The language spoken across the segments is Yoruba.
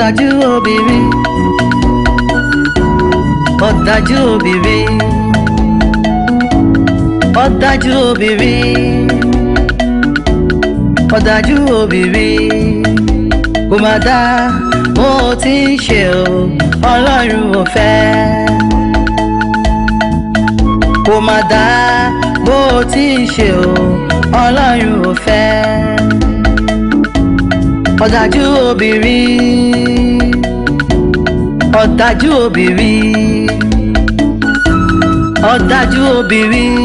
ọ̀dájú obìnrin ọ̀dájú obìnrin ọ̀dájú obìnrin ọ̀dájú obìnrin kò má dá bó o ti ń ṣe o ọlọ́run ò fẹ́ kò má dá bó ti ń ṣe o ọlọ́run ò fẹ́ ọ̀dájú obìnrin ọ̀dájú obìnrin ọ̀dájú obìnrin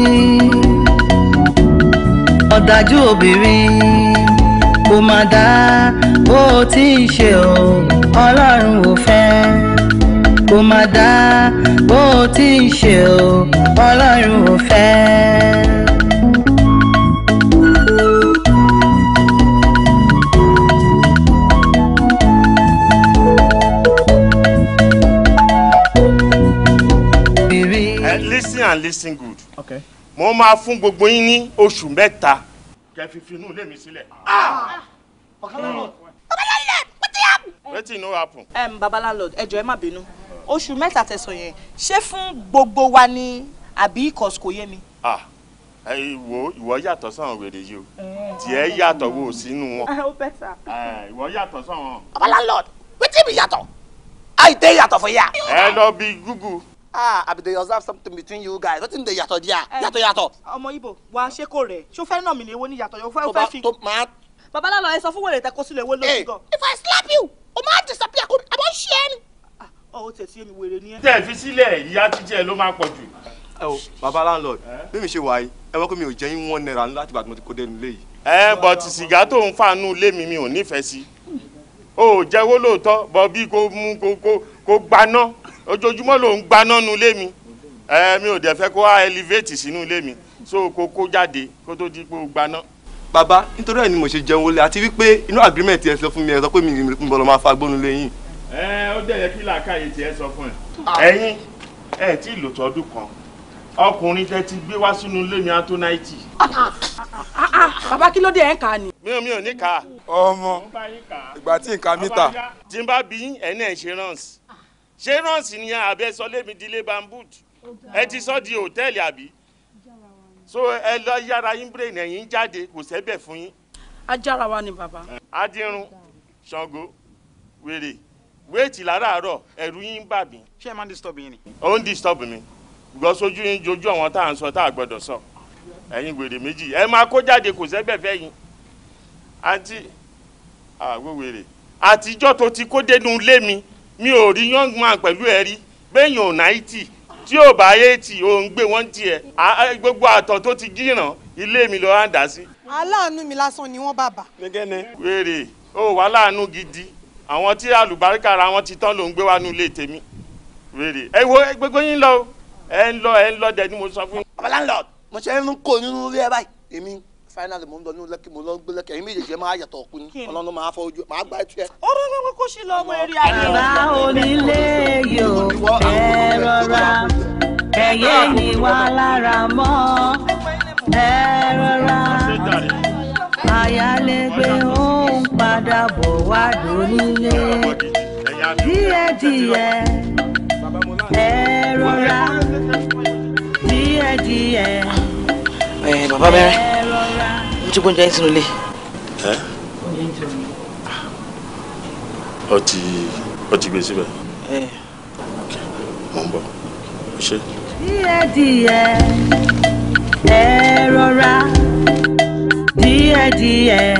ọ̀dájú obìnrin kò má dá bó o ti ń ṣe o ọlọ́run ò fẹ́ kò má dá bó o ti ń ṣe o ọlọ́run ò fẹ́. and listen good. Okay. mo máa fún gbogbo yín ní oṣù mẹ́ta kẹ́ fi finú ilé mi sílẹ̀. ọ̀kàlọ́lọ́ ọ̀kàlọ́lọ́ wetin wetin no happen. Um, baba ẹ má bínú oṣù mẹ́ta tẹ̀sán yẹn ṣé fún gbogbo wa ni àbí kọ̀ọ̀sì kò yé mi. ah ìwọ ìwọ yàtọ̀ sáwọn wèrè yìí o mm. tiẹ̀ yàtọ̀ wo sínú wọn. Eh, ìwọ yàtọ̀ sáwọn. baba wetin mi yàtọ̀ i yàtọ̀ fún yà. ẹ lọ bí google ah àbí they observe something between you guys wetin dey yàtọ̀ díà eh, yàtọ̀ yàtọ̀. ọmọ ibo wa ṣe kò rẹ ṣó fẹ́ nà mí ní ewo ní yàtọ̀ yóò fẹ́ fi. babaláwo ẹ sọ fún wèrè tẹkọ sílẹ̀ ewo lórí gan. if i slap you o máa disappear kò àbọ̀ ṣe é ni. ọwọ́ tẹ̀sí èmi wèrè ni ẹ. tẹ̀ fi sílẹ̀ ìyá jíjẹ ló máa pọ̀ jù. ẹ o baba landlord eh? bí mi ṣe wà yìí ẹ wọ́n kó mi ò jẹ́ yín wọ́n náírà láti ìgbà tí ti kó dé eh, but sìgá tó ń fa inú ilé mi mi ò nífẹ̀ẹ́ sí o ò jẹ́wọ́ ojoojúmọ́ ló ń gbaná nu ilé mi mi ò dẹ̀ fẹ́ kó wá elevate sínú ilé mi so kó kó jáde kó tó di pé ó gbaná. bàbá nítorí ẹ̀ ni mo ṣe jẹun wọlé àti wípé inú agreement ẹ sọ fún mi ẹ sọ pé mi ń bọ̀ lọ máa fa gbónú lẹ́yìn. ẹ ó dẹ̀ yẹ kí làákàyè tiẹ̀ sọ fún ẹ. ẹ̀yin ẹ tí ì lò tọdún kan ọkùnrin tẹ ti gbé wá sínú ilé mi ato náìtì. bàbá kí ló dé ẹ̀ ń kà á ni. mi ò mi ò ní kà á. ọmọ ìgbà tí nǹkan mi ta. tí n bá bí ẹni ẹ̀ ṣe ṣé rọ́ọ̀sì ni àbẹ sọ lémi dílé bambud ẹ ti sọ di hòtẹ́ẹ̀lì àbí so ẹ lọ yára yín brain ẹ̀yìn jáde kò sẹ́bẹ̀ fún yín. ajára wa ni bàbá. adírun ṣàngó wèrè wéètì láràárọ̀ ẹ̀rù yín bà mí. ṣé ẹ máa ń disturb yín ni. ó ń disturb mi gbọ́ sójú yín jojú àwọn tá à ń sọ tá à gbọ́dọ̀ sọ ẹ̀yin wèrè méjì ẹ máa kó jáde kò sẹ́gbẹ̀ fẹ́ yín àǹtí àwọ̀ wèrè àtijọ́ tó ti kó dénú lé mi mi ò rí young man pẹ̀lú ẹ̀rí bẹ́yìn ò náìtì tí ò bá eighty ò ń gbé wọ́n tiẹ̀ gbogbo àtọ̀ tó ti gíràn ilé mi lọ́ọ́ dá sí. aláàánú mi lásán ni wọ́n bàbá. wèrè ó wà láàánú gidi àwọn tí àlùbáríkà ara wọn ti tán ló ń gbé wá ní ilé tèmi wèrè ẹ wo gbogbo yín lọ ẹ ń lọ ẹ ń lọ dẹ ni mo sọ fún yín. babaláńlọ mo ṣe ń kó nínú ilé ẹ báyìí èmi finally mo ń lọ ní lẹ́kì mo lọ ń gbé lẹ́kì ẹ̀yin méjèèjì ẹ máa yàtọ̀ ọ̀kú ni ọlọ́run máa fọ ojú máa gbá ẹtú ẹ. ó rán kókó sí lọ ọmọ eré ayé. bàbá onílé yóò ẹ rọra ẹyẹ ìwà lára mọ ẹ rọra ayálégbé ó ń padà bọ̀ wá dónílé díẹ̀díẹ̀ ẹ rọra díẹ̀díẹ̀. bàbá bẹ̀rẹ̀ ti gbóúnjẹ yín sínú ilé. ọ ti ọ ti gbé síbẹ̀. mọ̀ ń bọ̀ ọ ṣe. díẹ̀díẹ̀ ẹ rọra díẹ̀díẹ̀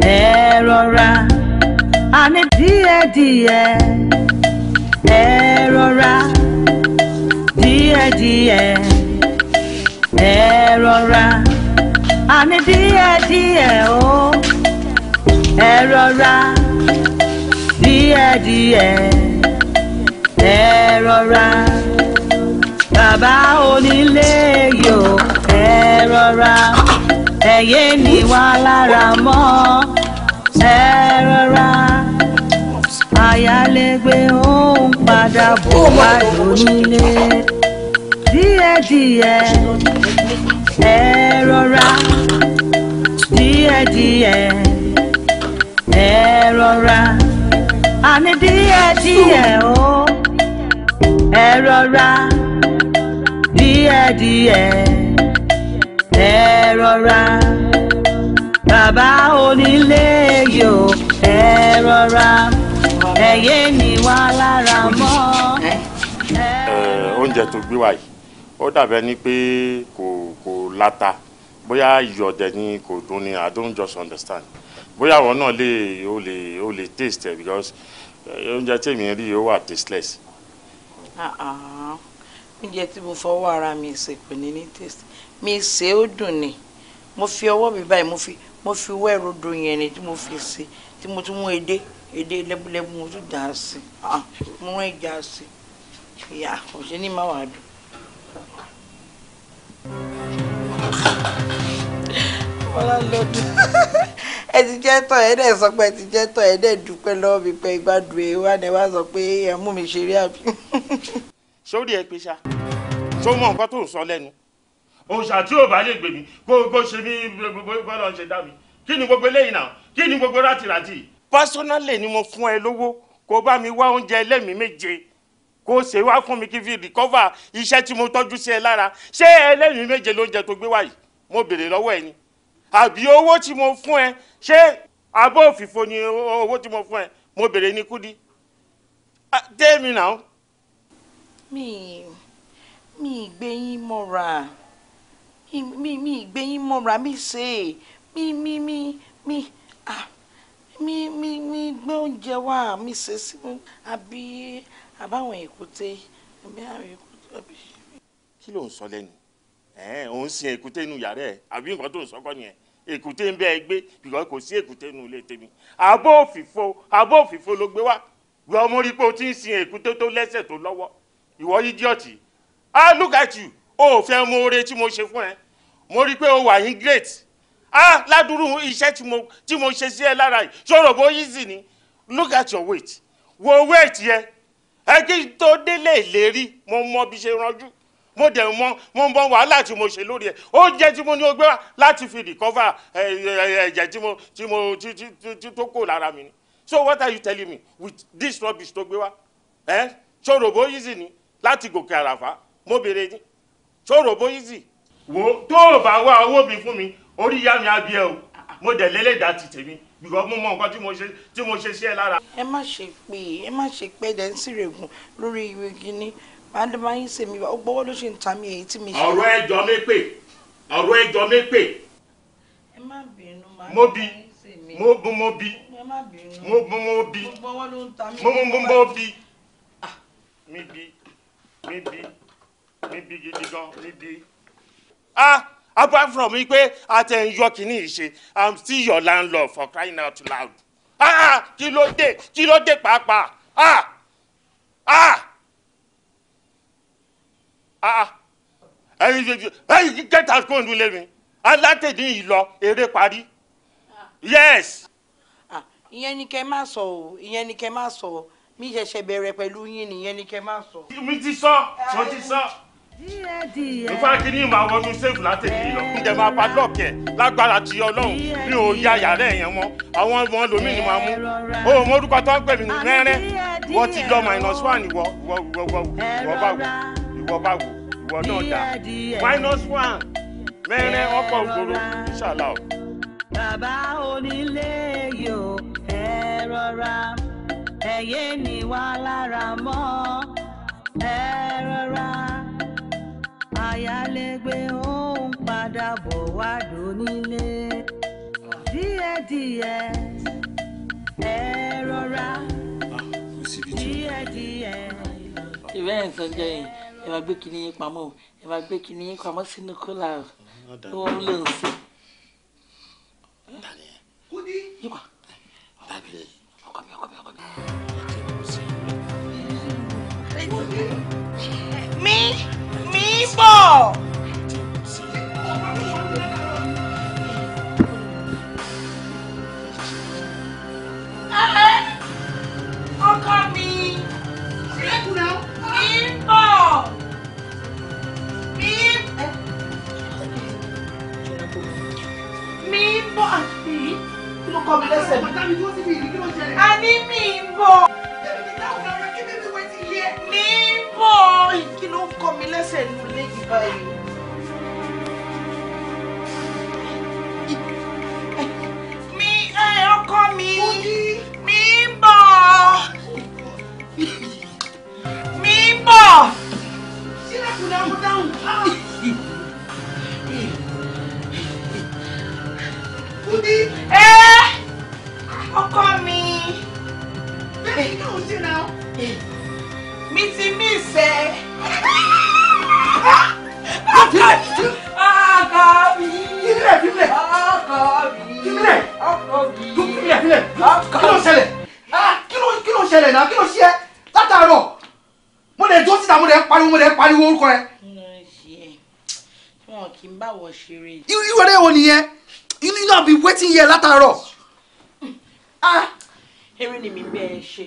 ẹ rọra àní díẹ̀díẹ̀ ẹ rọra díẹ̀díẹ̀ ẹ rọra àní díẹ̀díẹ̀ o ẹ rọra díẹ̀díẹ̀ ẹ rọra bàbá onílé yòó ẹ rọra ẹyẹ níwá lára mọ́ ẹ rọra ayálégbé ó ń padà bọ̀ wá lónílé díẹ̀díẹ̀ ẹ rọra díẹ̀díẹ̀ ẹ rọra àní díẹ̀díẹ̀ o ẹ rọra díẹ̀díẹ̀ ẹ rọra bàbá onílé yòó ẹ rọra ẹyẹ ni wà lára mọ́. oúnjẹ tó gbé wá yìí ó dàbẹ́ ni pé kò láta bóyá iyọ̀dẹ̀ ni kò dùn ni I don't just understand bóyá àwọn náà lè o lè o lè taste ẹ̀ because eh, oúnjẹ tèmi rí o wà tasteless. Uh-uh. oúnjẹ tí mo fọwọ́ ara mi ṣe kò ní ní taste mi ṣe ó dùn ni mo fi ọwọ́ mi báyìí mo fi mo fi wẹ́ẹ̀rù dùn yẹn ni tí mo fi ṣe tí mo tún mú edé èdè lẹ́bùlẹ́bù mo tún dà á sí ah, mo rán ìjà sí ìyá òṣèlú máa wà dùn ọlọ́lọ́dún ẹ ti jẹ́ tọ̀ ẹ dẹ̀ sọ pé ẹ ti jẹ́ tọ̀ ẹ dẹ̀ dúpẹ́ lọ́wọ́ mi pé ìgbàdùn ẹ wà ní wá sọ pé ẹ mú mi ṣeré àbí. sórí ẹ pé ṣá ṣó mọ nǹkan tó ń sọ lẹ́nu òòṣà tí ò bá lè gbè mí kó ṣe mí bọ́lá ṣe dá mi kí ni gbogbo eléyìí náà kí ni gbogbo rátìrátì. pásọ́nálì ni mo fún ẹ lówó kó bá mi wá oúnjẹ ẹlẹ́mìí méje kó ṣe wá fún mi kí fi rìkọ́fà iṣẹ́ tí mo tọ́jú sí ẹ lára ṣé ẹlẹ́rìí méje lóúnjẹ tó gbé wá mo béèrè lọ́wọ́ ẹ ni àbí owó tí mo fún ẹ ṣé abọ́ òfìfo ni owó tí mo fún ẹ mo béèrè ní kúdí tẹ́mi náà. mi mi gbẹ̀yìn mọ́ra mi mi gbẹ̀yìn mọ́ra mi ṣe mi mi mi mi ah mi mi mi gbé oúnjẹ wá mi ṣe sí mi àbí àbáwọn èkúté ẹbí àwọn èkúté ọbẹ. kí ló ń sọ lẹ́nu ẹ̀ẹ́n òun sin èkúté inú yàrá ẹ̀ àbí nǹkan tó ń sọ́kọ́ nìyẹn èkúté ń bẹ ẹ gbé bìkọ́ kò sí èkúté inú ilé tèmi abó òfìfo abó òfìfo ló gbé wá wọ́n mú rí pé o ti ń sin èkúté tó lẹ́sẹ̀ tó lọ́wọ́ ìwọ idiọ́tì ah look at you o ò fẹ́ mọ oore tí mo ṣe fún ẹ mo rí pé o wà ní great ah ládùúrú iṣẹ́ tí mo tí mo ṣe sí ẹ lára yìí ṣòro bó yí sí ni look at your weight wo weight yẹ ẹ tó délé ìlérí mo mọ bí ṣe ranjú mo dẹ̀ mọ mo mọ wàhálà tí mo ṣe lórí ẹ̀ ó jẹ́ tí mo ní o gbé wá láti fi rìkọ́fà ẹ̀jẹ̀ tí mo tí mo tí tó kò lára mi ni so what are you telling me with this rubbish tó gbé wá ẹ ṣòròbó easy ni láti gòkè àràfà mo béèrè ní ṣòròbó easy. wo tó o bá wá owó mi fún mi orí ìyá mi á bí ẹ o mo dẹ̀ lélẹ́dàá ti tèmi because mo mọ nǹkan tí mo ṣe tí mo ṣe sí ẹ lára. ẹ má ṣe pé ẹ má ṣe pé ẹ̀dẹ̀ ń sì règùn lórí ìwé gíní màdàmá yín ṣèmi ó gbọ́wọ́ ló ṣe ń ta mi èyí tí mi ṣe. ọ̀rọ̀ ẹjọ́ mi pè ọ̀rọ̀ ẹjọ́ mi pè. ẹ má bínú màdàmá yín ṣèmi mo bí mo bí mo bí mo bí mo bí mo bí mi bí mi bí mi bí gidi gan mi bí. ah apart from wípé àtẹ̀yọ kìíní ìṣe i'm still your landlord for crying out loud ah kí ló dé kí ló dé pàápàá ah ah ah, ah. ẹyin ṣe ẹyin get out kó n dúlé mi alátẹ̀dí yìí lọ eré parí yes. Ah, ìyẹn ni kẹ́ máa sọ o ìyẹn ni kẹ́ máa sọ mi ṣẹ̀ṣẹ̀ bẹ̀rẹ̀ pẹ̀lú yín nìyẹn ni kẹ́ máa sọ. mi ti sọ mo ti sọ nfa kini ma wọnú sèfù látẹ̀lé lọ ǹjẹ́ máa pa lọ́ọ̀kì ẹ̀ ti ọlọ́run mi ò ya yàrá ẹ̀yẹn mọ́ àwọn ọmọ lomi ni màá mú o mo orúkọ tó ń pè mí rẹ́rẹ́ ti lọ minus one ìwọ ìwọ ìwọ ìwọ ìwọ bá wò ìwọ bá wò ìwọ náà dá minus one mẹ́rẹ́ ọkọ̀ ògbóró ìṣàlá o. bàbá onílé yóò ẹ rọra ẹyẹ ni wà lára mọ́ ẹ rọra ayálégbé ó ń padà bọ̀ wá dónílé díẹ̀díẹ̀ ẹ rọra díẹ̀díẹ̀. ìwé ẹ̀ ń sọ jẹ́ yìí ẹ máa gbé kinní yín pamọ́ ẹ máa gbé kinní yín pamọ́ sínú kólà ó wọ́n ló ń sè. Me? mi bọ̀. ọkọ mi mi bọ̀ mi mi bọ̀ kí ló kọ́ mi lẹ́sẹ̀ mi. a ní mi bọ̀ níbo kí ló ń kọ́ mi lẹ́sẹ̀ nù léyìí báyìí. mi ọkọ mi mi bọ̀ mi bọ̀. sílẹ̀kùn ni a mú dáhùn. Kúdí. Ẹ ọkọ mi. Bẹ́ẹ̀ni náà ń ah. ṣe náà. Eh mi ti mí ìfẹ́. ọkọ mi kílẹ̀ kílẹ̀ ọkọ mi kílẹ̀ ọkọ mi kílẹ̀ kílẹ̀ kí ló ṣẹlẹ̀ ah, kí ló ṣẹlẹ̀ náà kí ló ṣe látàárọ̀ mo lè jó síta mo lè pariwo mo lè pariwo orúkọ rẹ. wọn kì í báwọ ṣeré. irú eré wo nìyẹn inú náà bí wetin yẹ látàárọ̀. Ah, eré ni mi bẹ́ẹ̀ ṣe.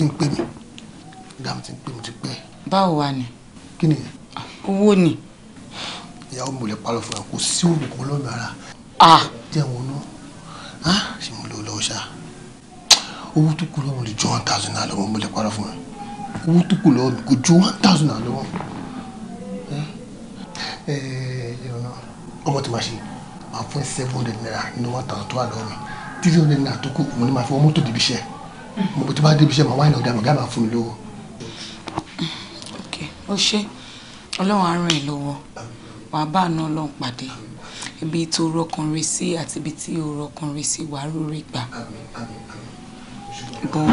ti ń pè mí ìyá mi ti ń pè mí ti pẹ́. báwo wà ni. kí ni. owó ni. ìyàwó mi ò lè parọ́ fún ẹ kò sí oògùn kan lọ́mọ ara. jẹ́ wọn náà ṣé mo lè lọ́wọ́ ṣá owó tó kù lọ́wọ́ lè ju one thousand naira lọ́wọ́ mo lè parọ́ fún ẹ owó tó kù lọ́wọ́ kò ju one thousand naira lọ́wọ́ ọmọ tí ma ṣe máa fún seven hundred naira nínú one thousand tó wà lọ́wọ́ three hundred naira tó kù òun ni máa fi wọ́n mọ́tò débi iṣẹ́ mo kò tó bá débi iṣẹ́ màá wáìnì ọ̀gá màgá màá fún mi lówó. ok ó ṣe ọlọ́run á ràn ẹ́ lọ́wọ́ wàá bá àánú ọlọ́run pàdé ibi tó rọkàn rẹ sí àti ibi tí ò rọkàn rẹ sí wàá rúre gbà bọ́n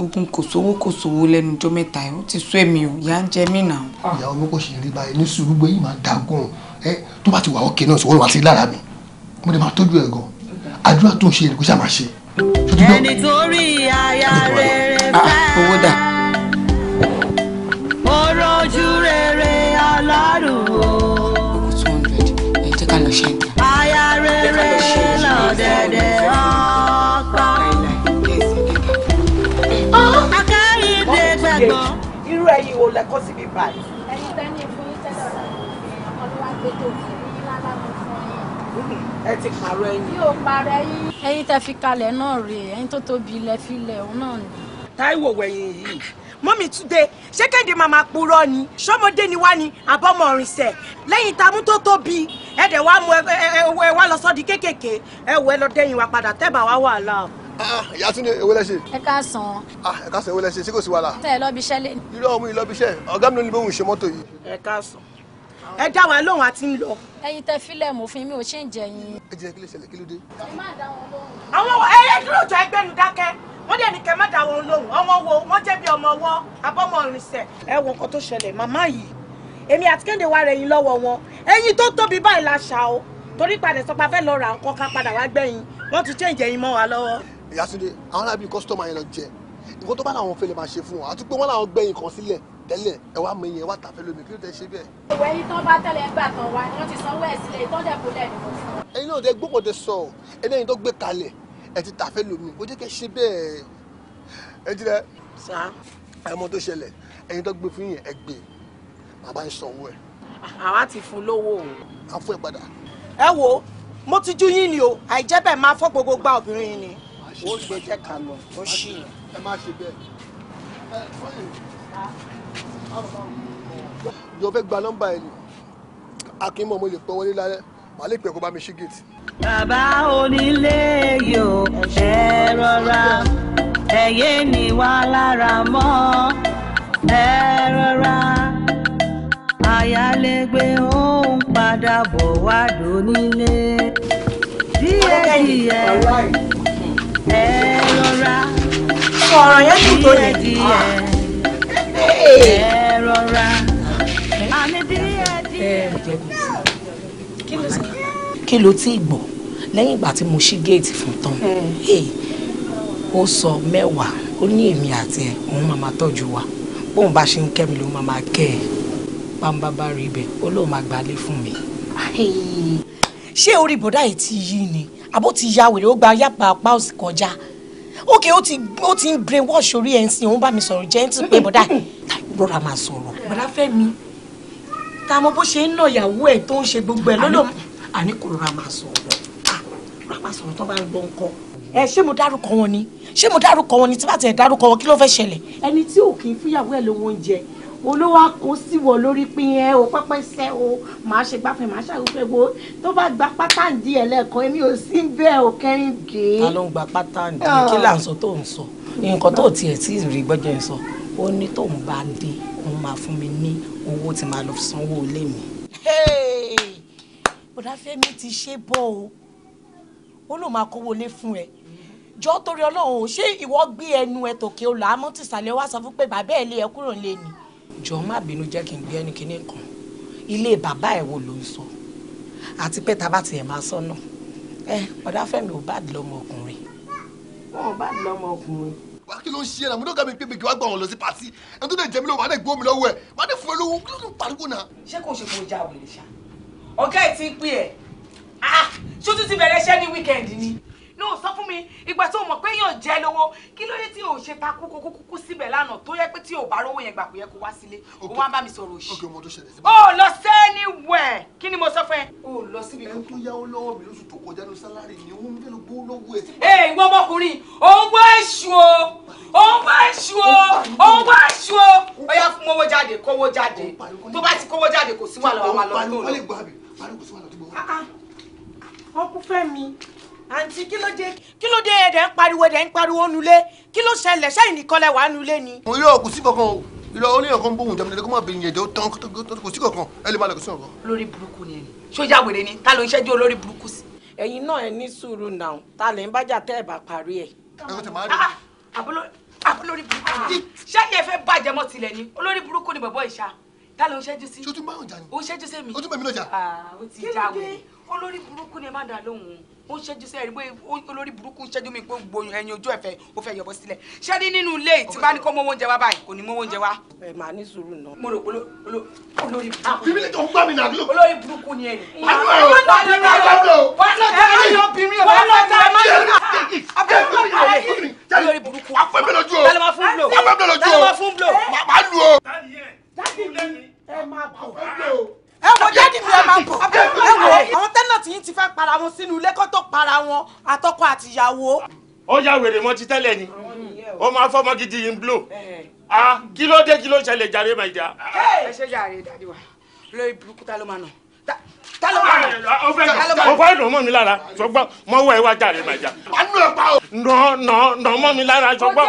ogun kò sówó kò sówó lẹ́nu ọjọ́ mẹ́ta ẹ̀ ó ti sún èmi ò yá ń jẹ mí nà. ìyàwó mi kò ṣe rí báyìí ní sùúrù gbé yìí máa dagun ẹ tó bá ti wà ókè náà sọ wọn wá sí lára mi mo lè máa tọ́jú ẹ̀ gan àdúrà tó ń ṣe èrè máa ṣe ẹni tó rí aya rere ah, fẹ́ ó rojú rere ọlọ́run o. aya rere lọ́dẹ̀dẹ̀ ọ̀pá. akáyídé gbẹ̀gbọ́n. irú ẹyin wo lẹ kó síbi báyìí. ẹni tẹ́ ní fún yín ọlọ́wà gbé ẹ ti pààrọ̀ ẹyin. yóò parẹ́ yín. ẹyin tẹ fi kalẹ̀ náà rèé ẹyin tó tóbi ilẹ̀ fi lẹ̀ òun náà ni. táíwò wẹ̀yìn yìí mọ́mí túnde ṣé kéde màmá purọ́ ni ṣọ́mọdé ni wá ni àbọ̀mọ̀rin sẹ̀ lẹ́yìn tamú tó tóbi ẹ̀dẹ̀ wá mú ẹ wá lọ sọ́ọ́dí kéékèèké ẹ wọ ẹ lọ dẹ́yìn wa padà tẹ́bà wá wàhálà. Ah, ah, ìyá tún ní ewé lẹ́sẹ̀. ẹ ká sàn. Ah, ẹ ká sàn ewé lẹ́sẹ̀ ṣé kò sí wàhálà. tẹ ẹ lọ́bi iṣẹ́ lé. irọ́ ọmú ìlọ́bi iṣẹ́ ọ̀gá mi ló ní bóun ṣe mọ́tò yìí. ẹ ká sàn ẹ dá wa lóhùn àti ń lọ. ẹ̀yin tẹ fílẹ̀mù fún mi ò ṣe ń jẹ yín. ẹ jẹ kí ló ṣẹlẹ̀ kí ló dé. àwọn ẹyẹ dúró jọ ẹgbẹ́nu dákẹ́ wọ́n dẹ̀ ní kẹ́ má dá wọn lóhùn ọmọ wo wọ́n jẹ́ bí ọmọ ọwọ́ abọ́mọ ìrìnsẹ̀. ẹ wo nǹkan tó ṣẹlẹ̀ màmá yìí èmi àti kéde wa rẹ̀ yín lọ́wọ́ wọn ẹ̀yin tó tóbi báyìí la ṣà o torí padà sọ pé a fẹ́ lọ ra nǹkan ká padà wá gbẹ̀yìn wọ́n ti change ẹ̀yin mọ́ wa lọ́wọ́. ìyá Túndé àwọn alábí kọ́sítọ́mù yẹn lọ jẹ nǹkan tó bá làwọn fẹlẹ̀ máa ṣe fún wa àti pé wọ́n làwọn gbẹ̀yìn kan sílẹ̀ tẹ́lẹ̀ ẹ wá mọ iye wá tàfẹ́ lómi kí ló tẹ́ ṣe bẹ́ẹ̀. ìwé yìí tán bá tẹ̀lé ń gbà tán wá wọ́n ti sanwó ẹ̀ sílẹ̀ ìtọ́jà kò lẹ̀ ní wọ́n. ẹ̀yin náà tẹ gbọ́kàn tẹ sọ ẹlẹ́yin tó gbé kalẹ̀ ẹ ti tàfẹ́ lómi kó jẹ́ kẹ́ ṣe bẹ́ẹ̀ ẹ ti rẹ. sa ẹmọ tó ṣẹlẹ̀ ẹ̀yin tó gbé fún yín ẹ gbé bàbá ń sanwó ẹ. àwa ti fún lówó o. a fún ẹ padà. ẹ wo mo ti jú yín ni o àìjẹ́ bẹ́ẹ̀ máa fọ́ gbogbo gba obìnrin yín ni. ó gbé jẹ́ kà ó ṣì. ẹ má ṣe bẹ́ẹ̀ jọ fẹ́ gba nọ́mbà ẹ̀ ni akínmọ̀ mo lè pẹ́ wọlé lálẹ́ màá lè pẹ́ kó bá mi ṣí gèètì. bàbá onílé yóò ẹ rọra ẹyẹ ni wà lára mọ́ ẹ rọra ayálégbé ó ń padà bọ̀ wá dónílé díẹ̀ ẹ rọra díẹ̀ ẹ kí ló ti gbọ́ lẹ́yìn ìgbà tí mo ṣí géètì fún tán ó sọ mẹ́wàá ó ní èmi àti ẹ̀ òun máa tọ́jú wa bóun bá ṣe ń kẹ́ mi ló máa máa kẹ́ ẹ̀ pàǹbá bá rí ibẹ̀ ó lóun máa gbalé fún mi. ṣé orí bọ̀dá yìí ti yí ni àbó ti ya wèrè ó gba yàpá apá òsì kọjá okay ó ti ó ti ń brain wash orí ẹ̀ ń sìn òun bá mi sọ̀rọ̀ jẹ́ ń tún pé bọ́dà rọra máa sọ̀rọ̀. bọ́dà fẹ́ mi ta mo bó ṣe ń nà ìyàwó ẹ̀ tó ń ṣe gbogbo ẹ̀ lọ́dọ̀ àní kò rọra máa sọ̀rọ̀ rọra máa sọ̀rọ̀ tó bá ń gbọ́ nǹkan. ẹ ṣé mo dárúkọ wọn ni ṣé mo dárúkọ wọn ni tí bá tẹ̀ dárúkọ wọn kí ló fẹ́ ṣẹlẹ̀. ẹni tí ò kì í fúyàwó ẹ̀ lówó oúnjẹ olówó kó sí wọ lórí pín o pẹpẹ sẹ o màá ṣe gbáfẹ màá ṣàgbéfẹ wo tó bá gba pátá ǹdí ẹ lẹ́ẹ̀kan èmi ò sí bẹ́ẹ̀ o kẹrin gé. ta ló ń gba pátá ǹdí kí là ń sọ tó ń sọ nǹkan tó tiẹ̀ tí ì rí gbọ́jọ́ ń sọ ó ní tóun bá ń dé òun máa fún mi ní owó tí màá lọ sanwó ilé mi. bọ̀dá Fẹ́mi ti ṣe bọ́ o ó lóun máa kówó lé fún ẹ jọ torí Ọlọ́run ò ṣé ìwọ gbé ẹnu ẹ tòkè olùhámọ́ tìsàlẹ̀ wá sọ fún pé bàbá ẹ̀ lé ẹ kúrò lé ni jọ má bínú jẹ́ kí n gbé ẹni kíní kan ilé bàbá ẹ̀ wo ló ń sọ àti pé ta bá tiẹ̀ máa sọ náà ẹ ọ̀dáfẹ́mi ò bá dìlọ́mọ ọkùnrin wọn ò bá dìlọ́mọ ọkùnrin wá kí ló ń ṣe ẹ náà mo pé mi kì í wá lọ sí pàtí ẹni tó dẹ̀ jẹ́ mi lọ́wọ́ wà á dẹ̀ lọ́wọ́ ẹ̀ wà á fún ẹ lówó kí ló ń pariwo náà. ṣé kò ṣe kò já òwe ṣá ọ̀gá ẹ̀ ti ń pè ẹ́ ah! ṣó tún ti bẹ̀rẹ̀ iṣẹ́ ní wíkẹ́ndì ni náà sọ fún mi ìgbà tó mọ̀ pé èèyàn jẹ́ lówó kí ló dé tí o ṣe ta kúkúkúkú síbẹ̀ lánàá tó yẹ pé tí o bá rówó yẹn gbà kó yẹ kó wá sílé o wá bá mi sọ̀rọ̀ òṣì. ọgẹ ọmọ tó ṣẹlẹ̀ síbẹ̀. o lọ sí wẹ̀ kí ni mo sọ fún ẹ. o lọ síbi kan. ẹni tó yáwó lọ́wọ́ mi lóṣù tó kọjá ló sálárì ni ó ń bẹ́ẹ̀ gbó lọ́wọ́ ẹ̀. ìwọ ọmọkùnrin òun wá èṣù o òun wá èṣù o òun wá èṣù o ó yá fún owó jáde kówó jáde tó bá ti kówó jáde kò sí wàhálà wàhálà lọ́dún àǹtí kí ló dé kí ló dé ẹ̀dẹ̀ ń pariwo ẹ̀dẹ̀ ń pariwo nulẹ̀ kí ló ṣẹlẹ̀ sẹ́yìn nìkan lẹ̀ wà nulẹ̀ ni. mo yọ kò sí kankan o ìlọ oníyàn kan bóun jẹmọdé kó má bẹ ìyẹn jẹ ó tán kò sí kankan ẹ lè má lọ sí kankan. lórí burúkú ni ẹni sójà wèrè ni ta ló ń ṣẹ́jú olórí burúkú sí. ẹ̀yin náà ẹ ní sùúrù náà ta lè ń bájà tẹ́ ẹ̀ bá parí ẹ kò tẹ̀ máa rí. Ah, àbúlórí burúkú ó ṣẹ́jú sẹ́yìn bóyá olórí burúkú ń ṣẹ́jú mi pé gbòòyàn ẹyin ojú ẹ̀fẹ́ ó fẹ́ yọ̀bọ sílẹ̀ ṣé ní nínú ilé tí bá ní kó mówó oúnjẹ wá báyìí kò ní mówó oúnjẹ wá. ẹ máa ní sùúrù náà. mo rò olórí burúkú. bíbélì tó ń gbà mí nà ló. olórí burúkú ni ẹ̀yìn. àánú ẹ̀rọ bíbélì àgbàdo. wọ́n lọ tẹ ẹ yọ obìnrin ẹ̀ wọ́n lọ tẹ ẹ má yọ olórí burúkú. afẹ́bẹ̀lójú o afẹ́bẹ̀lójú o máa lu o. ẹ máa bọ̀ ẹ wo jáde mi ẹ máa bọ̀ ẹ wo àwọn tẹ́nàtì yìí ti fẹ́ para wọn sínú ilé kó tó para wọn àtọkọ àtìyàwó. ó ya wèrè mọ́ ti tẹ́lẹ̀ ni ó máa fọ́mọ́ gidi yìí ń blò ah, kí ló dé kí ló ṣẹlẹ̀ jàre máa jà. ẹ ṣe jàre dàdí wa lórí burúkú ta ló máa nà o bá nà mọ́ mi lára sọgbọ́n mọ́ wá iwá jàre mà jà. nà nà nà mọ́ mi lára sọgbọ́n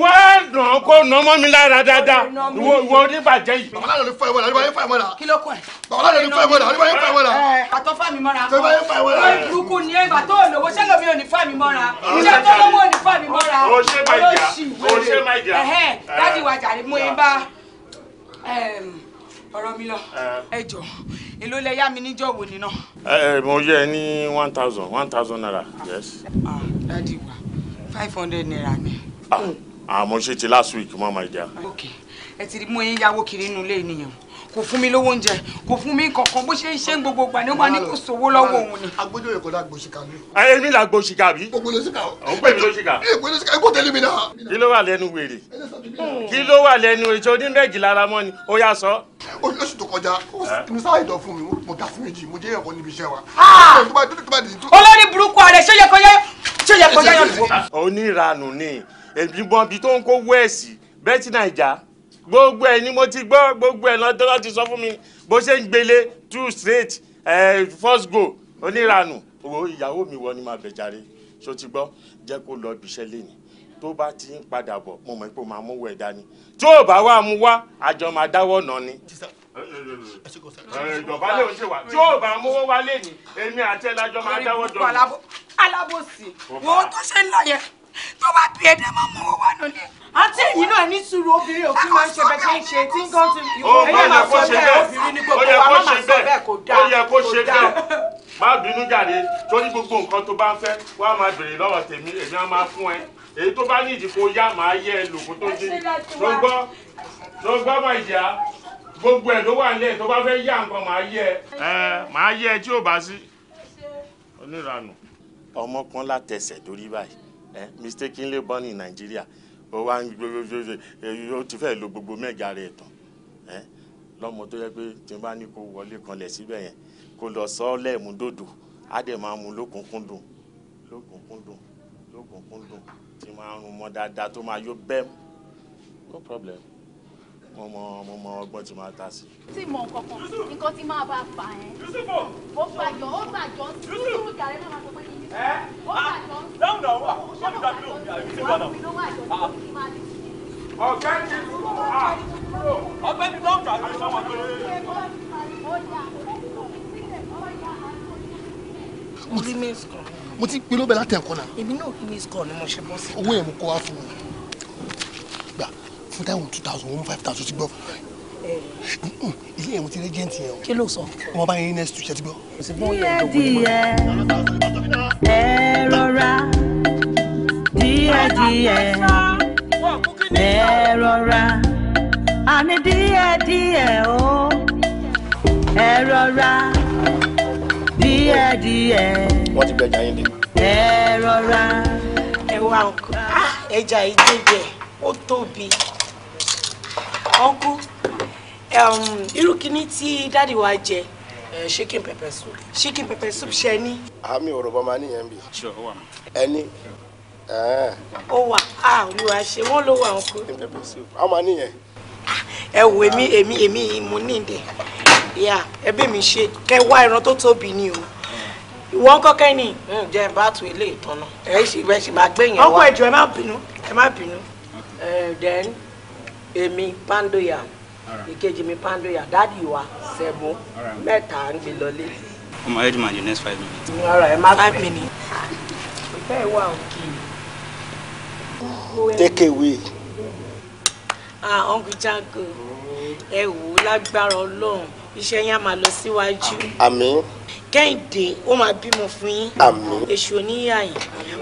wá nà kó nà mọ́ mi lára dáadáa ìwọ ìwọ oníbàjẹ́ yìí. bàbá lọ́dún fún ẹ̀wọ̀n àríwáyé fún ẹ̀wọ̀n rà. kí ló kọ́ ẹ̀. bàbá lọ́dún fún ẹ̀wọ̀n rà àríwáyé fún ẹ̀wọ̀n rà. àtọ́ fà mí mọ́ra. tó báyé fà ẹ̀wọ̀n rà. lórí burúkú ni ẹ̀gbà tó lówó ṣé lómi ò ní fà mí mọ́ra. ṣé tó lówó ò ní fà mí mọ́ra. o ṣe máa jà o ṣe máa jà. ẹ̀hẹ́n dájú wa jà ni mo ń bá ọ̀rọ̀ mi lọ ẹ jọ̀ọ́ èló lẹ yá mi níjọ́ wo nínà. ẹ mo yẹ ní one thousand one thousand naira yes. Ah, dadi wa five hundred naira ni. àmọ́ ah, ah, ṣe ti last week mọ́ máa jà. ok ẹ ti mú eyín yáwó kiri inú ilé kò fún mi lówó oúnjẹ kò fún mi kankan bó ṣe ń ṣe gbogbo ìgbà ni ó máa ní kò sówó lọ́wọ́ òun ni. agbójú èkó la gbòòsì kà mí. ẹ mi la gbòòsì kà mí. gbogbo lóṣìkà o. ò ń pè mí lóṣìkà. ẹ gbogbo lóṣìkà ikú tẹ̀lé mi náà. kí ló wà lẹ́nu wèrè kí ló wà lẹ́nu ètò onímẹ̀jì lára mọ́ ni ó yà sọ. oṣù tó kọjá inú sáà ìdán fún mi mo dà fún méjì mo jẹ́ ẹ̀kọ́ níbi iṣẹ́ wa. Ah! olórí burúkú ààrẹ ṣé yẹ kọjá yẹ kọjá yọ gbogbo ẹ̀ ni mo ti gbọ́ gbogbo ẹ̀ lọ́dọ́ láti sọ fún mi bó ṣe ń gbélé two straight first go oníranù owó ìyàwó mi wọ ni máa bẹ̀ jàre ṣó ti gbọ́ jẹ́ kó lọ ibiṣẹ́ lẹ́yìn tó bá ti ń padà bọ̀ mo mọ̀ pé o máa mówó ẹ̀ dání tí ò bá wà mú wá àjọ máa dáwọ́ nà ni ìjọbalẹ̀ ò ṣe wà tí yóò bá mówó wálé ni èmi àti ẹ̀ máa dáwọ́ jọ. alábòsí wo tó ṣe ń láyẹ tó bá bí ẹdẹ máa mọ owó wa lọlé. àti èyí náà ní sùúrù obìnrin òkú máa ń ṣe bẹ́ẹ̀ ṣe ṣe tí nǹkan ti fi ẹyẹ máa sọ bẹ́ẹ̀ ó yẹ kó ṣe bẹ́ẹ̀ má bínú jáde torí gbogbo nǹkan tó bá ń fẹ́ wá máa béèrè lọ́wọ́ tèmi èmi á máa fún ẹ èyí tó bá ní ìdìbò yá máa yẹ ẹ lògùn tó dé ló gbọ́ ló gbọ́ máa yá gbogbo ẹ̀ ló wà nílẹ̀ tó bá fẹ́ yá nǹkan máa yẹ ẹ. ẹ máa yẹ ẹ tí ò bá sí oníranù. ọmọ látẹsẹ̀ dórí báyìí eh, mistakenly born in Nigeria o wa n gbogbo ó ti fẹ́ lo gbogbo mẹ́ga rẹ̀ tán eh, lọ́mọ tó yẹ pé tí n bá ní kó wọlé kanlẹ̀ síbẹ̀ yẹn kó lọ sọ ọ́ lẹ́ẹ̀múdòdò á dẹ̀ máa mú lókùnkúndùn lókùnkúndùn lókùnkúndùn tí máa ń rún mọ́ dáadáa tó máa yó bẹ́ẹ̀ no problem. mo mọ mo mọ ọgbọ́n tí máa ta sí. tí mọ kankan nǹkan tí máa bá fà ẹ́. ó gbàjọ ó gbàjọ nínú ìdàrẹ́ náà máa sọ pé kí n yí. ó gbàjọ. dáhùn náà wà wọ́n ti dàbí òbí àbí tí wọ́n náà. ọ̀gá ti kúrò ọ̀gbẹ́ ni dáhùn náà àbí sọ́wọ́n tó lé. mo ti mo ti pinnu bẹ́ẹ̀ láti ẹ̀kọ́ náà. èmi náà kí ni score ni mo ṣe bọ́ sí. owó yẹn mo kó wá fún mi fún táwọn two thousand one five thousand ti gbọ́ ilé ẹ̀wọ̀n ti rẹ́jẹ̀ntì yẹn o. kí ló sọ. wọn bá yín next tuesday ti gbọ́. díẹ̀ díẹ̀ ẹ rọra díẹ̀ díẹ̀ ẹ rọra àní díẹ̀ díẹ̀ o ẹ rọra díẹ̀ díẹ̀. wọ́n ti gbẹ̀jà yín dé. ẹ rọra. ẹ wá ọkọ ah, ẹja ìjẹjẹ ó tóbi ọ̀nkú um, irú kíní tí dáàdi wa jẹ chicken pepper soup chicken pepper soup ṣe ní. àmì òròbọ máa níyẹn bì. ẹni ó ah á olúwa ṣe wọ́n ló wà ọ̀nkú. chicken pepper soup a máa níyẹn. ẹ wo emi emi emi mo ní ìdẹ ẹbí mi ṣe kẹ wá ẹran tó tóbi ni o ìwọ ńkọ́ kẹ́ni. jẹ́ ẹ bá tu ilé ìtọ́nà. ẹ ṣì bẹ́ẹ̀ ṣì máa gbé yẹn wá. ọkọ ìjọ ẹ má bínú ẹ má bínú. then èmi pandoya ìkejì mi pandoya dáàdi wa sẹ́mu mẹ́ta ń gbé lọlé. ọmọ ẹ dìmọ̀ the next five minutes. ọ̀rọ̀ ẹ má five minutes. ìfẹ́ wà òkè. Oh. take away. ah uncle Jago ẹ wò ó lágbára ọlọ́run iṣẹ́ yẹn á máa lọ síwájú. àmín. kẹ́hìndé ó máa bímọ fún yín. àmín. èṣù oníyàyìn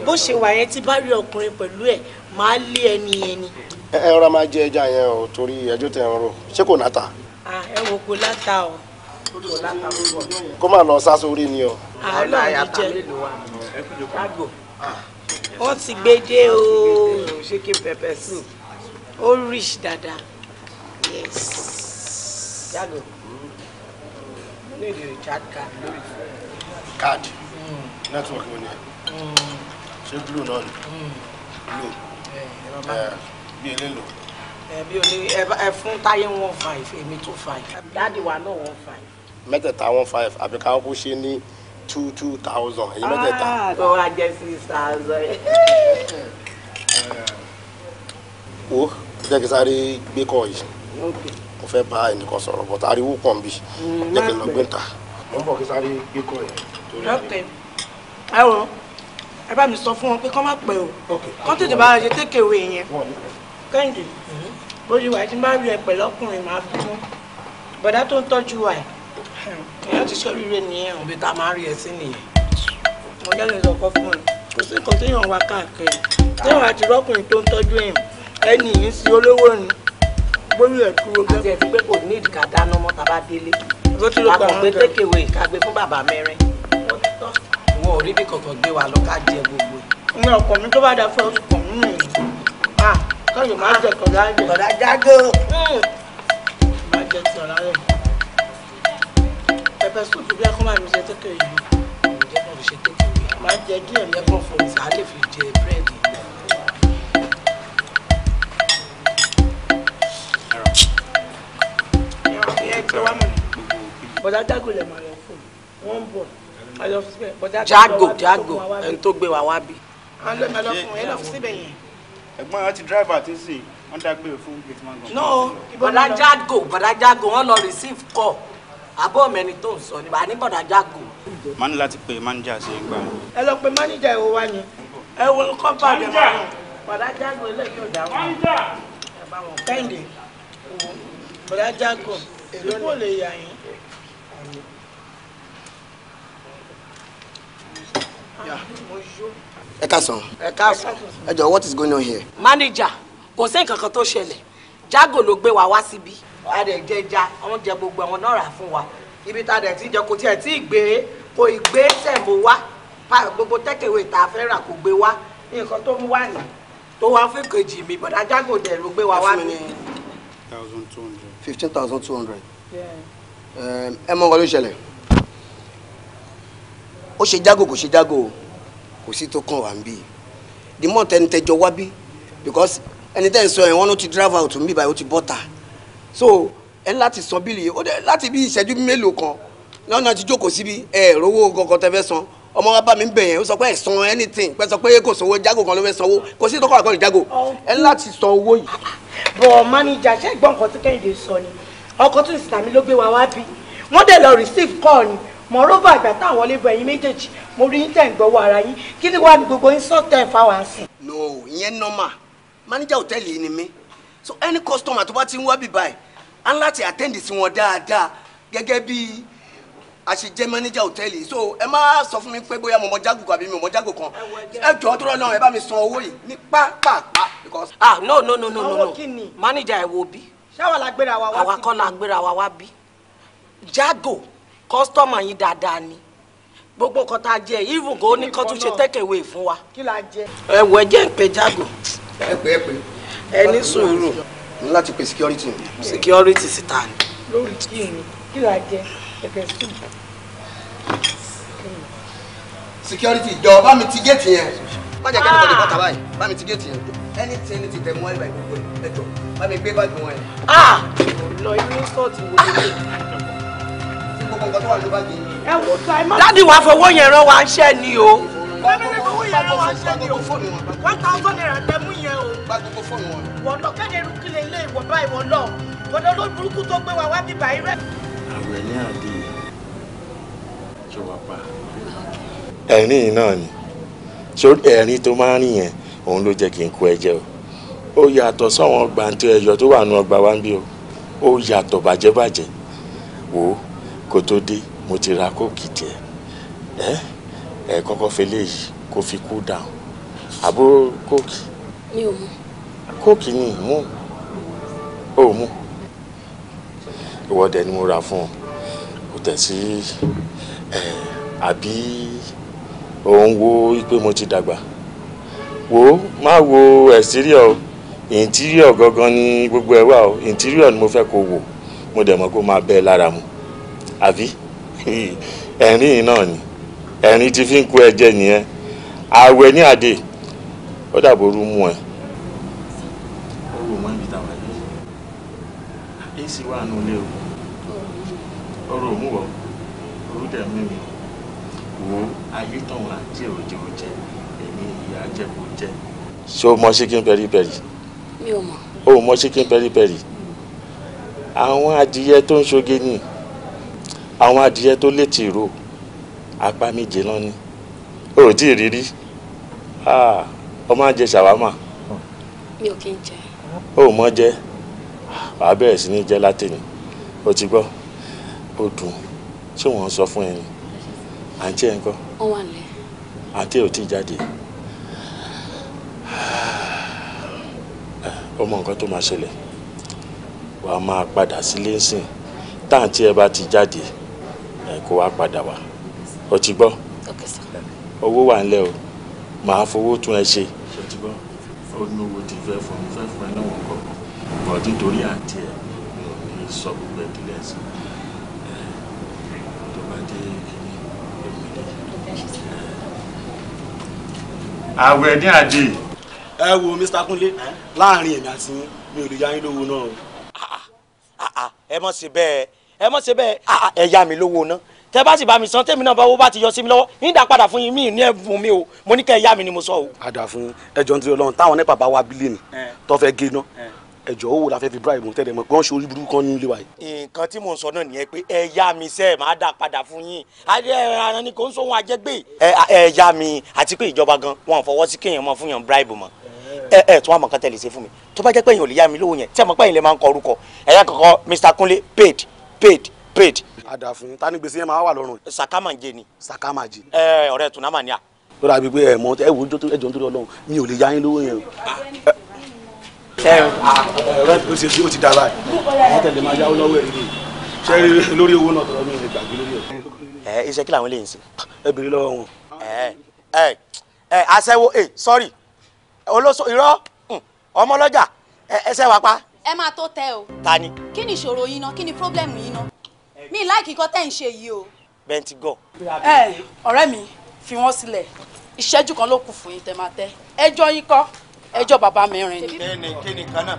bó ṣe wà yẹn tí bá rí ọkùnrin pẹ̀lú ẹ̀ máa lé ẹni yẹn ni ẹ ọ̀rọ̀ máa jẹ ẹja yẹn o torí ẹjọ́ tẹ̀ ń rò ṣé kò náta. ẹ wo kò láta o kó má lọ sá sórí ni o. àlọ́ mi jẹ wọ́n ti gbé dé o chicken pepper soup ó rich dada yes. yàgò ní ìdí recharge card lórí fún card hmm. network wo ni ẹ hmm. ṣé blue náà ni hmm. blue. Eh, bí elélo. ẹbí o ní ẹ fún táyé one five èmi two five dáàdì wa náà one five. mẹ́tẹ̀ẹ̀ta one five àbí káwọn kó ṣe ní two two thousand èyí mẹ́tẹ̀ẹ̀ta. kó ah, wá jẹ́ six thousand. wo jẹ́ kí sáré gbé kọ́ yìí mo fẹ́ bá ẹnìkan sọ̀rọ̀ bọ̀tà ariwo pọ̀ nbí mm, jẹ́ kí n lọ gbé ta. mo ń bọ̀ kí sáré gbé kọ́ yìí. ẹ wo ẹ bá mi sọ fún wọn pé kọ́ má pẹ́ o kọ́ tètè bá a ṣe take away yẹn kẹ́hìndé bó ṣe wà tí n bá rí ẹ pẹ̀lú ọkùnrin máa fi tún bọ̀dá tó ń tọ́jú wa ẹ̀ èèyàn ti ṣọ́ rírẹ́ nìyẹn òbí tá a máa rí ẹ sí nìyẹn mo jẹ́ lè sọ̀kọ́ fún ẹ kò sí nǹkan téèyàn wá káàkiri téèyàn àti rọ́kùnrin tó ń tọ́jú èèyàn ẹni yìí ń sin olówó ni bóyú ẹ̀ dúró gẹ́gẹ́. àti ẹ̀ ti pé kò ní ìdìkà dáná mọ́ tá a bá délé àkànpé tékèwé ìkàgbé fún bàbá mẹ́rin wọn ò rí bí kọ̀ọ̀kan gbé wa lọ ká jẹ gbogbo kọ́yìn máa jẹ kọ̀dá jẹ. kọ̀dá jágó. Hmm. máa jẹ ti ọ̀la rẹ̀. pẹpẹ súùpù bí akọ́mọ mi ṣe tẹ́kẹ̀ yìí. ǹjẹ́ mo ṣe tẹ́kẹ̀ yìí. máa jẹ díẹ̀ lẹ́kọ̀ọ́ fún mi. sàá lè fi jẹ búrẹ́dì. bọ̀dá jágò lè máa lọ fún mi wọ́n ń bọ̀ jágò jágò ẹni tó gbé wa wá bí. àwọn ọlọ́mọ ẹlọ́fun ẹlọ́fun síbẹ̀ yẹn ẹ̀gbọ́n wọn ti dírẹ́fà tí sì wọ́n dágbére fún gateman gan. no bọ̀dá jágò bọ̀dá lọ receive call àbọ̀ mẹ́ni tó ń sọ ni bàá ní bọ̀dá jágò. má ní láti pe mánìjà sí ìgbà. ẹ lọ pe mánìjà ìwọ wá ni. ẹ wo kọ́ńpáàdì ẹ̀ máa bọ̀dá jágò eléyìí ò dáhùn. mánìjà ẹ bá wọn kẹ́hìndé bọ̀dá jágò èló ni. ìbò lè yà yín. mo yó ẹ káàsán. ẹ káàsán. ẹ jọ what is going on here. manager kò sí nǹkan kan tó ṣẹlẹ̀ jágò ló gbé wa wá síbí adẹ̀jẹja oúnjẹ gbogbo àwọn náà rà fún wa ibi tá a dẹ̀ ti jẹ kò tiẹ̀ tí ì gbé e. kò ì gbé e tẹ̀mó wá gbogbo tẹ́kẹ̀wé tá a fẹ́ rà kò gbé wá nǹkan tó mú wá ní tó wá fún kejì mi bọ̀dá jágò dẹ̀ ló gbé wa wá ní. fifteen thousand two hundred. ẹ mọ nǹkan ló ṣẹlẹ̀ ó ṣe jágò kò ṣe jágò o kò sí tó kàn wá ń bí the more tẹni tẹjọ wá bí because ẹni tẹ́ ń sọ yẹn wọ́n ló ti drive out ń bí báyìí ó ti bọ́ta so ẹni láti san bíìlì yìí ó dẹ láti bí ìṣẹ́jú mélòó kan lọ́nà ti jókòó síbi ẹ̀ rówó kankan tẹ́ fẹ́ san ọmọ wa bá mi ń bẹ̀ yẹn ó sọ pé ẹ̀ san anything pẹ́ sọ pé kò sanwó jágò kan ló fẹ́ sanwó kò sí tọkọ àkọlù jago. ẹni láti san owó yìí. bọ̀ mánìjà ṣé ìgbọ́n kan tí kẹ́hìndé sọ ni ọkọ̀ tún ìsìlámì ló gbé wa wá bí wọ́n dẹ̀ lọ receive call ni moreover ìgbà táwọn wọlé bọ ẹ̀yin méjèèjì mo rí yín tẹ̀ ń gbọ́wọ́ ara yín kí ni wàá ní gbogbo yín sọ́ọ̀tẹ̀ fáwọn àǹsìn. no ìyẹn normal manager hòtẹ́ẹ̀lì yìí ni mí so any customer tó bá ti ń wá bíbá ẹ̀ á láti attend sí wọn dáadáa gẹ́gẹ́ bí a ṣe jẹ́ manager hòtẹ́ẹ̀lì so ẹ má sọ fún mi pé bóyá mo mọ jágò kan àbí mi ò mọ jágò kan ẹ jọ̀ọ́ tó rọ̀ náà ẹ bá mi san owó yìí ní pápápá. ah no no no no no no manager ẹ̀ wo bí. ṣáwa la gbéra wa wá bí. àwa kọ́ la gbéra wa wá bí. jágò kọ́sítọ́mà yín dáadáa ni gbogbo nǹkan tá a jẹ even kò ní kó tún ṣe tẹ́kẹ̀wé fún wa. kí jẹ. ẹ wọ ẹ sùúrù. láti pe security. security sì ta ni. lórí kí ni kí la jẹ ẹgbẹ sùn. security jọ bá mi ti géètì yẹn. má jẹ́ kí ẹnìkan lè báyìí bá mi ti géètì yẹn. anything ti tẹ̀ mọ́ ẹ̀ bá ìgbòho jọ bá mi gbé báàgì wọn yẹn. Ah! lọ inú sọ́ọ̀tì wo ni gbogbo wa ṣẹ́ ni o. bẹ́ẹ̀ni ni fowó yẹn wa ṣẹ́ ni o one thousand naira tẹ mú yẹn o. gba gbogbo fóònù wọn. wọ́n lọ kéde irú kílẹ̀ ilé ìwọ̀n báyìí wọ́n lọ wọ́n lọ lórí burúkú tó gbé wa wá bíbá yìí rẹ̀. àwẹ̀ ní àdé ṣe wà pa. ẹ̀rín náà ni ṣé ẹ̀rín tó máa ń yẹn òun ló jẹ́ kí n kó ẹ o ó yàtọ̀ sọ́wọ́n gbàǹtẹ̀ ẹ̀yọ tó wà nù ọgbà wa ń bí o ó yàtọ̀ bàjẹ́bàjẹ́ wò ó kó tó dé mo ti ra kóòkì tiẹ̀ ẹ ẹ kọ́kọ́ fi léyìí kó fi cool down àbó kóòkì. mi ò mú. kóòkì ni mú ò mú ìwọ ni mo ra fún ọ kò tẹ̀ sí ẹ àbí òun wo pé mo ti dàgbà wo má wo exterior o interior gangan ni gbogbo ẹ wà o interior ni mo fẹ́ kó wò mo dẹ̀ mọ̀ kó máa bẹ́ẹ̀ lára mu àbí ẹ̀rín yìí náà ni ẹ̀rín ti fi ń kó ẹ̀jẹ̀ nìyẹn àwẹ̀ ní àdè ó dàbò orú mú ẹ. ọwọ́ mọ ibi táwa yìí èsì wà nù lé o ọ̀rọ̀ òmù wọ orú dẹ mímì wò ó ayé tán àti òjò jẹ èmi ìyá jẹ kò jẹ. ṣé o mọ chicken peri peri. mi ò mọ. o mọ chicken peri àwọn adìyẹ tó ń ṣoge nìyí àwọn adìyẹ tó létí ìró apá méje náà ni o ò tí ì rírí ah, ọmọ àjẹ ṣàwámà. mi ò kí ń jẹ. o ò mọ jẹ wàá bẹ̀rẹ̀ sí ní jẹ látẹ̀yìn o ti gbọ́ o dùn ṣé wọ́n sọ fún ẹ ni àǹtí ẹ̀ ń kọ́. ó wà lẹ́. àǹtí ẹ̀ ò tí ì jáde. ọmọ nǹkan tó máa ṣẹlẹ̀ wàá máa padà sílé ńsìn táǹtí ẹ bá ti jáde kó wá padà wá ó ti gbọ́ owó wà nílẹ̀ o màá fowó tún ẹ ṣe ó ti gbọ́ ó ní owó ti fẹ́ fún mi fẹ́ fún ẹ náà kọ́ bọ̀ nítorí àǹtí ẹ mi ò ní sọ gbogbo ìdílé ẹ̀sìn tó bá dé kíní èmi ni. àwẹ̀ ní àdé. ẹ wo Mr. Kúnlé láàrin èmi àti yín mi ò lè yá yín lówó náà o. Ah, ah, ah, ẹ mọ̀ sí bẹ́ẹ̀ ẹ mọ̀ ṣe bẹ́ẹ̀ ah, ah, ẹ yá mi lówó ná tẹ bá sì bá mi san tèmi náà bá owó bá ti yọ sí mi lọ́wọ́ ní ìdá padà fún yín mí ní ẹ̀bùn mi o mo ní kẹ́ ẹ mi ni mo sọ o. àdà fún ẹjọ nítorí Ọlọ́run táwọn nípa bá wa bílíọ̀nù tó fẹ́ gé ná ẹjọ owó la fẹ́ fi bribe mo tẹ́lẹ̀ mọ̀ pé wọ́n ṣe orí burúkú kan ní wa yìí. nǹkan tí mò ń sọ náà nìyẹn pé ẹ mi sẹ́ ẹ̀ máa dà padà fún yín adé ẹran ni kò ń sóhun àjẹgbé. ẹ mi àti pé ìjọba gan wọn ò fọwọ́ sí kéèyàn mọ fún yàn bribe mọ́ ẹ ẹ tún àmọ̀kan tẹ̀lé ṣe fún mi tó bá jẹ́ pé èèyàn ò lè yá mi lówó yẹn tí àmọ́ lè máa ń kọ orúkọ ẹ̀yà kankan Mr. Kunle paid paid paid. àdàfin tani gbèsè ni. sakamanje. ẹ ọ̀rẹ́ tunamania. ó dàbí pé ẹ mọ ẹ wo ẹjọ nítorí Ọlọ́run mi o. ẹ ọ̀rẹ́ ah, tó ṣe tí ó ti da báyìí mi lè gbàgbé lórí ẹ. ẹ iṣẹ́ kí làwọn eléyìí ń ṣe. ẹ bèrè lọ́wọ́ wọn. ẹ eh, hmm, pa ẹ máa tó tẹ o. ta ni. kí ni ìṣòro yín náà kí ni pírọ́blẹ́mù yín náà mi láìkí kọ́ tẹ́ ń ṣe yìí o. bẹ́ntì gọ̀. ẹ ọ̀rẹ́ mi fi wọ́n sílẹ̀ ìṣẹ́jú kan ló kù fún yín tẹ̀mátẹ́ ẹjọ́ yín kọ́ ẹjọ́ bàbá mẹ́rin ni. kéènì kéènì kan náà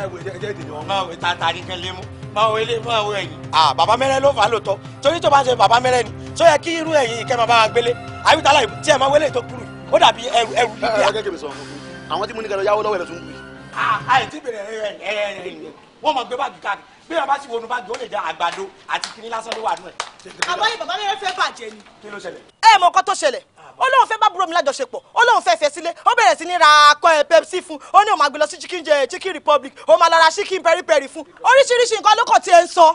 ẹ wò jẹ́ ìdìbò wọn máa wò ta ta ni kẹ́ lé mú máa wò ilé máa wò ẹ̀yìn. à bàbá mẹ́rin ló fà á lò torí tó bá ṣe bàbá mẹ́rin ni tó yẹ kí irú ẹ̀yìn ìkẹ́ máa bá wa gbélé àbí tálá tí ẹ máa wélé tó kúrú ó dàbí ẹrù ẹrù líbíà. àwọn tí mo ní kẹlẹ yáwó lọ́wọ́ ẹ lọ àìtí ah, ah, bèrè ẹ ẹ ẹ wọn máa gbé báàgì káàkiri bí wọn bá sì wọnú báàgì ó lè jẹ àgbàdo àti kiri lásán ló wà nù ẹ. àmọ́ yìí bàbá mi fẹ́ bàjẹ́ ni. kí ló ṣẹlẹ̀. ẹ mọ ọkọ tó ṣẹlẹ̀ ó ah, lóun fẹ́ bá búrò mi lájọṣepọ̀ ó lóun fẹ́ fẹ́ sílé ó bẹ̀rẹ̀ sí ní ra akọ ẹ eh, pepsi fún ó ní òun máa gbé lọ sí chicken jẹ eh, chicken republic ó máa lọ ra chicken peri peri fún oríṣiríṣi nǹkan ló kàn ti ẹ ń sọ.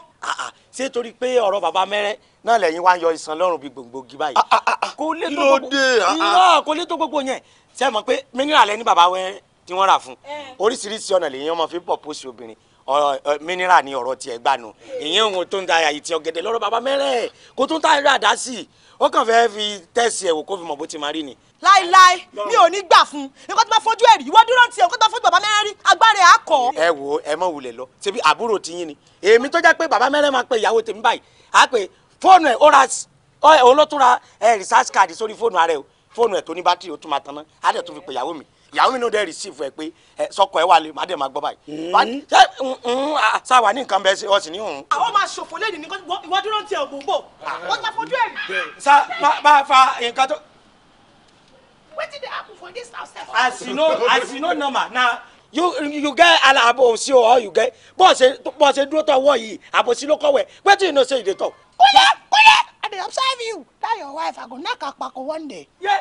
ṣé torí pé ọ̀rọ̀ bàbá mẹ́rẹ́ náà lẹ́yìn wá ń yọ iṣan lọ́rùn bíi gbòǹgbòǹgì báyìí. kò lè tó gbogbo yẹn ṣé mọ̀ pé mineral ẹni bàbá wẹ́rẹ́ tí wọ́n rà fún oríṣiríṣi ọ̀nà lèyìn ọmọ fi pọ̀ pósí obìnrin mineral ni ọ̀rọ̀ tiẹ̀ gbanu ìyẹn òun tó ń da àyè tí ọ̀gẹ̀dẹ̀ lọ́rọ̀ bàbá mẹ́rẹ̀ kó tó ń ta ẹ̀rọ àdá sí i ó kàn fẹ́ẹ́ fi tẹ̀sí ẹ̀wò kó fi mọ̀ bó ti máa rí ni. láíláí mi ò ní gbà fún nǹkan tó bá fojú ẹ̀ rí ìwọ dúró tiẹ̀ nǹkan tó bá fojú bàbá mẹ́rẹ̀ rí agbára ẹ̀ á kọ́. ẹ wo ẹ mọ wulẹ̀ lọ ṣebí àbúrò ti ni èmi tó jẹ́ pé bàbá mẹ́rẹ̀ máa pe ìyàwó tèmi báyìí á pe fóònù ẹ̀ ó ra olótúnra research card sórí fóònù ara ẹ̀ fóònù ẹ̀ tó ní bátìrì ó tún máa tanná á dẹ̀ tún fi pe ìyàwó mi ìyàwó mi náà dẹ́ receive ẹ pé ẹ sọkọ ẹ wà lè má dẹ̀ máa gbọ́ báyìí. Hmm. ṣé sá hmm, hmm, ah, ní nǹkan bẹ́ẹ̀ ọ sì ní òun. àwọn ah, máa ṣòfò lẹ́yìn ní ìwọ dúró ti ògbóngbò ah. wọ́n ta fojú ẹ̀ mi. sá bá fa nǹkan tó. wetin dey happen for dis house. as you know as you know normal na you you get ala abosi or you get bọ́ọ̀sẹ̀ bọ́ọ̀sẹ̀ dúró tọ̀ wọ̀ yìí àbòsí ló kọ̀wẹ̀ wetin you know say you dey talk. kúlẹ̀ kúlẹ̀ i dey observe you tell your wife i go knack akpako one day. Yeah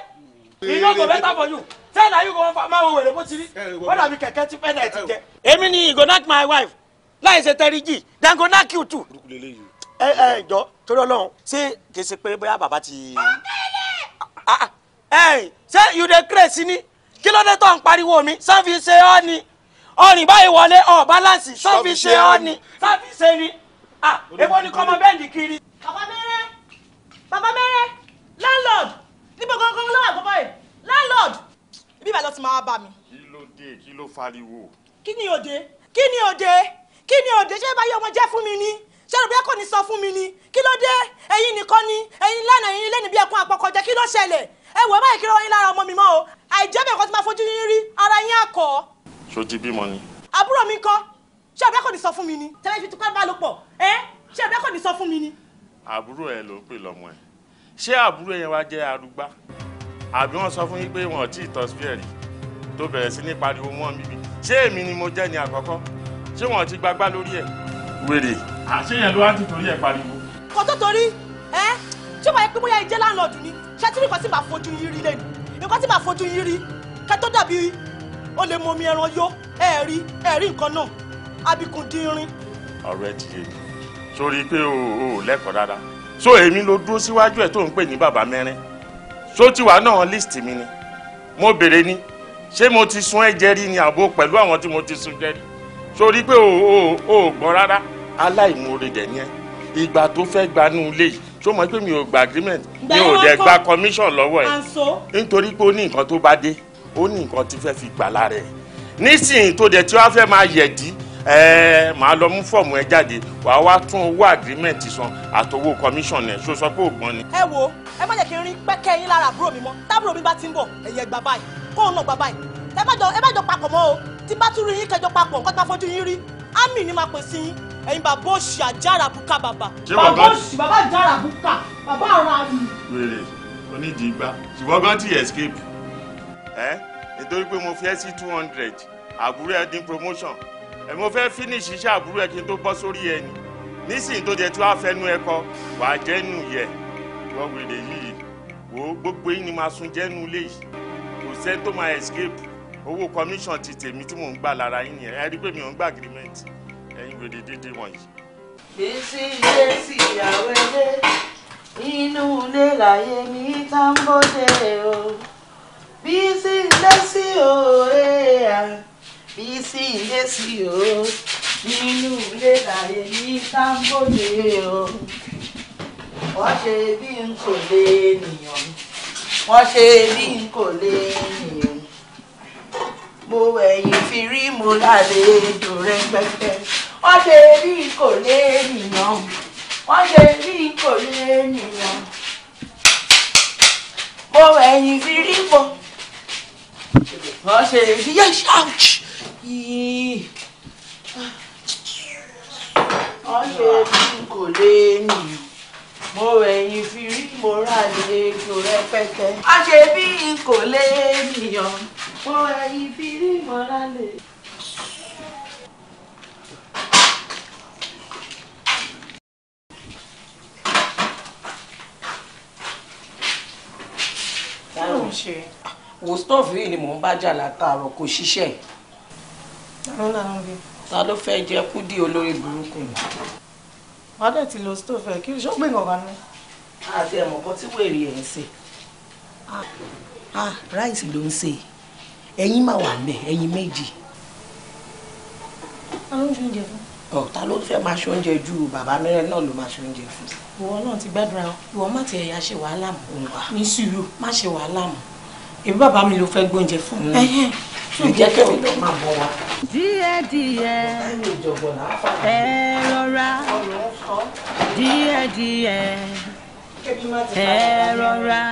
you no better for you tell na you go máa wo wèrè bó ti rí wọ́n dàbí kẹ̀kẹ́ tí fẹ́ẹ́ náà ti jẹ. èmi ni you go knack my wife láì ṣe tẹ́rí jì then go knack you too. ẹ ẹ eh, eh, jọ torí Ọlọ́run ṣé kì pé bóyá bàbá ti. ẹ ah, ah, eh, ṣé you dey craze ni kí ló dé tó ń pariwo mi sọ́ọ̀fì ṣe ọ́ ni ọ̀rìn báyìí wọlé ọ̀ balance sọ́ọ̀fì ṣe ọ́ ni sọ́ọ̀fì ṣe ni ah, èpo ni kọ́mọ bẹ́ẹ̀ ní kiri. bàbá mẹ́rẹ́ bàbá mẹ́rẹ́ landlord níbo gangan ló wà gbọ́ báyìí landlord ibi ìbàdàn ti máa bá mi. kí ló dé kí ló fariwo. kí ni òde kí ni òde kí ni òde ṣé báyìí ọmọ jẹ́ fún mi ni ṣé rògbé kò ní sọ fún mi ni kí ló dé ẹ̀yin nìkan ni ẹ̀yin lánàá ẹ̀yin lẹ́nu bí ẹkún àpọ̀kọ̀jẹ́ kí ló ṣẹlẹ̀ ẹ wò báyìí kí ló wáyé lára ọmọ mi mọ́ o àìjẹ́ bẹ́ẹ̀ kan ti máa fojú yín rí ara yín àkọ́. ṣojú bímọ ni. àbúrò mi kọ́ ṣé rògbé kò ní sọ fún mi ni tẹ́lẹ̀ fi tukọ́ bá lò pọ̀ ẹ́ ṣé rògbé kò ní sọ fún mi ni. àbúrò ẹ ló pè lọmọ ẹ ṣé àbúrò yẹn wá jẹ́ arúgbá àbí wọ́n sọ fún yín pé wọn ò tí ì tọ́ spíẹ̀ rí tó bẹ̀rẹ̀ sí ní pariwo mọ́ mi bí ṣé èmi ni mo jẹ́ ni àkọ́kọ́ ṣé wọn ò ti gbagbá lórí ẹ̀ wèrè àṣeyàn ló wá ti torí ẹ̀ pariwo. kò tó torí ẹ tí ó bá yẹ pé bóyá ìjẹ́ láńlọ́ọ̀dù ni ṣé tí nìkan sì máa fojú yín rí lẹ́nu nǹkan tí máa fojú yín rí ká tó dàbí ó lè mọ omi ẹran yó ẹ rí ẹ rí nǹkan náà abikun dín rín. ọ̀rọ̀ ẹ ti yé mi sórí pé o ò lẹ́kọ̀ọ́ dáadáa so èmi ló dúró síwájú ẹ̀ tó ń pè ní bàbá mẹ́rin so tiwa náà list mi ni mo béèrè ni ṣé mo ti sun ẹ̀jẹ̀ rí ni àbò pẹ̀lú àwọn tí mo ti sun jẹ́ rí sórí pé o ò ò gbọ́n rárá aláìmoore dẹ̀ ni ẹ ìgbà tó fẹ́ gbanú ilé yìí tó mọ̀ pé mi ò gba agreement mi ò dẹ̀ gba commission lọ́wọ́ ẹ̀ nítorí pé ó ní nǹkan tó bá dé ó ní nǹkan tí fẹ́ fi gbà lára ẹ̀ nísìnyí tó dẹ̀ tí wọ́n fẹ́ máa yẹ̀dí ẹ màá lọ mú fọ́ọ̀mù ẹ jáde wàá wá tún owó agreement san àtọwọ́ commission ẹ̀ ṣó sọ pé ògbọ́n ni. ẹ wo ẹ má jẹ́ kí n rí pẹ́kẹ́ yín lára àbúrò mi mọ́ tábúrò mi bá ti ń bọ̀ ẹ̀yẹ gbà báyìí kóun náà gbà báyìí ẹ má jọ ẹ má jọ papọ̀ mọ́ o tí bá tún rí yín kẹjọ papọ̀ nǹkan tí máa fojú yín rí ámì ni máa pè sí yín ẹ̀yin bàbá òṣì àjàrà bùkà bàbà. bàbá òṣì bàbá àjàrà bùkà bàbá ara mi. wèrè onídìí ṣùgbọ́n escape ẹ nítorí pé mo fi two hundred àbúrò ẹ promotion ẹ mo fẹ́ finish iṣẹ́ àbúrò ẹ kí n tó bọ́ sórí ẹ ni nísìnyí tó jẹ tí wàá fẹnu ẹ kọ wàá jẹnu yẹ wọn wèrè yìí wò gbogbo yín ni máa sun jẹnu ilé yìí kò sẹ́ni tó máa escape owó commission ti tèmi tí mò ń gbà lára yín yẹn ẹ rí i pé mi ò ń gba agreement ẹ̀yin wèrè déédéé wọ̀nyí. mi sí ilé sí ìyàwó ilé inú ilé láyé mi tá ń bọ́dẹ̀ o bí sí ilé sí òòrè à fi sí ilé sí o nínú ilé láyé ní táǹbòdè o wọ́n ṣe bí n kò lè nìyàn wọ́n ṣe bí n kò lè nìyàn mo ẹ̀yìn fi rí mo lálejò rẹpẹtẹ wọ́n ṣe bí n kò lè nìyàn wọ́n ṣe bí n kò lè nìyàn mo ẹ̀yìn fi rí mo wọ́n ṣe bí yẹ́ṣáàjì wọ́n ṣe bí kò lè nì mo rẹ̀yìn fi rí mo rà lẹ́jọ́ rẹpẹtẹ. a ṣe bí kò lè nìyàn mo rẹ̀yìn fi rí mo rà lẹ́jọ́. wo stọọfù yìí ni mò ń bá jà látàárọ̀ kò ṣiṣẹ́ ta ló fẹ́ jẹ kúdí olórí burúkú ni. wàá dẹ̀ ti lo stove ẹ̀ kí o ṣọ́gbìn kankan ní. àti ẹ̀mọ̀ kan tí wèrè ẹ̀ ń ṣe. ráìsì ló ń ṣe ẹyin máa wà mẹ́ ẹyin méjì. ta ló ń ṣe oúnjẹ fún. ọ̀ ta ló fẹ́ máa ṣe oúnjẹ ju bàbá mẹ́rẹ̀ náà ló máa ṣe oúnjẹ fún. ìwọ náà ti gbàdúrà ìwọ má ti ẹ̀yà ṣe wàhálà mọ́ ní sùúrù má ṣe wàhálà mọ́ èmi bàbá mi ló fẹ́ gbóúnjẹ fún mi. Mm ṣe jẹ́ kẹ́mi lọ máa bọ̀ wá. díẹ̀díẹ̀ ẹ rọra díẹ̀díẹ̀ ẹ rọra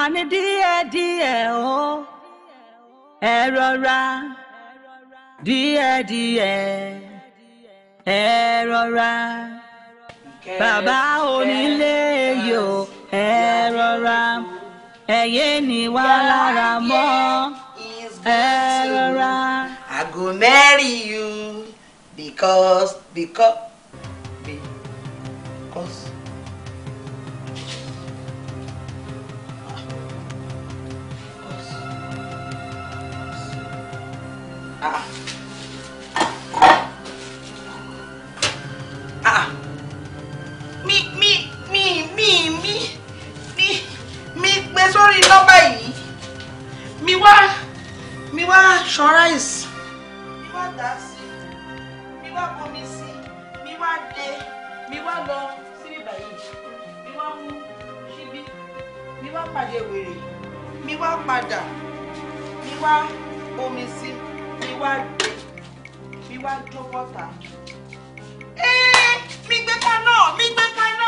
àní díẹ̀díẹ̀ o ẹ rọra díẹ̀díẹ̀ ẹ rọra bàbá onílé yòó ẹ rọra ẹ̀yẹ́ ni wà lára mọ́ ẹ I go marry you because because because. Ah. Ah. Mi mi mi mi mi mi mi gbé sórí nọ́mbà yìí mi wá mi wá ṣan ráìsì mi wá dà sí mi wá bomi sí mi wá dé mi wá lọ síbí báyìí mi wá mú síbí mi wá pàdé wèrè mi wá padà mi wá bomi sí mi wá dé mi wá jó bọ́tà. mi gbé kaná mi gbé kaná.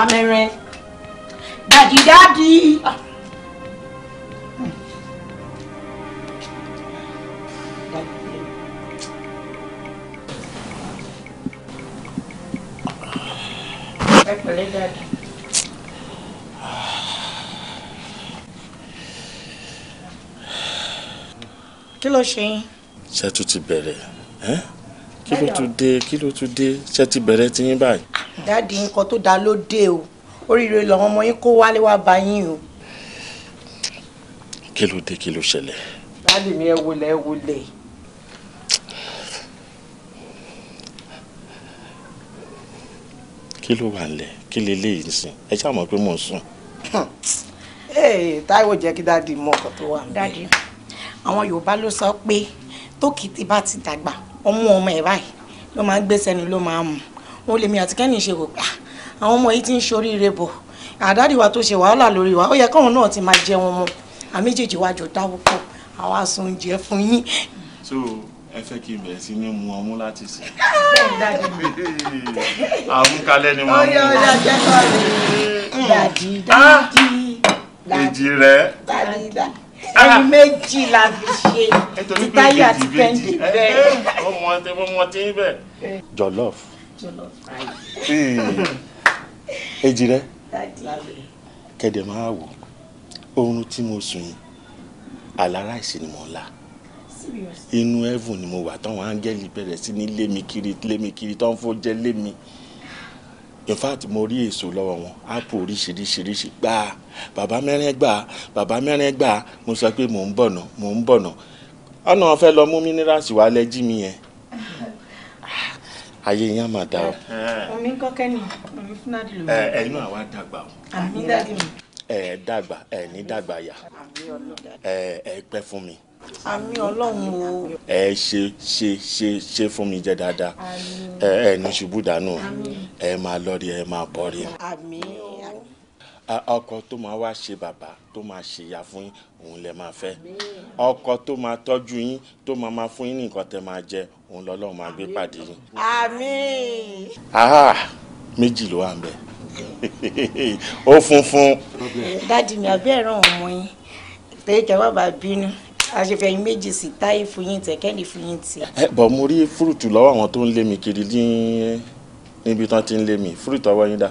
àbámẹ́rẹ́ dàdídàdí. ẹ pẹ̀lẹ́ dàdí. kí ló ṣe yín. ṣé tún ti bẹ̀rẹ̀ ẹ́. Eh? kí ló tún dé kí ló tún dé ṣé ti bẹ̀rẹ̀ ti yín báyìí. dáàdi nǹkan tó dáa ló dé o oríire làwọn ọmọ yín kó wálé wá bá yín o. kí ló dé kí ló ṣẹlẹ̀. dáàdi mi ẹ wọlé ẹ wọlé. kí ló wà lẹ kí lè lè yìí sìn ẹ ṣáà mọ̀ pé mò ń sùn. táíwò jẹ́ kí dáàdi mọ ọkọ̀ tó wà. dáàdi àwọn yorùbá ló sọ pé tókìtì bá ti dàgbà ọmú ọmọ ẹ̀ báyìí ló máa ń gbé sẹ́nu ló máa ń mu òun lèmi àti kẹ́ni ṣe rò pé ah, àwọn ọmọ yìí ti ń ṣoríire bọ̀ àdáàdì wa tó ṣe wàhálà lórí wa ó yẹ káwọn náà ti máa jẹ wọn mọ àméjèèjì wa jọ dáwọ́ pọ̀ àwa sun oúnjẹ fún yín. so ẹ fẹ́ kí n bẹ̀rẹ̀ sí ní mu ọmú láti sìn. àmúkalẹ́ ni wọ́n mú un. dàdí dàdí dàdí. èjì rẹ̀. dàdí dàdí ẹni méjì la fi ṣe ti Táyọ̀ àti Kẹ́hìndé bẹ́ẹ̀. ọmọ tẹ ọmọ tẹ bẹ́ẹ̀. jollof èjì rẹ kẹdẹ máa wò oorun tí mo sùn yìí àlárà ìsìn ni mo ń la inú heaven ni mo wà táwọn áńgẹ́lì bẹ̀rẹ̀ sí ní lémi kiri lémi kiri tó ń fò jẹ́ lémi in fact mo rí èso lọ́wọ́ wọn apple oríṣiríṣiríṣi gbà bàbá mẹ́rin gbà bàbá mẹ́rin gbà mo sọ pé mò ń bọ̀nà mò ń bọ̀nà ọ̀nà ọ̀fẹ́ lọ mú minerals wà lẹ́jí mi yẹn ah, ayé yẹn mà dá o. omi ń kọ́kẹ́ ni omi fún dádì lómi. ẹ̀yin náà wá dàgbà o. àmì dádì ẹ dàgbà ẹ ní dàgbà yà ẹ ẹ pẹ́ fún mi àmì ọlọ́run o. ẹ ṣe ṣe ṣe ṣe fún mi jẹ dáadáa ẹ ní ṣubú dànù ẹ máa lọ́ọ̀rì ẹ máa bọ́ọ̀rì. àmín ọkọ tó máa wá ṣe bàbá tó máa ṣèyà fún yín òun lẹ máa fẹ́ ọkọ tó máa tọ́jú yín tó máa máa fún yín ní nǹkan tẹ́ máa jẹ òun lọ́lọ́run máa gbé pàdé yín. àmín. aha méjì ló wà ń bẹ ó funfun. dádì mi àbí ẹ̀rọ ọ̀mọ yín pé kẹ́ bá bínú àṣefẹ̀yìn méjì sí táyé fún yín tẹ̀ kẹ́lì fún yín tì. ẹ bọ̀ mo rí fúrùtù lọ́wọ́ àwọn tó ń lé mi kiri ní níbi tán ti ń lé mi fúrùtù ọwọ́ yín dà.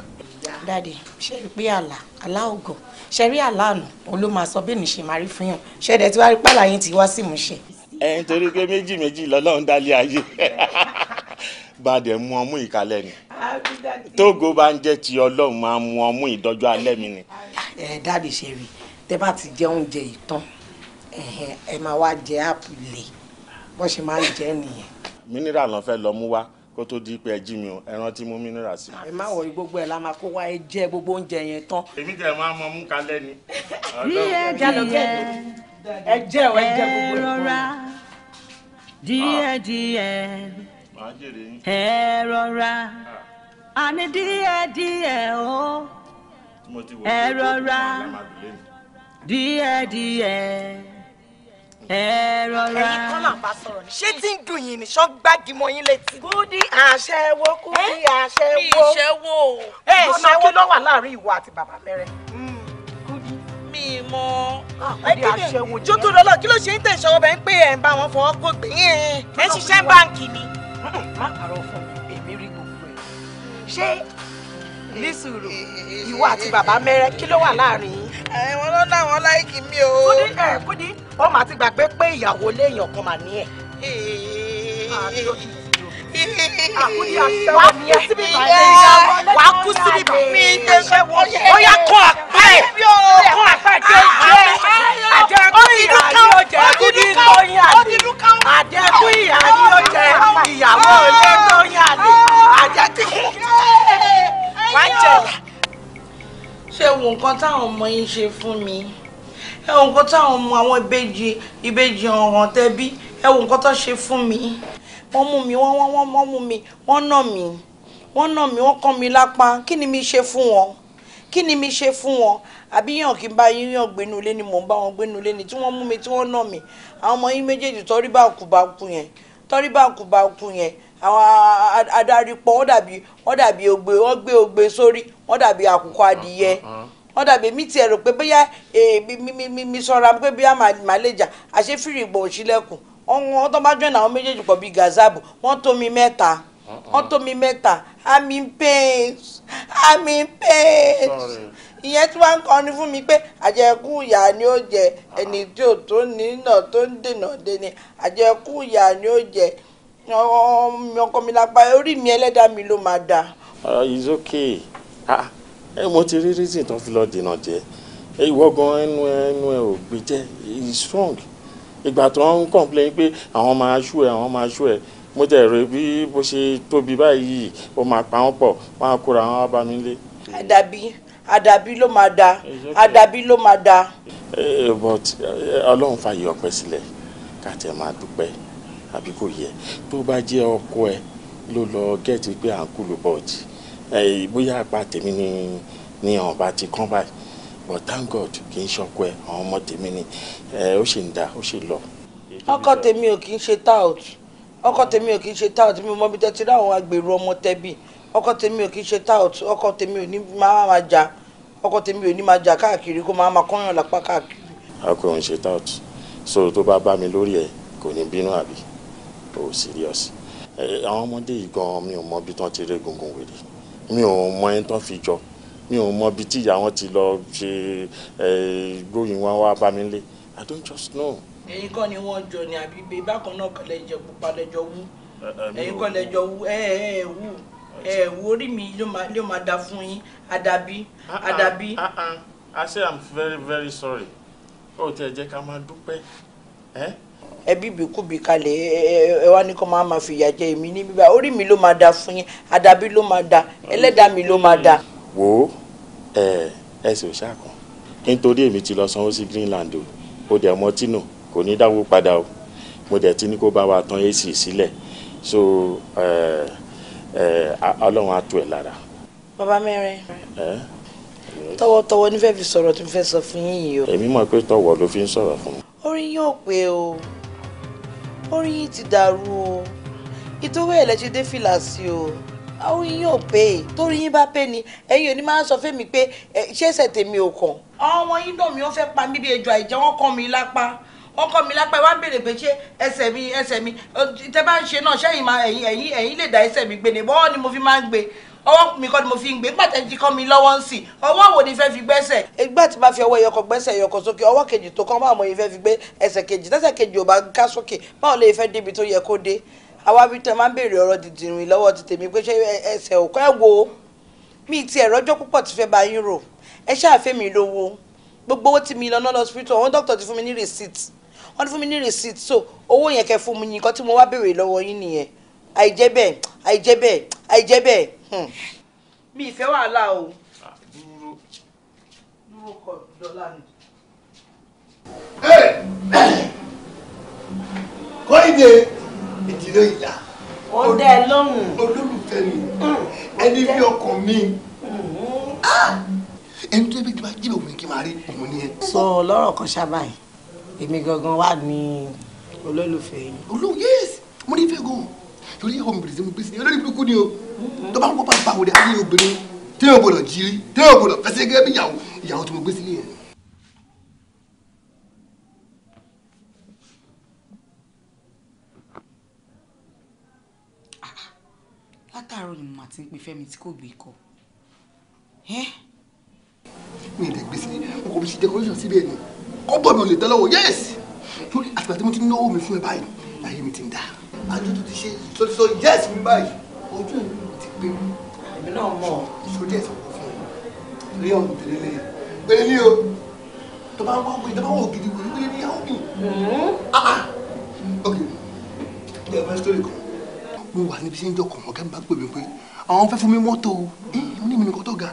dáàdi ṣe rí pé àlà àlà ògàn ṣe rí àlà àná òun ló máa sọ bí èmi máa rí fún yàn ṣẹ̀dẹ̀ tí wàá rí pàlà yín ti wá sí mú ṣe. ẹ nítorí pé méjì méjì lọ́lọ́run dálé ayé bá dẹ̀ mú ọmú ìkálẹ̀ ni tógo bá ń jẹ́ ti ọlọ́run máa mú ọmú ìdọ́jú alẹ́ mi ni. ẹ dáàdi ṣe rí tẹ bá ti jẹ oúnjẹ ìtàn ẹ máa wá jẹ áàpù lè bó ṣe máa ń jẹ nìyẹn. mineral náà fẹ́ lọ mú wá kó tó di pé ẹ jí mi o ẹ rántí mú mineral sí. ẹ má wọrí gbogbo ẹ la máa kó wá ẹ jẹ gbogbo oúnjẹ yẹn tán. èmi tẹ máa mọ mú kalẹ̀ ni. bí ẹ jẹ ẹ jẹ ẹ jẹ gbogbo ẹ rọra díẹ̀ díẹ̀ ẹ rọra àní díẹ̀ díẹ̀ o ẹ rọra díẹ̀ díẹ̀ ẹ rọra. ẹ̀yin kọ́ là ń bá sọ̀rọ̀ ni ṣé tí ń dùn yín ni ṣọ́ gbági mọ́ yín létí. kúdí àṣẹwó kúdí àṣẹwó. mi ìṣẹ́wó o. ẹ ìṣẹ́wó ló wà láàrin ìwọ àti bàbá mẹ́rẹ̀. Hmm. kúdí mi mọ. Ah, kúdí àṣẹwó ni. jótó lọ́lọ́ kí ló ṣe ń tẹ̀ ṣọwọ́ bẹ́ẹ̀ ń pè ẹ̀ ń bá wọn fọwọ́ kó gbìn yín. ẹ ṣiṣẹ́ báǹkì ni. má pàrọ̀ fún mi èmi rí gbogbo ẹ̀. ṣé ní sùúrù eh, eh, eh, ìwọ àti bàbá mẹrẹ kí ló wà láàrin yín. àwọn ló ná àwọn láìkí mi o. kúdí ẹ kúdí ó máa ti gbàgbé pé ìyàwó léèyàn kan mà ní ẹ. wàá kú síbi báyìí wàá kú síbi báyìí ó yà kó àpá ẹ. ọmọ yín ṣe fún mi ẹ wo nǹkan táwọn ọmọ àwọn ìbejì ìbejì ọ̀ràn tẹ́bí ẹ wo nǹkan tó ṣe fún mi wọ́n mú mi wọ́n wọ́n wọ́n mú mi wọ́n nà mí wọ́n nà mí wọ́n kàn mí lápá kí ni mi ṣe fún wọn kí ni mi ṣe fún wọn àbí yàn kí n bá yín yàn gbénu ilé ni mò ń bá wọn gbénu ilé ni tí wọ́n mú mi tí wọ́n nà mí àwọn ọmọ yín méjèèjì tọ́rí bá kú bá kú yẹn tọ́rí bá kú bá kú yẹn àwọn adarí pọ̀ wọ́n dàbí wọ́n dàbí ògbé wọ́n gbé ògbé sórí wọ́n dàbí àkùkọ adìyẹ wọ́n dàbí èmi tiẹ̀ rò pé bóyá eh, mi sọra pé bóyá màá lè fìrì ìgbọ̀n òṣìlẹ̀kùn wọ́n tó bá jọ̀nà àwọn méjèèjì pọ̀ bíi gazabu wọ́n tó mi mẹ́ta wọ́n tó mi mẹ́ta i'm in pain i'm in pain ìyẹn tí wọ́n ń mi pé àjẹkù ìyà ni ó jẹ ẹni tí ò tó nínà tó ń dènà ni ẹ mo ti rí reason tó fi lọ dènà jẹ ẹ ìwọ gan ẹnu ẹnu ẹ ò gbé jẹ it's strong ìgbà tó ń complain pé àwọn máa ṣú ẹ àwọn máa ṣú ẹ mo tẹ̀ rò bí bó ṣe tóbi báyìí ó máa pa wọ́n pọ̀ wọ́n á kóra wọn bá mi lé. àdàbí àdàbí ló máa da àdàbí ló máa da. but ọlọ́run fààyè ọpẹ́ sílẹ̀ ká tẹ̀ máa dúpẹ́ àbí kò yẹ tó bá jẹ́ ọkọ ẹ ló lọ gẹ́ẹ̀tì pé à ń kú ló bóyá àpá tèmi ni ni àwọn ti kán báyìí but thank god kì í ṣọkọ ẹ àwọn ọmọ tèmi ni ó ṣì ń da ó ṣì lọ. ọkọ tèmi ò kì í ṣe tout ọkọ tèmi ò kì í ṣe tout mi mọ bí tẹ ti ráwọn agbèrò ọmọ tẹbi ọkọ tèmi ò kì í ṣe tout ọkọ tèmi ò ní máa máa jà ọkọ tèmi ò ní máa jà káàkiri kó máa máa kọ́yàn lápá káàkiri. ọkọ ò ṣe tout so tó bá bá mi lórí ẹ kò ní bínú àbí o serious àwọn ọmọdé yìí gan mi ò mọ bí tán ti rí gungun wèrè mi ò mọ ẹni tán fi jọ mi ò mọ ibi tí ìyá wọn ti lọ ṣe gbóyin wọn wá bá mi lé i don't just know. ẹ̀yin kọ́ ni wọ́n jọ ní àbígbé bákan náà kọ́lẹ̀ jẹ pupa lẹ́jọ́ wú ẹ̀yin kọ́lẹ̀ jọ wú ẹ̀ ẹ̀ wú ẹ̀ wú orí mi ló máa da fún yín àdàbí ah, ah, àdàbí. Ah, I say I'm very very sorry. ó tẹ̀ jẹ́ ká máa dúpẹ́. Eh? ẹbí bí kú bí kalẹ̀ ẹ wá ní kó máa ma fìyà jẹ èmi ní bíbá orí mi ló máa da fún yín àdàbí ló máa da ẹlẹ́dàá mi ló máa da. wo ẹ ẹ sì ò ṣàkàn nítorí èmi ti lọ sanwó sí Greenland o ó dẹ̀ mọ́ tínú kò ní dáwó padà o mo dẹ̀ ti ní kó bá wa tán ac sílẹ̀ so ọlọ́run á tu ẹ̀ lára. bàbá mẹ́rin tọwọ́tọwọ́ nífẹ̀ẹ́ fi sọ̀rọ̀ tó fẹ́ sọ fún yín yìí o. èmi mọ̀ pé tọwọ́ ló fi ń sọ̀rọ̀ fún mi. orin yóò pé o orí yìí ti dàrú o ìtòwé ẹ̀ lẹ́sẹ̀ dé fìlà sí o àwọn yìí ò pé e torí yín bá pé ni ẹ̀yin ò ní máa ń sọ fẹ́mi pé ṣé ẹsẹ̀ tèmi ò kàn. ọmọ yín dùn mí ó fẹ́ pa mí bí ejò àìjẹ́ wọ́n kọ́ mi lápá wọ́n kọ́ mi lápá ẹ wá ń béèrè pé ṣé ẹsẹ̀ mi ẹsẹ̀ mi tẹ bá ń ṣe náà ṣẹ́yìn máa ẹ̀yìn ẹ̀yìn ẹ̀yìn lè dá ẹsẹ̀ mi gbé ni bọ́ọ̀ ni mo fi máa ń gbé ọwọ́ mi kọ́ ni mo fi ń gbé pàtẹ́ jí kọ́ mi lọ́wọ́ ń sì ọwọ́ wo ni fẹ́ fi gbẹ́sẹ̀. ìgbà tí bá fi ọwọ́ ẹyọkọ gbẹ́sẹ̀ ẹyọkọ sókè ọwọ́ kejì tó kán báwo yìí fẹ́ fi gbé ẹsẹ̀ kejì tẹ́sẹ̀ kejì ò bá ká sókè báwo lè fẹ́ débi tó yẹ kó dé àwa bí tẹ máa ń béèrè ọ̀rọ̀ dìdìrín lọ́wọ́ ti tèmi pé ṣé ẹsẹ̀ òkú ẹ̀ wo mi ti ẹ̀rọ ọjọ́ púpọ̀ ti fẹ́ bá yín rò ẹ ṣáàfẹ́ mi lówó gbogbo owó ti mi lọ náà lọ hospital àwọn dókítà ti fún mi ní receipt wọ́n ti fún mi ní receipt so owó yẹn kẹ́ fún mi nǹkan tí mo wá béèrè lọ́wọ́ yín nìyẹn àìjẹ́ bẹ́ẹ̀ àìjẹ́ bẹ́ẹ̀ àìjẹ́ bẹ́ẹ̀ Hmm. mi ìfẹ́ wàhálà o. dúró dúró kọ dọ́là ni. kọ́ìdè ìdílé ìyá. ó dẹ lóhùn. olólùfẹ́ mi hmm. ẹni bí hmm. ọkàn mi ah! ẹni tó yẹ bí jí bẹ òun kí n máa rí òun ni sọ lọ́rọ̀ kan ṣábà yìí èmi gangan wà ní olólùfẹ́ yìí. olóyè mo ní fẹ́ gan-an torí homebrew mo gbé sí olórí burúkú ni o tó bá ń kópa pa àwọn ayé obìnrin téèyàn gbọ́dọ̀ jírí téèyàn gbọ́dọ̀ fẹsẹ̀ gẹ́gẹ́ bí ìyàwó ìyàwó tí mo gbé sílé yẹn. Ah, látàárọ̀ ni màá ti ń pe fẹ́mi tí kò gbé kọ. mi ò lè gbé sílé mo kò fi ṣe decoration síbẹ̀ ni kọ́bọ̀ mi ò lè tẹ́ lọ́wọ́ yẹ́sì torí àtìgbà tí mo ti náwó mi fún ẹ báyìí ayé mi ti ń dáa àjọ tó ti ṣe sọ yẹ́sì mi báyìí ojú ìlú ti pé mi. èmi náà mọ̀. ìṣòdì ẹ̀sán kò fún un rí ọ̀hún tẹ̀lé lé pẹ̀lú ní o tó bá ń wá wọ̀nyí tó bá wọ̀ gidi wọ̀nyí wọ̀nyí ní yàwó mi. Hmm? Ah, ah. ok ẹ bá sítórì kan mo wà níbi tí ń jọ kọ̀mọ́ kẹ́mi bá pè mí pé àwọn fẹ́ fún mi mọ́tò o ní mi nìkan tó ga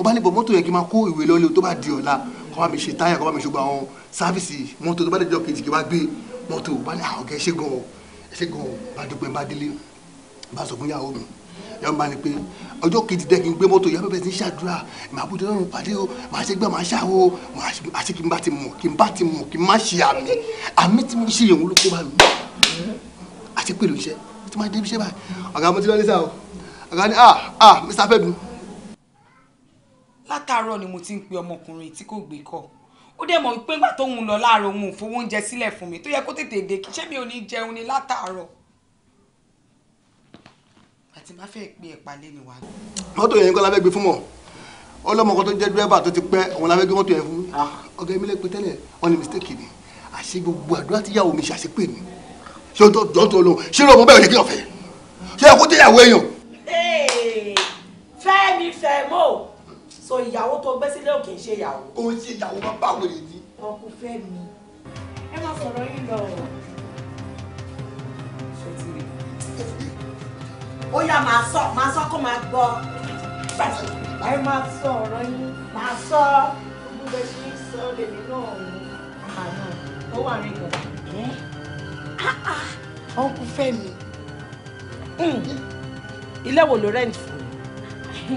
ọba níbo mọ́tò yẹn kí n máa kó ìwé lọ́lé tó bá di ọ̀la kọ́ bá mi ṣe táyà kọ́ bá mi ṣùgbọ́n àwọn sáfìsì mọ́tò tó bá dé jọ kejì kí n bá gbé mọ́tò bá ní àwọn ọ̀gá ẹ̀ ṣe gan-an ṣé gan bá dúpẹ́ bá délé bá sọ fún yàwó mi yàwó mi bá ní pé ọjọ́ kejì dẹ́ kí n gbé mọ́tò yàwó bẹ̀rẹ̀ sí ń ṣàdúrà màá bójú lọ́rùn pàdé o màá ṣe gbà màá ṣàwó màá ṣe kí n bá ti mọ̀ kí n bá ti mọ̀ kí n má ṣe àmì àmì tí mo ṣe ìyẹ̀wò ló kó bá mi àti pé ló ń ṣe tí máa dé ibi ṣe báyìí ọ̀gá mo ti lọ nísà o ọ̀gá ni ah ah Mr. Fẹ́mi. látàárọ̀ ni mo ti ń pe ọmọkùnrin tí kò gbé kọ́ ó dẹ̀ mọ̀ pé ńgbà tó ń lọ láàárọ̀ òun ò fowó oúnjẹ sílẹ̀ fún mi tó yẹ kó tètè dé kí ṣé mi ò ní jẹun ni látàárọ̀ àti má fẹ́ pe ẹ̀pà lé ni wàá. mọ́tò yẹn kọ́ la fẹ́ gbé fún mọ́ ọlọ́mọkọ tó jẹ́ dírẹ́bà tó ti pẹ́ òun la fẹ́ gbé mọ́tò yẹn fún ah. ọ̀gá mi lè pe tẹ́lẹ̀ wọ́n ní mistake ni àṣé gbogbo àdúrà tí yàwó mi ṣàṣepè ni ṣé o tó dán tó lóhùn ṣé lọ́mọ bẹ́ẹ̀ yẹ kí ọ̀fẹ́ ṣé ẹ so ìyàwó tó gbé sílé òkè ṣe ìyàwó. o ń ṣe ìyàwó máa bá wèrè ní. ọkùn fẹ́ mi ẹ máa sọ̀rọ̀ yín lọ. ó yá máa sọ máa sọ kó máa gbọ́ ẹ máa sọ ọ̀rọ̀ yín máa sọ gbogbo ẹ ṣe sọ lèmi náà àná ó wà ní ọkùn fẹ́ mi hmm. ilé wo ló rẹ́ǹtì fún mi.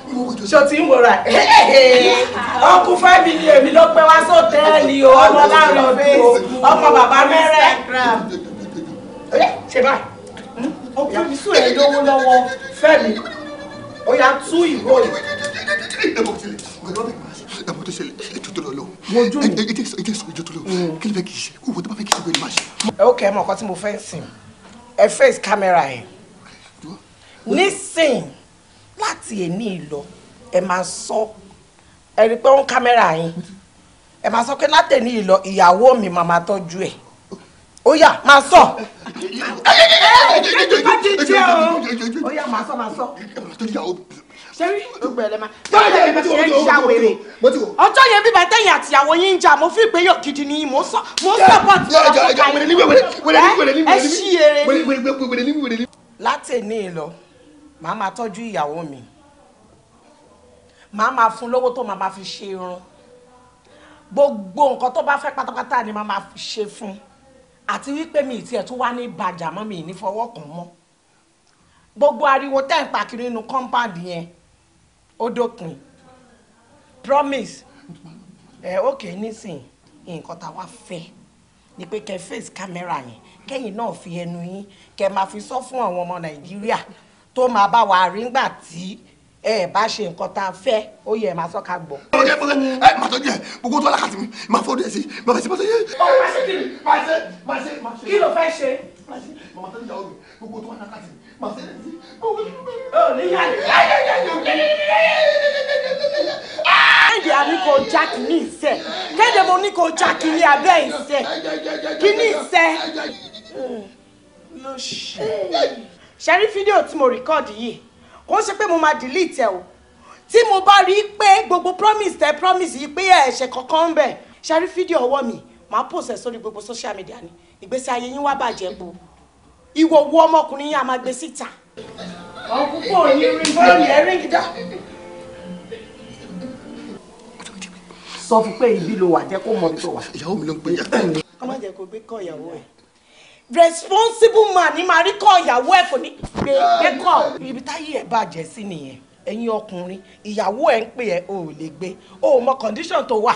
Shooting ṣó ti ń wòrà ọkùn fẹ́mi ni èmi ló pẹ́ wá sọ́tẹ́ẹ̀lì o ọmọ láàrin ọ̀bẹ o ọmọ bàbá mẹ́rẹ̀ ṣe báyìí ọkùn mi sùn èyí lówó lọ́wọ́ fẹ́mi ó yà tú ìró yìí. ẹ̀mọ́ tó ṣẹlẹ̀ ètò tó lọ lọ ètò ìsọ̀rọ̀ ètò tó lọ kí ló fẹ́ kí ṣe owó tó bá fẹ́ kí ṣe pé ní máa ṣe. ok ẹ mọ nǹkan tí mo fẹ́ sìn ẹ face camera yẹn nísìnyí láti èní ìlọ ẹ máa sọ ẹ rí i pé ó ń kámẹ́rà yín ẹ máa sọ pé láti èní ìlọ ìyàwó mi máa máa tọ́jú ẹ̀ ó yá máa sọ. ó yá máa sọ máa sọ ọjọ́ yẹn bíbá tẹ̀yìn àtìyàwó yín ń jà mo fi ìpéyọ̀ gidi ni mo sọ mo support ọkọ̀ kan yín ẹ ṣí eré. láti ní ìlọ màá máa tọ́jú ìyàwó mi màá máa fún lówó tó màá máa fi ṣe irun gbogbo nǹkan tó bá fẹ́ pátápátá ni màá máa fi ṣe fún àti wípé mi ì tiẹ̀ tún wá ní bàjá mọ́ mi ì ní fọwọ́ kàn mọ́ gbogbo ariwo tẹ́ ń pa kiri nínú compound yẹn ó dópin promise ẹ ókè nísìn nǹkan tá a wá fẹ́ ni pé kẹ́ face camera yẹn kẹ́yìn náà fi ẹnu yín kẹ́ máa fi sọ fún àwọn ọmọ nàìjíríà tó máa bá wa rí ngbà tí ẹ bá ṣe nǹkan tá a fẹ́ ó yẹ máa sọ́ka gbọ́. ọ̀rẹ́ fúnkẹ́ ẹ máa tọ́jú ẹ gbogbo tó alákàtí mi máa fọ́ọ̀dù ẹ sí máa fẹ́ sí máa tọ́jú ẹ. ọmọ sì kì í máa ṣe máa ṣe máa ṣe. kí ló fẹ́ ṣe. máa ṣe máa tọ́jú ìyàwó gbogbo tó alákàtí máa ṣe lẹ́sí. ó ní yàrá. kéde àbí kò já kínní kéde mo ní kò já kínní abẹ́ ìṣe kínní ìṣe. lóṣù ṣe rí fídíò tí mo rìkọ́ọ̀dì yìí kò ń ṣe pé mo máa delete ẹ o tí mo bá rí i pé gbogbo promise tẹ promise yìí pé ẹ̀ṣẹ̀ kankan ń bẹ ṣe rí fídíò ọwọ́ mi màá post ẹ̀ sórí gbogbo social media ni ìgbésí ayé yín wá bàjẹ́ po ìwọ wo ọmọkùnrin yín a máa gbé síta. ọ̀pọ̀ òní rí bọ́ọ̀lù ẹ̀rí gidá. sọ fún pé ibi ló wà jẹ́ kó mọ̀ bí wà. ìyàwó mi ló ń pè é. ọmọ jẹ́ kó gbé kọ́ ìyàwó ẹ̀ responsible man ni màá rí kọ́ ìyàwó ẹ̀ kò ní pé kẹ́kọ̀ọ́ ibi táyé ẹ̀ bàjẹ́ sí nìyẹn ẹ̀yin ọkùnrin ìyàwó ẹ̀ ń pè ẹ́ o ò lè gbé o ò mọ condition tó wà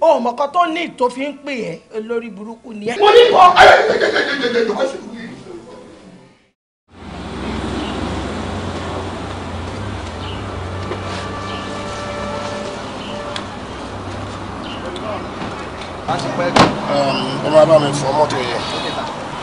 o ò mọ̀kọ́ tó ní tó fi ń pè ẹ́ olórí burúkú ni ẹ́. mo ní kọ́ ọmọ abá mi fọ mọ́tò yẹn.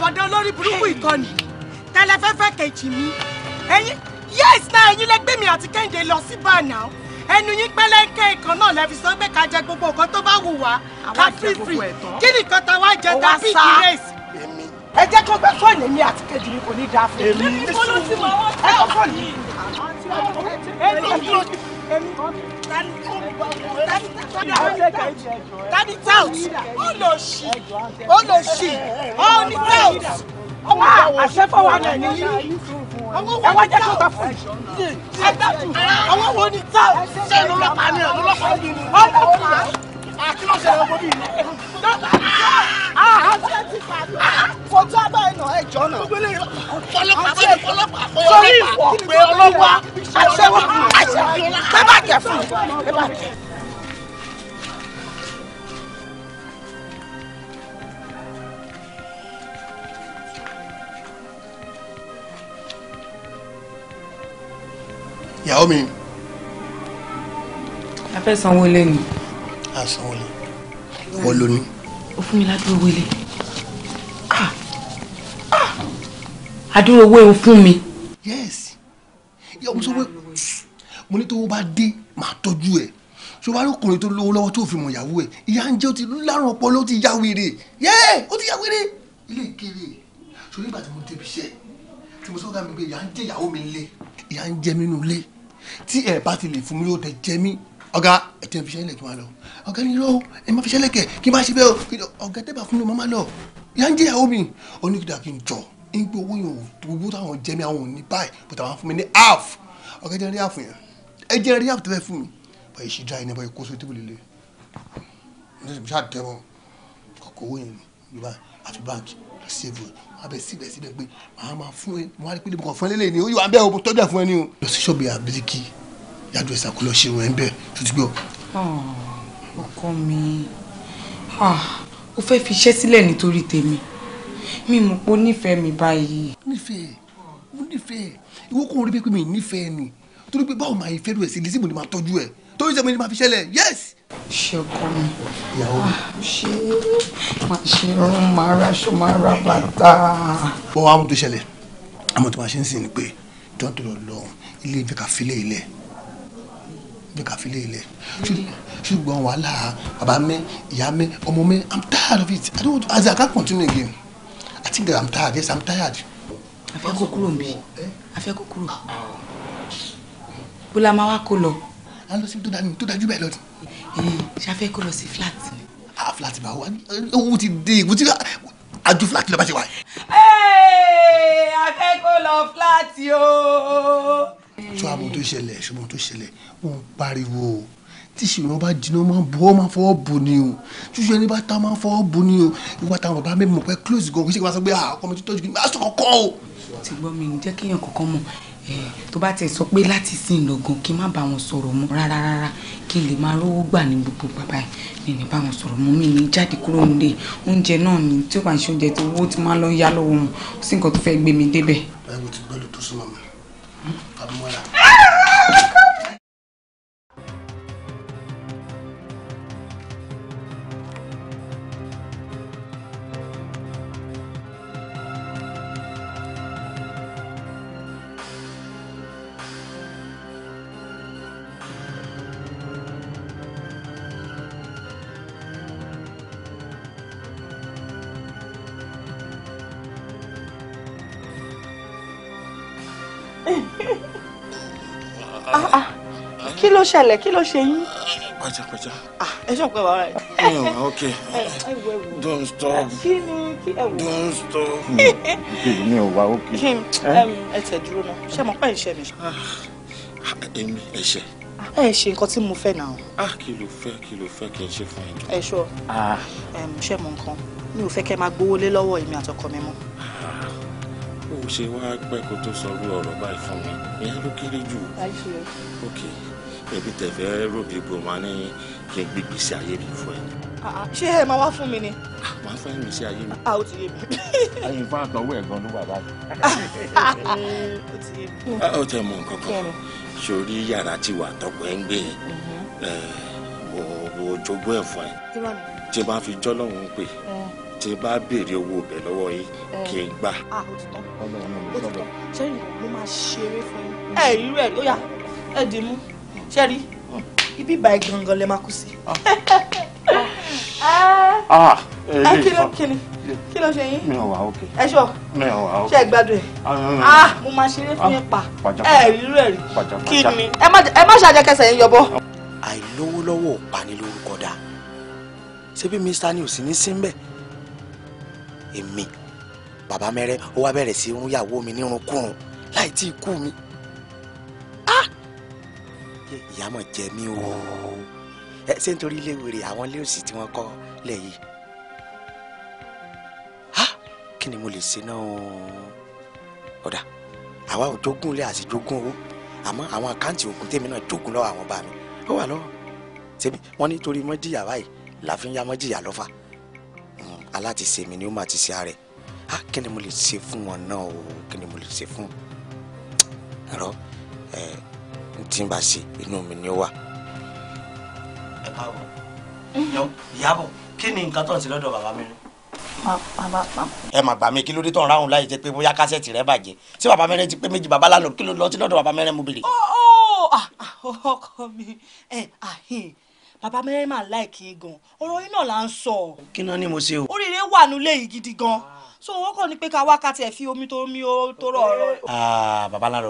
bọ̀dọ̀ olórí burúkú ìkọni tẹlẹfẹ́fẹ́ kejì mi ẹ̀yin yes náà ẹ̀yin lẹ́gbẹ́ mi àti kẹ́hìndé lọ sí bàánà ẹnu yín pẹ́lẹ́kẹ́ ìkan náà lẹ́fi sọ pé ká jẹ gbogbo nǹkan tó bá wù wá ká fífi kí nìkan tá wá jẹ tàbí ìdírẹ́sì ẹ jẹ́ kó gbé fóònù èmi àti kejì mi kò ní dáa fún mi. èmi kò ló ti ọ fóònù. èmi kò ló ti ọ fóònù. Turn it out. Olóṣì. Olóṣì. Turn it out. Ọmọ ah, àṣẹ fọwọ́ rẹ̀ nìyí. Ẹ wá jẹ́ kó ta fún yìí. Ẹ dákun. Àwọn wo ni táwọn? Ṣé ìlú ọlọ́pàá ni ẹ̀ lọ́lọ́pàá? Ọlọ́pàá àkílọ̀ ṣẹlẹ̀ ọgbọ́n mi yìí. àti ẹtì pàdé kò tó abá iná ẹjọ́ náà. ọlọ́pàá ọlọ́pàá sórí ìwọ pé ọlọ́wà àṣẹwà àṣẹ bẹ́bà jẹ fún bẹ́bà jẹ. ìyàwó mi. a fẹ́ sanwó lé ni àsanwọlé wọ́n ló ní. ó fún mi ládùúgbò wele àdúrà ah! ah! owó ń fún mi. yes yọ mo sọ pé mo ní tó bá dé màá tọ́jú ẹ̀ ṣé wàá lókùnrin tó lówó lọ́wọ́ tó fi mọ̀ ìyàwó ẹ̀ ìyá ń jẹ́ ó ti lárùn ọpọlọ ó ti ya wèrè yẹ́ ó ti ya wèrè ilé ìkéré ṣòro nígbà tí mo débi iṣẹ́ tí mo sọ́gà mi pé ìyá ń jẹ́ ìyàwó mi lé ìyá ń jẹ́ mi nù lé tí ẹ̀ bá ti lè fún mi yóò tẹ̀ jẹ́ mi ọ̀gá ẹ̀tẹ̀ fi ṣẹlẹ̀ kí wọ́n lọ ọ̀gá ni yóò ẹ má fi ṣẹlẹ̀ kẹ̀ kí n má ṣe bẹ́ẹ̀ o ọ̀gá tẹ́bà fún mi mo má lọ ìyá ń jẹ́ ìyàwó mi oníkìdá kí n jọ ń gbé owó yẹn owó táwọn jẹ mi àwọn ò ní báyìí bùtà wọn fún mi ní half ọ̀gá jẹ́ rí half yẹn ẹ jẹ́ rí half tẹ́fẹ́ fún mi bọ̀ èsì dá iná bọ̀ èkó sórí tébùlì lé ní ṣáà tẹ́ wọn kọ̀kọ́ owó yẹn ní báyìí àfi báńkì lọ sí èbù abẹ síbẹ̀ síbẹ̀ pé màá máa fún ẹ mo wá rí pé mo kàn fún ẹ lélẹ̀ ni ó yọ òbò tọ́jú ẹ̀ ẹ ní o. lọ sí ṣọ́ọ̀bù àbíríkì yàdù ẹ̀sà kó lọ ṣe irun ẹ̀ ń bẹ̀ tó ti gbọ́. Ah, ọkọ mi ó ah, fẹ́ fi iṣẹ́ sílẹ̀ nítorí tèmi mi mọ̀ pé ó nífẹ̀ẹ́ mi báyìí. nífẹ̀ẹ́ ó nífẹ̀ẹ́ ìwọ kò rí pé mi nífẹ̀ẹ́ ni torí pé báwo máa ìfẹ́ rú ẹ̀ sí ilé síbò ni máa tọ́jú ẹ̀ torí sẹ́mi ni máa fi ṣẹlẹ̀ yes. ṣé ọkọ mi ìyàwó mi ah, ṣé máa ṣe irun máa raṣọ máa ra bàtà. bọ́wọ́ àwọn tó ṣẹlẹ̀ àmọ́ tó máa ṣe ń sìn ni pé jọ́ńtò lọ́ọ́ ilé ìfẹ́ kà fílẹ̀ ilẹ̀ jẹ́ ká fi lé ilẹ̀ ṣùgbọ́n wàhálà bàbá mẹ́ ìyá mẹ́ ọmọ mẹ́ i'm tired of it i don't want to i can't continue again i think that i'm tired yes i'm tired. àfẹ́ kó kúrò mi àfẹ́ eh? kó kúrò bó la máa wá kó lọ. a lọ síbi tó dájú bẹ́ẹ̀ lọ ni. ṣàfẹ́ kó lọ sí flat ni. a flat bá wa owó ti dé ìwé tí aju flat lọ bá ṣe wà. àfẹ́ kó lọ flat yóò tó àmọ́ tó ṣẹlẹ̀ ṣùgbọ́n tó ṣẹlẹ̀ wọ́n pariwo o tí ṣìrán bá jiná máa ń bu ọ́ máa fọwọ́ bu ni o ṣíṣe ẹni bá ta máa ń fọwọ́ bu o ìwà táwọn bàbá mi mọ̀ pé close gan kò ṣe kí wọ́n sọ pé ah, ọkọ mi ti tọ́jú kí n bá sọ kọ́kọ́ o. ti gbọ́ mi jẹ́ kéèyàn kọ̀ọ̀kan mọ̀ tó bá tẹ̀ sọ pé láti sìn lọ́gàn kí n má bá wọn sọ̀rọ̀ mọ́ rárá rárá kí n lè máa rówó gbà ní gbogbo bàbá yìí ní bá wọn sọ̀rọ̀ mọ́ mi ní jáde kúrò nílé oúnjẹ náà ni tí ó bá ń ṣe oúnjẹ tó owó ti máa lọ yá lọ́wọ́ wọn ó nǹkan tó fẹ́ gbé mi débẹ̀. báyọ̀ ti gbẹ́lú tó sún mọ́ mi. muera. ¡Ah! ló ṣẹlẹ̀ kí ló ṣe yín. pàjápàjá. Ah, ẹ ṣe ọ̀pẹ wàhálà yìí. ok don't stop. kí ni kí ẹ wò. don't stop. mi ò wá ok. ẹ tẹ̀ dúró náà ṣé mo pẹ́ ìṣe mi. Ah, èmi ẹ̀ṣẹ̀. Ah, ẹ ṣe nǹkan tí mo fẹ́ náà. ah kí ló fẹ́ kí ló fẹ́ kí n ṣe fún ẹjọ́. ẹ ṣọ ṣé mo nǹkan mi ò fẹ́ kẹ́ máa gbowó lé lọ́wọ́ èmi àtọkọ mi mọ́ ó ṣe wá pẹ́ kó tó sọ irú ọ̀rọ̀ báyìí fún mi ìyẹn ló kéré jù. ok ẹbí tẹ̀fẹ́ rò bí gbò máa ní kí n gbígbì sí ayé mi fún ẹ. Ah, ah. ṣé ẹ máa wá fún mi ni. Ah, máa fún ẹ̀mí sí ayé mi. a ó ti yé mi. ayé ń fún àtọwọ́ ẹ̀ gan ló wà báyìí. ó ti yé mi. ó tẹ mọ nǹkan kan sórí yàrá tí wà tọpọ ẹ ń gbé yẹn wo mm-hmm. eh, jogún ẹ fún ẹ tí bá fi jọlọ́run ń pè mm. tí bá béèrè owó bẹ̀ lọ́wọ́ yìí mm. kí n gbà. ó ti tán ṣẹ́yìn mo máa ṣeré fún yín. ẹ irú ẹ̀ lóyà ẹ dì mú ṣẹ́rí ibi ìbáyé gangan lè máa kú sí. Ah. Ah. Ah, eh, eh, kí ló eh, kí ni kí ló ṣe yín. mi ò wá òkè. ẹ ṣọ mi ò wá òkè. ṣe gbádùn ẹ. mo máa ṣeré fún yín pa ẹ rírú ẹ rí kí ni ẹ má ṣàjẹkẹsẹ̀ yín yọbọ. àìlówó lọ́wọ́ ò pa ní lórúkọ dá ṣé bí mr ni ò sí ní síbẹ̀ èmi bàbá mẹ́rẹ́ ó wá bẹ̀rẹ̀ sí ń yàwó mi nírun kúrun láì tí mi ìyá mọ̀ jẹ mí o ẹ ṣé nítorí ilé wèrè àwọn ilé òsì tí wọ́n kọ́ lẹ̀ yìí ha kí ni mo lè ṣe náà o ọ̀dà àwa ò jogún ilé àti jogún owó àmọ́ àwọn àkáǹtì òkun tèmi náà jogún lọ́wọ́ àwọn bá mi ó wà lọ́wọ́ tèmi wọ́n nítorí mọ́jìyà báyìí làfin ya mọ́jìyà lọ́fà hmm, aláàtìsẹ́ mi ni ó máa ti ṣe ààrẹ ha kí ni mo lè ṣe fún wọn náà o kí ni mo lè ṣe fún ẹ̀rọ ẹ̀ tí n bá ṣe inú mi ni ó wà. ẹ káàbọ̀ ìyàbọ̀ kí ni nǹkan tó ń ṣe lọ́dọ̀ bàbá mi rí. ẹ mà gbà mí kí ló dé tó ń ráhùn láì jẹ pé bóyá kásẹ̀tì rẹ bàjẹ́ tí bàbá mẹ́rin ti pé méjì bàbá lánàá kí ló lọ sí lọ́dọ̀ bàbá mẹ́rin mo bèrè. ọkọ mi ẹ àhìn bàbá mẹ́rin máa láìkí gan ọ̀rọ̀ yín náà là ń sọ. kí náà ni mo ṣe o. oríire wà nílé yìí gidi gan so wọn kàn ní pé ká wákàtí ẹ fi omi tó mi tó rọ ọ̀rọ̀. baba náà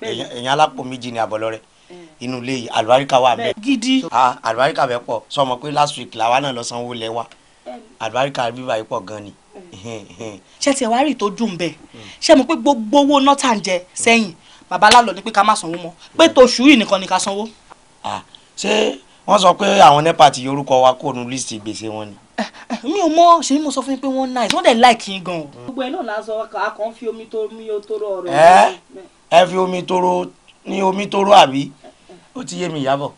èèyàn alápò méjì ni àbọ̀lọ́rẹ́ eh. inú ilé yìí àlùbáríkà wà bẹ́ẹ̀. gidi. Ah, àlùbáríkà bẹ́ẹ̀ pọ̀ sọmọ pé last week làwa náà lọ sanwó lẹ́wà àlùbáríkà bíbá yìí pọ̀ gan ni. ṣé tiẹ̀ wá rí tó dùn bẹ́ẹ̀ hmm. ṣé mo pé gbogbo owó náà tà ń jẹ sẹ́yìn baba ni pé ká má sanwó mọ́ pé tòṣù yìí nìkan ni ká sanwó. Ah, ṣé wọ́n sọ pé àwọn nepa ti yorúkọ wa kó nu list gbèsè wọn ni. Eh, mi ò mọ ṣèyí mo sọ fún yín pé wọ́n nice wọ́n dẹ̀ like yín gan. gbogbo ẹ̀ náà la sọ a kàn fi omi tó mi ò tóró ọ̀rọ̀. ẹ eh? ẹ fi omi tóró ní omi tóró àbí ó ti yé mi Ìyábọ̀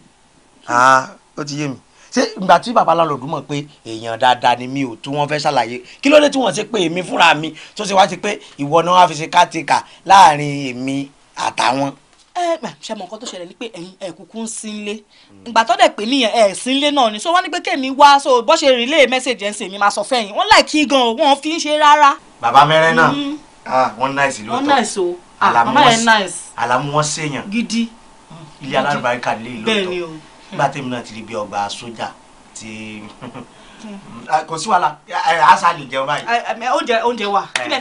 ah, ó ti yé mi ṣé ìgbà tí bàbá lálọ́dún mọ̀ pé èèyàn dáadáa ni mi ò tún wọ́n fẹ́ ṣàlàyé kí ló dé tí wọ́n ṣe pé èmi fúnra mi tó ṣe wá ṣe pé ìwọ náà wá fi ṣe káàtìkà láàrin èmi àtàwọn ẹ ṣe mọ nǹkan tó ṣẹlẹ̀ ni pé ẹ̀yin ẹ̀kúkú ń sínlé ìgbà tó dẹ̀ pé nìyẹn ẹ̀ sínlé náà ni so wọ́n ní pé kémi wá so bó ṣe relay message ẹ̀ ń sèmi máa sọ fẹ́yìn wọ́n láì kí gan o wọ́n fi ń ṣe rárá. bàbá mẹ́rẹ́ náà mm-hmm. ah, wọ́n náìsì lóòótọ́ wọ́n náìsì o àmọ́ ẹ̀ náìsì. àlàmú wọn séèyàn gidi ilé alárùbáríkà lè lóòótọ́ nígbà tèmi náà ti rí bí ọgbà sójà ti hmm. ah, kò sí wàhálà àṣà lè jẹun báyìí. oúnjẹ oúnjẹ wà kí lẹ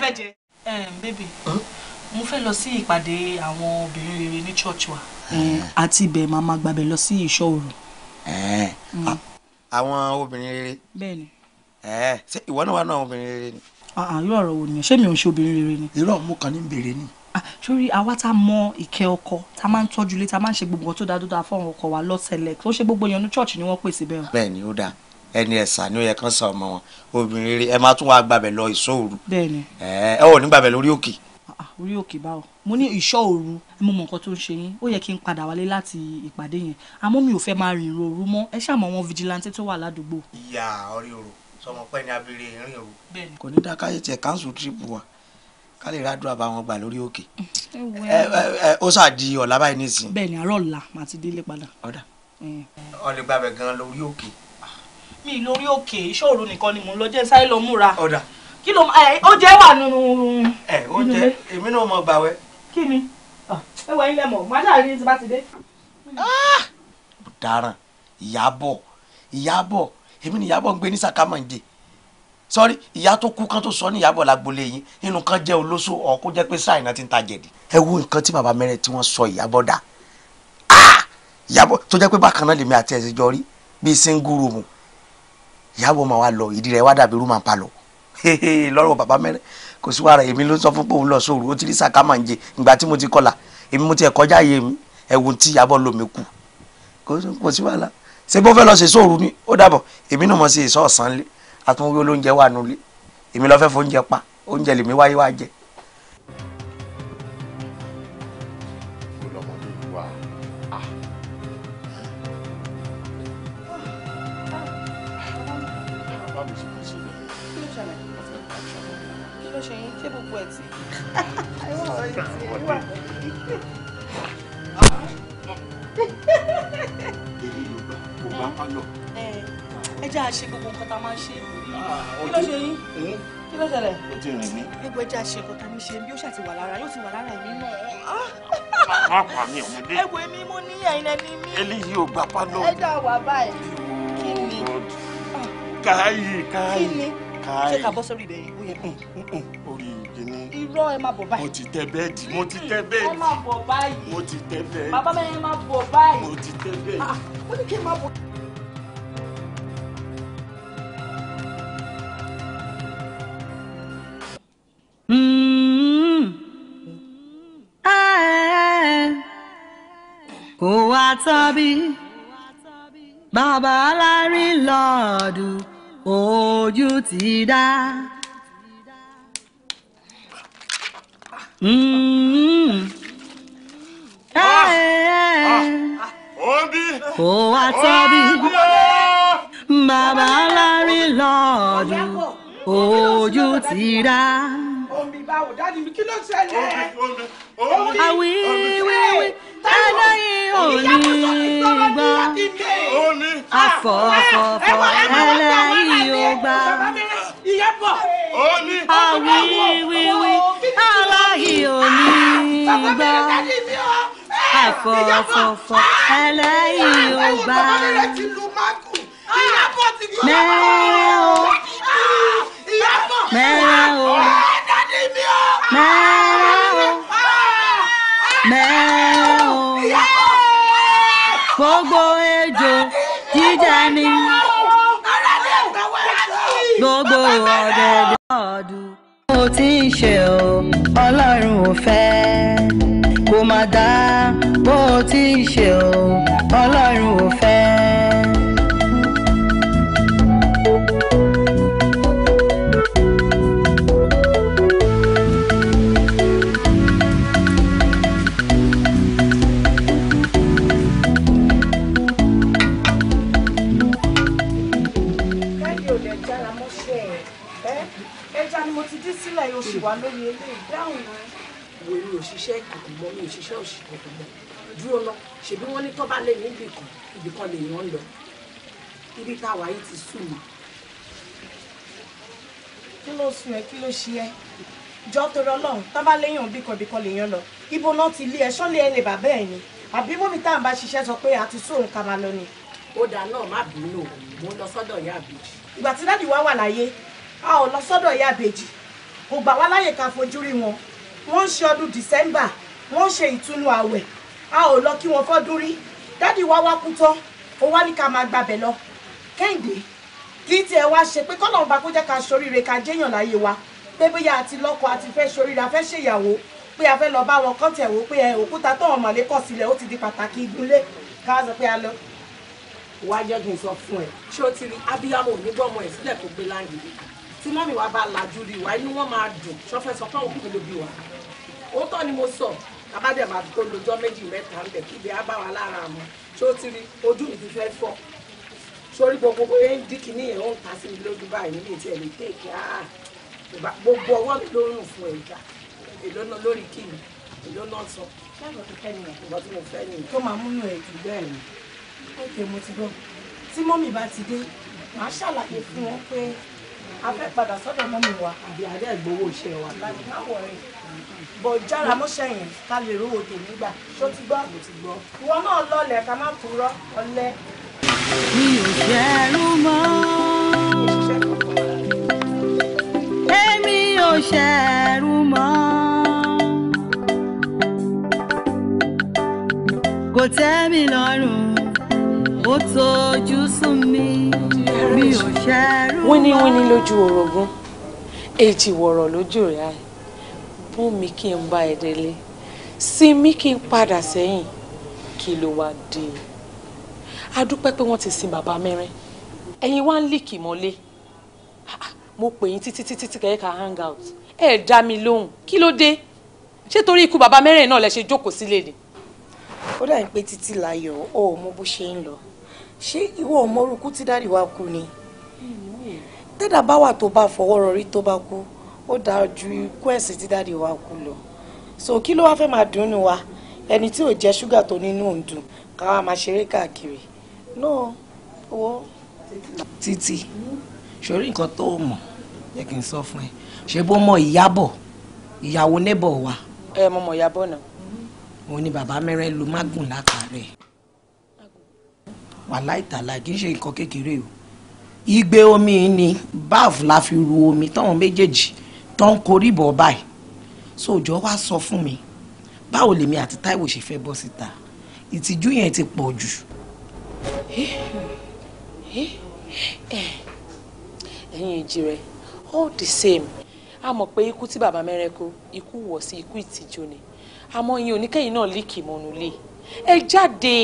eh mo fẹ́ lọ sí ìpàdé àwọn obìnrin rere ní church wa. àti ibẹ̀ máa ma gbàbẹ̀ lọ sí ìṣọ́ òru. Mm. àwọn obìnrin rere. bẹ́ẹ̀ni. ṣé ìwọ náà wà náà obìnrin rere ni. irú ọ̀rọ̀ wo nìyẹn ṣé mi ò ń ṣe obìnrin rere ni. irọ́ mo kàn ní bèrè ni. sórí àwa tá a mọ ìkẹ́ ọkọ tá a máa ń tọ́jú ilé tá a ṣe gbogbo tó dáa tó dáa fọ́ọ̀rùn ọkọ wa lọ́sẹ̀lẹ̀ tó ṣe gbogbo yẹn ní church ni wọ́n pè síbẹ̀. bẹ́ẹ̀ni ó dáa ẹni ẹ̀sà ni ó yẹ kán sàn ọmọ wọn obìnrin rere ẹ máa tún wá gbàbẹ̀ lọ ìṣòro ẹ ẹ ò ní gbàbẹ̀ lórí òkè Ah, ah, orí òkè báwo mo ní ìṣọ́ òru mo mọ nǹkan tó ń ṣe yín ó yẹ kí n padà wálé láti ìpàdé yẹn àmọ́ mi ò fẹ́ máa rìn òru mọ́ ẹ ṣàmọ́ wọn vigilante tó wà ládùúgbò. ìyá ọ̀rẹ́ òru sọmọ pẹ́ ní abèrè ìrìn òru. kò ní dá káyé tiẹ̀ káńsù tírípù wa ká lè rádùn àbá wọn gbà lórí òkè. ó sà di ọ̀la báyìí nísìnyí. bẹ́ẹ̀ ni àárọ̀ ọ̀la màá ti délé padà. ọ̀dà ọ lè gbàgbẹ́ gan lórí òkè. Ah, mi lórí òkè ìṣòro nìkan ni mò ń lọ jẹ́ sáré lọ múra. ọ̀dà kí ló ẹ ó jẹ́ wà nínú. ẹ ó jẹ èmi náà mọ bàwẹ. kí ni ẹ wọ ilé mọ màá dàrí ti bá ti dé. Ah! daran ìyàbọ̀ ìyàbọ̀ èmi ni ìyàbọ̀ ń gbé ní sàkámọ̀ǹde sọ́rí ìyá tó kú kan tó sọ ní ìyàbọ̀ lágbolé yín nínú kan jẹ́ olóṣó ọ̀kú jẹ́ pé sáìnà ti ń ta jẹ̀dí. ẹ wo nǹkan tí bàbá mẹ́rẹ̀ tí wọ́n sọ ìyàbọ̀ dà ah! ìyàbọ̀ tó jẹ́ pé bákan náà lèmi àti ẹ̀sìn jọ rí bíi single room ìyàbọ̀ máa wá lọ ìdí rẹ̀ wá dàbí room and parlour lọ́rọ̀ bàbá mẹ́rẹ́ kò sí wàrà èmi ló ń sọ fún pé òun lọ sóòrù ó ti rí sàkámà ń jẹ ìgbà tí mo ti kọlà èmi mo ti ẹ̀ kọjá yé mi ẹ̀wù tí abọ́ lomi kù kò sí wàhálà ṣé bó fẹ́ lọ ṣe sóòrù ni ó dàbọ̀ èmi náà mo ṣe ìṣọ́ lé àtúnwó olóúnjẹ wà nulẹ̀ èmi lọ fẹ́ fóúnjẹ pa oúnjẹ lèmi wáyé wá jẹ ti rìn mí. gbogbo ẹja ṣe nǹkan tó ní ṣe bí ó ṣàti wà lára yóò ti wà lára èmi náà. má pa mi ọmọdé. ẹ wo èmi mo ní ẹyin ẹni mi. eléyìí ò gbà pa lọ. ẹ dá wà báyìí. kí ni. Ah. káyì káyì. kí ni ṣé ká bọ́ sórí ibẹ̀ yìí ó yẹ kí. Mm, mm, mm. orí ìdí ni. irọ́ ẹ máa bọ̀ báyìí. mo ti tẹ bẹ́ẹ̀dì mo ti tẹ bẹ́ẹ̀dì. ẹ máa bọ̀ báyìí. mo ti tẹ bẹ́ẹ̀dì. bàbá mi ẹ máa bọ̀ báyìí. mo ti tẹ bẹ́ẹ̀dì. Ah, àtọ́bí bàbá alárin lọ́ọ̀dù oju ti da. Ó wá tọ́bí bàbá alárin lọ́ọ̀dù ojú ti da. omi báwo dáàdi mi kí ló ṣẹlẹ̀. àwí wí wí ẹlẹ́yin òní gbọ́ afọ afọ ẹlẹ́yin ò gbà awiwiwi aláyìn òní gbọ́ afọ afọ ẹlẹ́yin ò gbogbo ejò jíjẹ ni gbogbo ọ̀dẹ̀dẹ̀ ọ̀dù. mo ti ń ṣe o ọlọ́run ò fẹ́ kó má dá bó ti ń ṣe o ọlọ́run ò fẹ́. wà lórí eléyìí dáhùn wo mi ò ṣiṣẹ́ ìkọ̀kọ̀ mọ́ mi ò ṣiṣẹ́ òṣìkọ̀kọ̀ mọ́ dúró lọ ṣèbí wọ́n ní tọ́ba lè níbi kan ibì kan lè yàn lọ ibi táwa yìí ti sùn mọ́. kí ló sùn ẹ kí ló ṣe ẹ jọ torí Ọlọ́run tọ́ba léyàn ibì kan ibì kan lè yàn lọ ibo náà ti lé ẹṣọ́ lé ẹni bàbá ẹ̀ ni àbí mọ́mí tá à ń bá ṣiṣẹ́ sọ pé àti sóun ká máa lọ ni. ó dáa náà má bínú mo lọ sọ́dọ̀ ìyá àbèjì. ìgbà tí dáàdì wá wà láyé a ò lọ sọ́dọ̀ ìyá àbèjì kò gbà wá láyè ká fojú rí wọn wọ́n ń ṣe ọdún December wọ́n ń ṣe ìtúnu àwẹ̀ a ò lọ kí wọn fọ́dún rí dádì wa wá kú tán ó wá ní ká máa gbàbẹ̀ lọ Kẹ́hìndé kí tiẹ̀ wá ṣe pé kọ́nà ọba kó jẹ́ ká ṣoríire ká jẹ́yàn láyé wa pé bóyá àti lọ́kọ àti fẹ́ ṣoríire a fẹ́ ṣèyàwó pé a fẹ́ lọ bá wọn kọ́ntẹ̀ wò pé òkúta tó wọn mọ̀lé kọ̀ sílẹ̀ ó ti di pàtàkì ìgúnlé ká sọ pé a lọ wá jẹ́ kí sọ fún ẹ ṣé o ti rí abiyamọ ò ní gbọ́mọ ẹ̀ sílẹ̀ tó gbé láǹgì tí mọ́mí wa bá lajú rí wa inú wọn máa dùn ṣọfẹ́ sọ fún òkú lóbi wa ó tọ́ ni mo sọ abádẹ́ máa tó lójọ́ méjì mẹ́ta ńbẹ̀ kí ibi á bá wa lára mu tí ó ti rí ojú mi ti fẹ́ fọ́ sórí gbogbo bóyá ń díkì níyẹn ó ń ta sí mi lójú báyìí níbi tí ẹ lè tèèkì ah. áà gbogbo ọwọ́ mi ló ń rùn fún ẹ̀dá èló náà lórí kí mi èló náà sọ ìgbà tí mo fẹ́ nìyẹn. tó máa múnú ẹ̀ jù bẹ́ẹ̀ ni ó kè mo ti gbọ́ tí mọ́mì bá ti dé màá ṣàlàyé fún wọn pé a fẹ́ padà sọ́dọ̀ mọ́mí wa àbí adé ìgbowó iṣẹ́ wa. láti má wọrí bọ̀ jára mọ́ṣẹ́ yẹn ká lè rówó tèmi gbà ṣó ti gbọ́ ìwọ náà lọlẹ̀ ká má purọ́ ọ̀lẹ. mi ò ṣẹ́rú mọ́ èmi ò ṣẹ́rú mọ́ kò tẹ́ mi lọ́rùn ó tojú sú mi mi ò ṣẹ́rú. wíníwíní lójú orogún èjì wọ̀rọ̀ lójú rẹ̀ àì bú mi kí n bá ẹ délé sí mi kí n padà sẹ́yìn kí ló wá dé a dúpẹ́ pé wọ́n ti sin bàbá mẹ́rin ẹ̀yin wá ń líkì mọ́lé ah, ah, mo pè yín títí títí tí kẹ́yẹ́ ká hang out ẹ dá mi lóhùn kí ló dé ṣé torí ikú bàbá mẹ́rin náà lẹ ṣe jókòó sílé ni. ó dà ní pé títí láyọ̀ ó mú bó ṣe ń lọ ṣé ìwọ ọmọrúkú tí dáàdì wa kú ni tẹ́dà bá wà tó bá fọwọ́ rọrí tó bá kú ó dáa ju ikú ẹ̀sìn tí dáàdì wa kú lọ so kí ló wá fẹ́ máa dùn nù wa ẹni tí ò jẹ́ ṣúgà tó nínú òǹdùn ká wá máa ṣeré káàkiri náà owó. títí sórí nǹkan tó mọ̀ jẹ́ kí n sọ fún ẹ ṣé bó mọ ìyábọ̀ ìyàwó nébọ̀ wa. ẹ mo mọ ìyábọ̀ náà. òun ni bàbá mẹ́rẹ́ lu mágùn látàrí ẹ̀ wàláì tàlà kì í ṣe nǹkan kékeré o igbe omi ni báàfù la fi ru omi táwọn méjèèjì tó ń korí bọ̀ báyìí sóòjọ́ wá sọ fún mi báwo lèmi àti Táíwò ṣe fẹ́ bọ́ síta ìtìjú yẹn ti pọ̀ jù. ẹ̀yin ìjì rẹ̀ all the same a mọ̀ pé ikú tí bàbá mẹ́rẹ̀ kó ikú wọ̀ sí ikú ìtìjú ni àmọ́ ìyẹn oníkẹ́yìn náà líkì mọ́nú lé ẹ jáde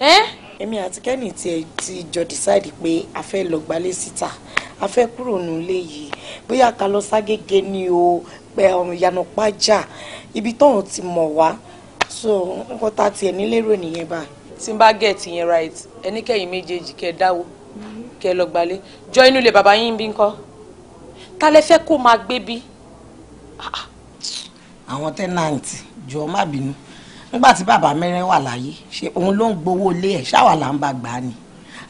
ẹ́. Eh? èmi àti kẹ́ni tí ẹ ti jọ decide pé a fẹ́ lọ gbalé síta a fẹ́ kúrò nílé yìí bóyá ká lọ ságége ni o pẹ ọ̀run pàjá ibi tóun ti mọ̀ wá so nǹkan tá a tiẹ̀ nílérò nìyẹn báyìí. tí n bá get yẹn right ẹnikẹ́yìn méjèèjì kẹ́ ẹ dáwó kẹ́ ẹ lọ gbalé jọ inú ilé bàbá yín bí ńkọ́ ta lẹ fẹ́ kó máa gbé bí. àwọn tẹ́nàǹtì jọ̀ọ́ má bínú nígbà tí bàbá mẹ́rin wà láyé ṣe òun ló ń gbowó ilé ẹ̀ ṣáwà là ń bá gbà á ni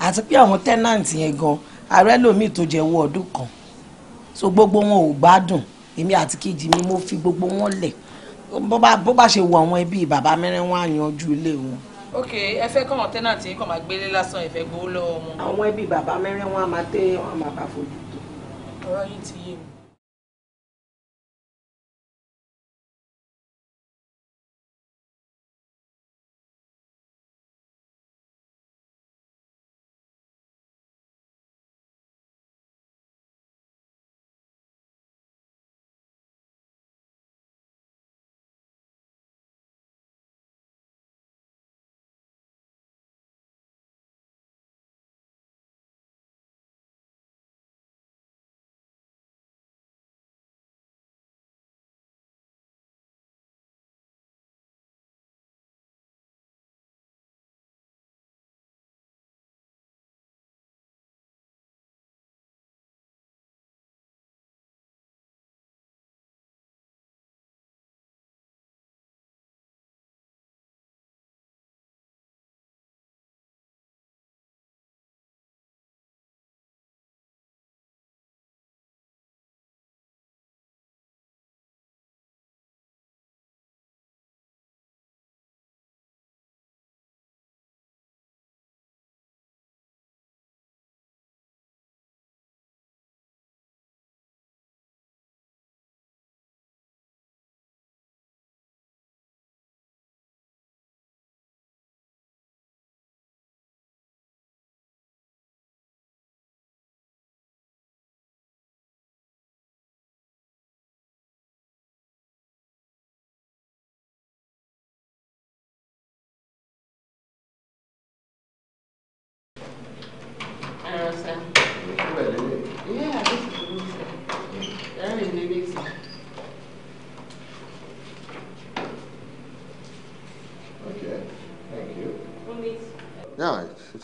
àti pé àwọn tẹ́nàǹtì yẹn gan ààrẹ lòmíì tó jẹ́ owó ọdún kan so gbogbo wọn ò gbádùn èmi àti kejì mi mo fi gbogbo wọn lẹ̀ bó bá ṣe wọ àwọn ẹbí bàbá mẹ́rin wọn á yanjú ilé wọn ok ẹ fẹ́ kọ́wọn tẹ́nàtì yín kàn máa gbélé lásán ẹ fẹ́ gbowó lọ́wọ́ wọn. àwọn ẹbí bàbá mẹ́rin wọn á máa tẹ́ wọn á máa bá fojú tó. ọ̀rọ̀ yìí ti yé mi.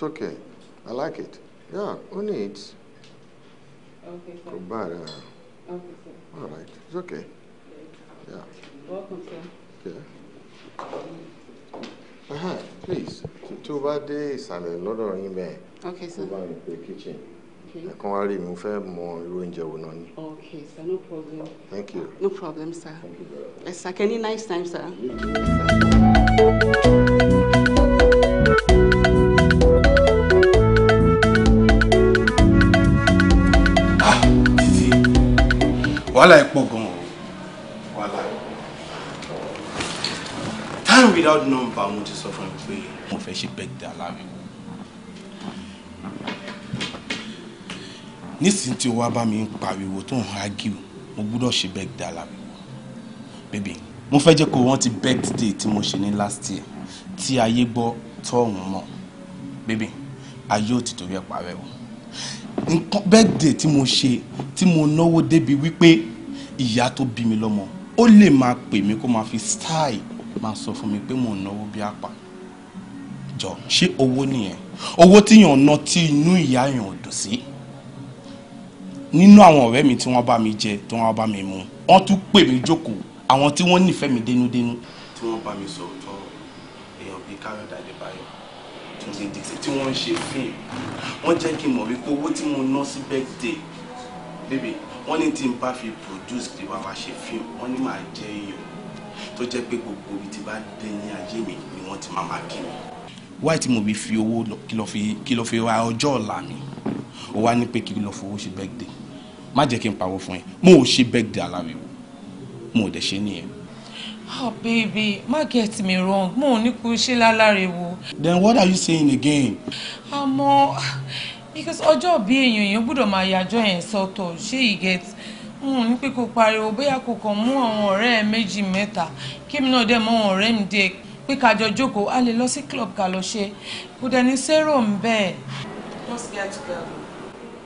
It's okay. I like it. Yeah, who needs? Okay, sir. But, uh, okay, sir. All right. It's okay. Yeah. Welcome, sir. Okay. Uh-huh. Please. Tó bá dé ìsàlẹ̀ lọ́dọ̀ yín bẹ́ẹ̀. Okay, sir. Tó bá mi pé kitchen. Okay. Ẹ̀kan wá rí mi, mo fẹ́ mọ irú oúnjẹ Okay, sir. No problem. Thank you. No problem, sir. Thank you sir. Yes, sir. sàkẹ́ ní nice time, sir. Yes, sir. wàhálà ẹ̀ pọ̀ gan o wàhálà time without number mo ti sọ fún mi pé mo fẹ́ ṣe birthday aláriwo nísìnyí tí o wá bá mi ń pariwo tó ń hágìw mo gbúdọ̀ ṣe birthday aláriwo baby mo fẹ́ jẹ́ kó o rántí birthday tí mo ṣe ní last year tí ayé gbọ́ tọ́hún mọ̀ baby ayé ò ti torí ẹ̀ parẹ́ o nǹkan birthday tí mo ṣe tí mo náwó débi wípé ìyá tó bí mi lọ́mọ ó lè máa pè mí kó máa fi style máa sọ fún mi pé mò ń náwó bí àpà jọ ṣé owó nìyẹn owó tíyàn ná tí inú ìyá yàn ò dùn sí nínú àwọn ọ̀rẹ́ mi tí wọ́n bá mi jẹ tí wọ́n bá mi mu wọ́n tún pè mí jókòó àwọn tí wọ́n nífẹ̀ẹ́ mi dénúdénú. tí wọ́n bá mi sọ̀rọ̀ tọ́ èèyàn bíi káyọ̀dá Túndé Dixon tí wọ́n ń ṣe fíìmù wọ́n jẹ́ kí n mọ̀ wípé owó tí mo ná sí birthday bébè wọ́n ní tí n bá fi produce kí wàá wá ṣe fíìmù wọ́n ní màá jẹ́ iyọ̀ tó jẹ́ pé gbogbo ibi tí bá dé ní ayé mi ni wọ́n ti máa máa kí mi. wáyé tí mo fi fi owó kí lọ fi ra ọjọ́ ọ̀la mi ó wá ní pé kí lọ fowó ṣe birthday má jẹ́ kí n pawó fún ẹ mo ò ṣe birthday aláriwo mo ò dẹ̀ ṣe nìyẹn Oh, baby, ma get me wrong. Mo ní kó ṣe lálàrẹ̀wò. Then what are you saying again? Amo because ojo bi èèyàn èèyàn gbọ́dọ̀ máa yàjọ́ yẹn sọ́tọ̀ ṣé get mo ní pé kó pariwo bóyá kó kàn mú àwọn ọ̀rẹ́ ẹ méjì mẹ́ta kémi náà dẹ̀ mọ́ ọ̀rẹ́ mi díẹ̀ pé ká jọ jókòó a lè lọ sí club ká lọ ṣe kò dẹ̀ ní sẹ́rò ń just get together.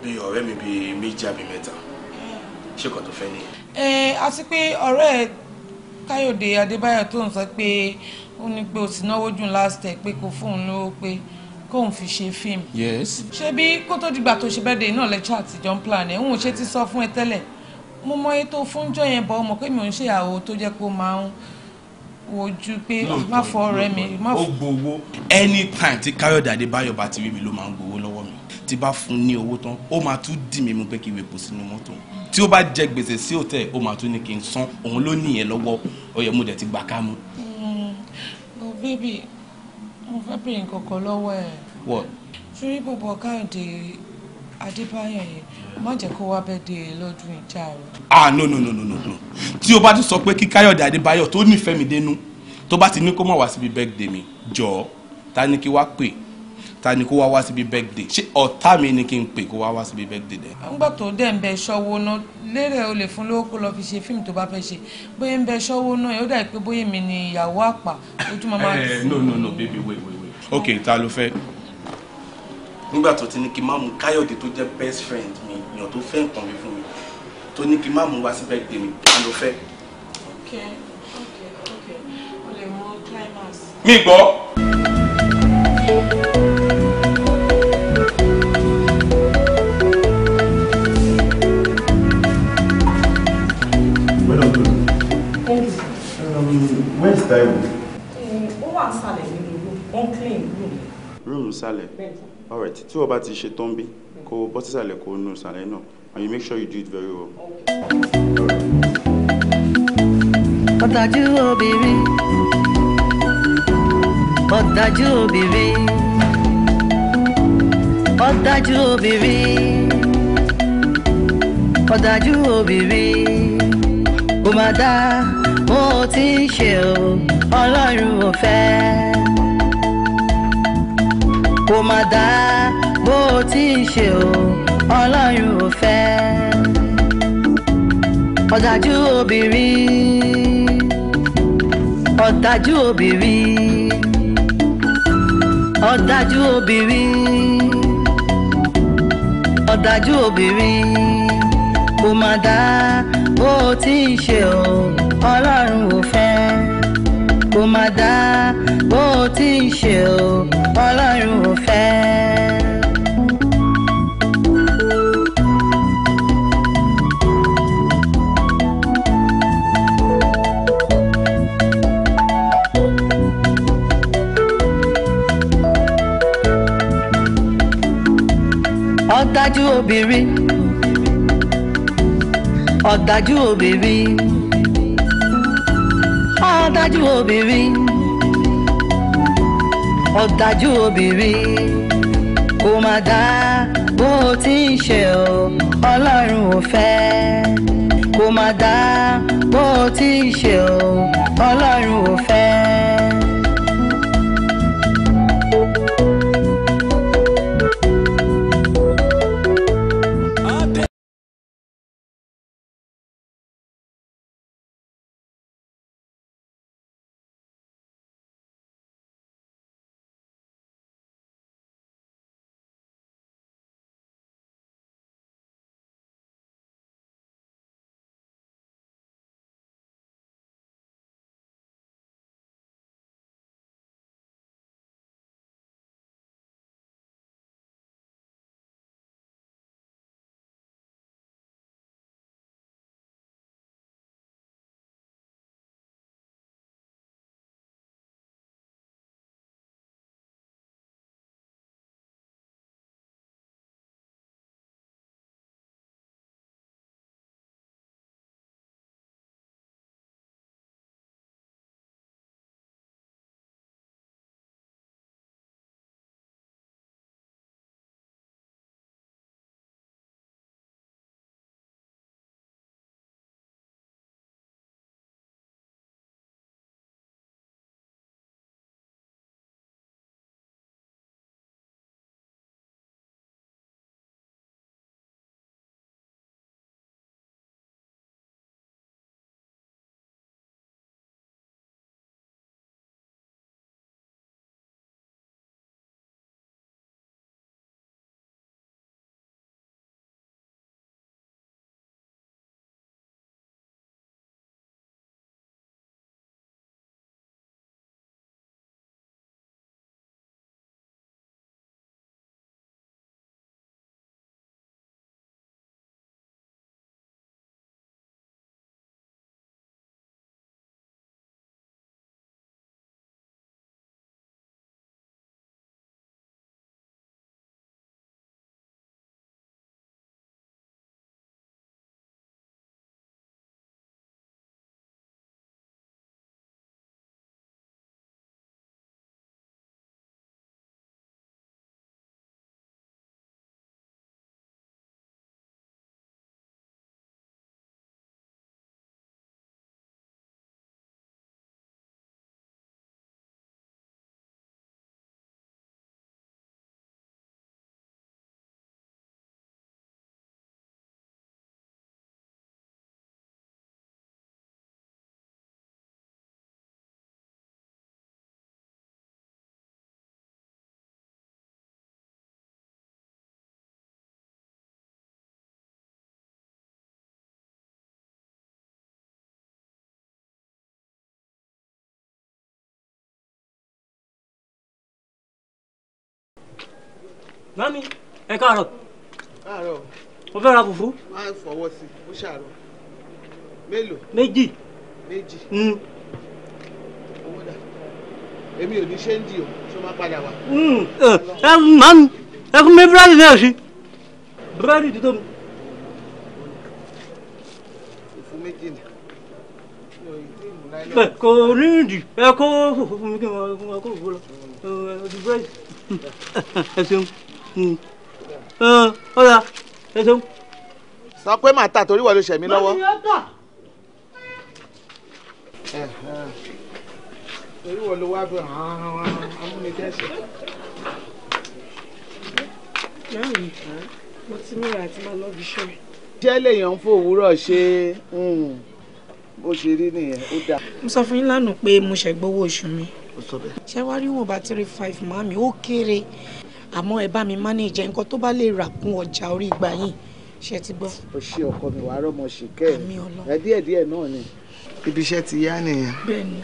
Bi ọ̀rẹ́ mi bíi méjì àbí mẹ́ta mm. ṣé kò tó fẹ́ ni. ẹ eh, àti pé ọ̀rẹ́ káyọ̀dé adébáyọ̀ tó ń sọ pé ó ní pé o ti náwó jù last ẹ̀ pé kò fóun lówó pé kóun fi ṣe fíìmù. yes. ṣé bí kó tó dìgbà tó ṣe bẹ́ẹ̀ dé iná lẹ́tọ́ àtijọ́ ń plan ẹ̀ ń ṣe ti sọ fún ẹ tẹ́lẹ̀ mo mọ iye tó yẹn bọ́ ọmọ pé mi ò ń ṣe tó jẹ́ kó máa ń wojú pé má fọ ọ̀rẹ́ mi. ó gbowó anytime tí káyọ̀dé adébáyọ̀ bá ti rí mi ló máa ń gbowó lọ́wọ́ mi tí bá fún ní owó tán ó máa tún dì mí mú pé kí n wèpo sínú mọ́tò tí ó bá jẹ gbèsè sí òtẹ́ ó máa tún ní kí n san òun ló nìyẹn lọ́wọ́ ó yẹ mo dẹ̀ ti gbà ká mú. mo mm, bébì mo fẹ́ bèrè nǹkan lọ́wọ́ ẹ̀. what. ṣúrí bọ̀bọ̀ káyọ̀dé adébáyọ̀ yẹn má jẹ́ kó wá bẹ́ẹ̀ dé lọ́dún ìjà rẹ̀. ah no no no no no tí o bá ti sọ pé kí káyọ̀dé adébáyọ̀ tó nífẹ̀ẹ́ mi dénú tó bá ti ní kó má wá síbi bẹ́ẹ̀ dé mi jọ̀ọ́ ta ni kí wá pè é ta ni kó wá wá síbi birthday ṣé ọ̀tá mi ni kí n pè kó wá wá síbi birthday dẹ. àgbà tó dẹ̀ ń bẹ ṣọ́wó náà lérè o lè fún lówó kó lọ fi ṣe fíìmù tó bá fẹ́ ṣe bóyá ń bẹ ṣọ́wó náà yóò dà pé bóyá mi ni ìyàwó àpà ojú mama. ẹ no no no baby wait wait wait ok ta ló fẹ́. nígbà tó ti ní kí n má mú káyọ̀dé tó jẹ́ best friend mi èèyàn tó fẹ́ nǹkan mi fún mi tó ní kí n má mú wá sí birthday mi ta ló fẹ́. ok ok ok o lè mú climax. mi gbọ́. mrs taiwo. ó wà nísàlẹ̀ nínú room ó clean room. room nísàlẹ̀ all right tí about the ti ṣe tán bí kó Go no sísàlẹ̀ no. and you make sure you do it very well. ọ̀dájú obìnrin ọ̀dájú obìnrin ọ̀dájú obìnrin ọ̀dájú obìnrin ó máa dá bó ti ń ṣe o ọlọ́run ò fẹ́ kò má dá bó ti ń ṣe o ọlọ́run ò fẹ́ ọ̀dájú obìnrin ọ̀dájú obìnrin ọ̀dájú obìnrin ọ̀dájú obìnrin kò má dá bó o ti ń ṣe o ọlọ́run ò fẹ́ kò má dá bó o ti ń ṣe o ọlọ́run ò fẹ́. ọ̀dájú obìnrin ọ̀dájú obìnrin ọ̀dájú obìnrin ọ̀dájú obìnrin kò má dá bó o ti ń ṣe o ọlọ́run ò fẹ́ kò má dá bó o ti ń ṣe o ọlọ́run ò fẹ́. mami ẹ káàárọ̀. káàárọ̀. mo fẹ́ ra fùfú. má fọwọ́ sí i ó ṣàrọ̀ mélòó. méjì. méjì. owó dà èmi ò ní ṣéǹjì o ṣé o máa padà wá. ẹ mami ẹ fún mi búrẹ́dì náà sí búrẹ́dì tó tóbi. fùfú méjì ni kò ní ìdí ẹ kó fùfú mi kí n máa kó fùfú lọ ẹ ṣeun ó dà ẹ ṣeun. sọ pé màá tà torí wọ́n ló lọ́wọ́. torí wọ́n wá bí amúnidẹ́sẹ̀. mo ti múra àti máa lọ́ọ́ bí ṣọ́ọ̀rì. jẹ́ lèèyàn ń fòwúrọ̀ ṣe bó ṣe rí nìyẹn ó dáa. mo sọ fún yín lánàá pé mo ṣẹ̀gbọ́wọ́ oṣù mi ó sọ bẹ́ẹ̀. ṣé rí wọn bá three five máa mi ó kéré àmọ́ ẹ bá mi mánéjà nǹkan tó bá lè rà kún ọjà orí ìgbà yìí ṣe ti gbọ́. o ṣe ọkọ mi wàá rọmọ ṣì kẹ ẹ díẹ̀ díẹ̀ náà ni. ibi iṣẹ́ ti yá nìyẹn. bẹ́ẹ̀ni.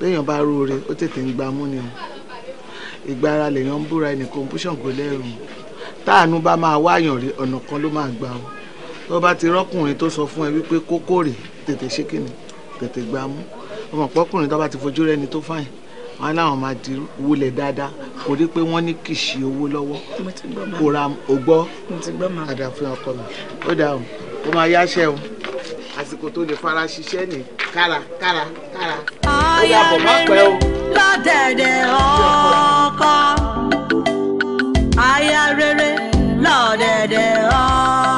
béèyàn bá róore ó tètè ń gba mú ni o ìgbà ara lèèyàn ń búra ẹnì kọmpúṣàn kò lẹ́rù táànù bá máa wáyàn rí ọ̀nà kan ló máa gbà o tó bá ti rọ́kùnrin tó sọ fún ẹ wípé kókó rè tètè ṣé kìnnì tètè gbá mú ọmọ pọkùnrin tó bá ti fojú rẹ ni tó fàyìn wọn láwọn máa di wulẹ̀ dáadáa kò rí pé wọ́n ní kìsì owó lọ́wọ́ kò ra ògbọ́ àdàfihàn ọkọ mi ó dà o ó máa yáṣẹ́ o àsìkò tó lè fara ṣiṣẹ́ ní kára kára kára ó dàbọ̀ má pẹ́ o. lọ́dẹ̀dẹ̀ ọkọ aya rere lọ́dẹ̀dẹ̀ ọkọ.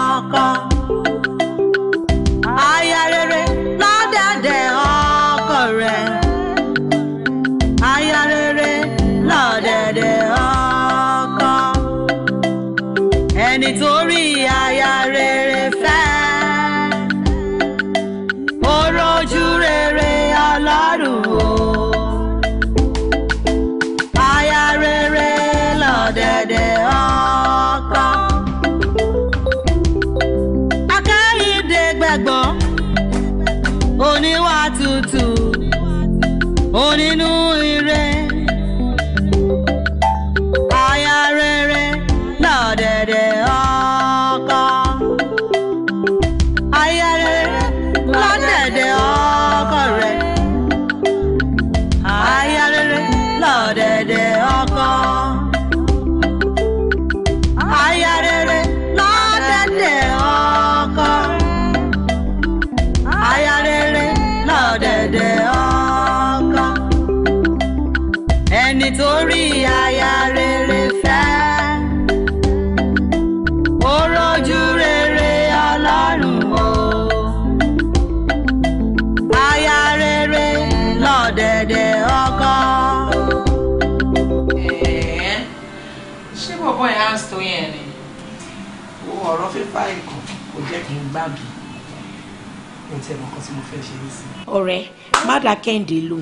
fẹ́ ṣe é sí. ọ̀rẹ́ má dá kẹ́hìndé lò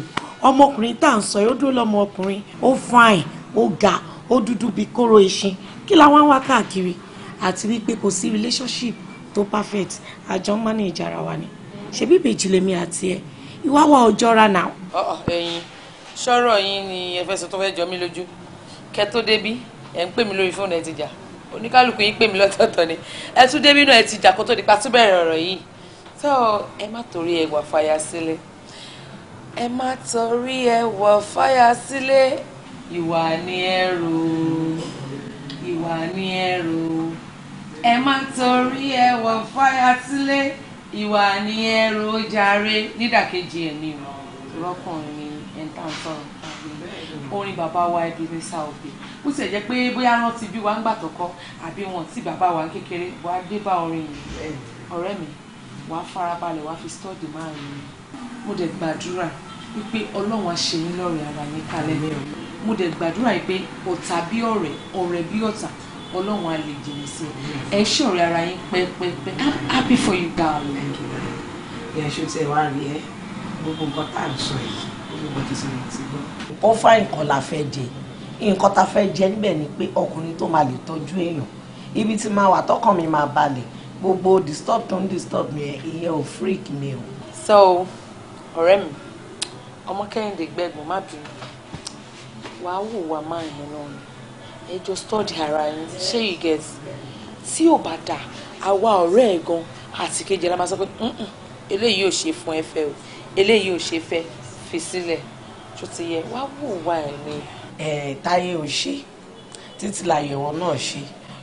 ọmọkùnrin tá à ń sọ yóò dúró lọ́mọ ọkùnrin ó fine ó ga ó dúdú bíi kóró eṣin kí làwọn wá káàkiri àti wípé kò sí relationship tó perfect àjọ ń manage ara wa ni ṣebí ìbejì lèmi àti ẹ ìwà wa ò jọra nà. ẹ̀yin sọ̀rọ̀ yín ni ẹ fẹ́ sọ tó fẹ́ jọ mí lójú kẹ́ tó débí ẹ̀ ń pè mí lórí fóònù ẹ ti jà oníkálukú yín pè mí lọ́tọ̀ọ̀tọ̀ ni ẹ tún débí náà ẹ ti jà kó tó di pa tó bẹ̀rẹ̀ ọ̀rọ̀ yìí tó ẹ má torí ẹwà fàyà sílẹ̀ ẹ má torí ẹwà fàyà sílẹ̀ ìwà ni ẹrù ìwà ni ẹrù ẹ má torí ẹwà fàyà sílẹ̀ ìwà ni ẹrù ó jàre nídàkejì ẹ̀ ní ìrọ̀kùnrin ni ẹ̀ ń orin bàbá wa Ebenezer Obey ó sì jẹ́ pé bóyá rántí bí wa ń gbà tọkọ àbí wọn tí bàbá wa kékeré wàá dé bá orin yìí ọ̀rẹ́ mi wà á farabalẹ̀ wà á fi stọ́ọ̀dì márùn ún mo dẹ̀ gbàdúrà wípé ọlọ́run á ṣe yín lọ́rẹ̀ẹ́ ara yín kalẹ̀ lẹ́rọ mo dẹ̀ gbàdúrà wípé ọ̀tá bí ọ̀rẹ́ ọ̀rẹ́ bí ọ̀tá ọlọ́run á lè jìnnà sí ẹ ṣe ọ̀rẹ́ ara yín pẹ́pẹ́pẹ́ happy for you darling. ẹ ṣe tẹ wá rí ẹ gbogbo nǹkan tá à ń sọ yìí gbogbo ti sinmi ti gbọ́. ó fà nǹkan la fẹ́ jẹ nǹkan ta fẹ́ gbogbo disturb tó ń disturb mi ẹ̀ ìyẹn ò freak mi o. so ọ̀rẹ́ mi ọmọ kẹ́hìndé gbẹ́gun má bínú wàá wò wá máa yẹn náà ni ẹ jọ study ara yín ṣé you get tí ò bá dà àwa ọ̀rẹ́ ẹ̀ gan àti kejì ẹ̀ la máa sọ pé eléyìí ò ṣe fún ẹ fẹ́ o eléyìí ò ṣe fẹ́ fi sílẹ̀ tó ti yẹ wá wò wá ẹ̀ ni. ẹ táyé ò ṣe títí láyẹ̀wò náà ṣe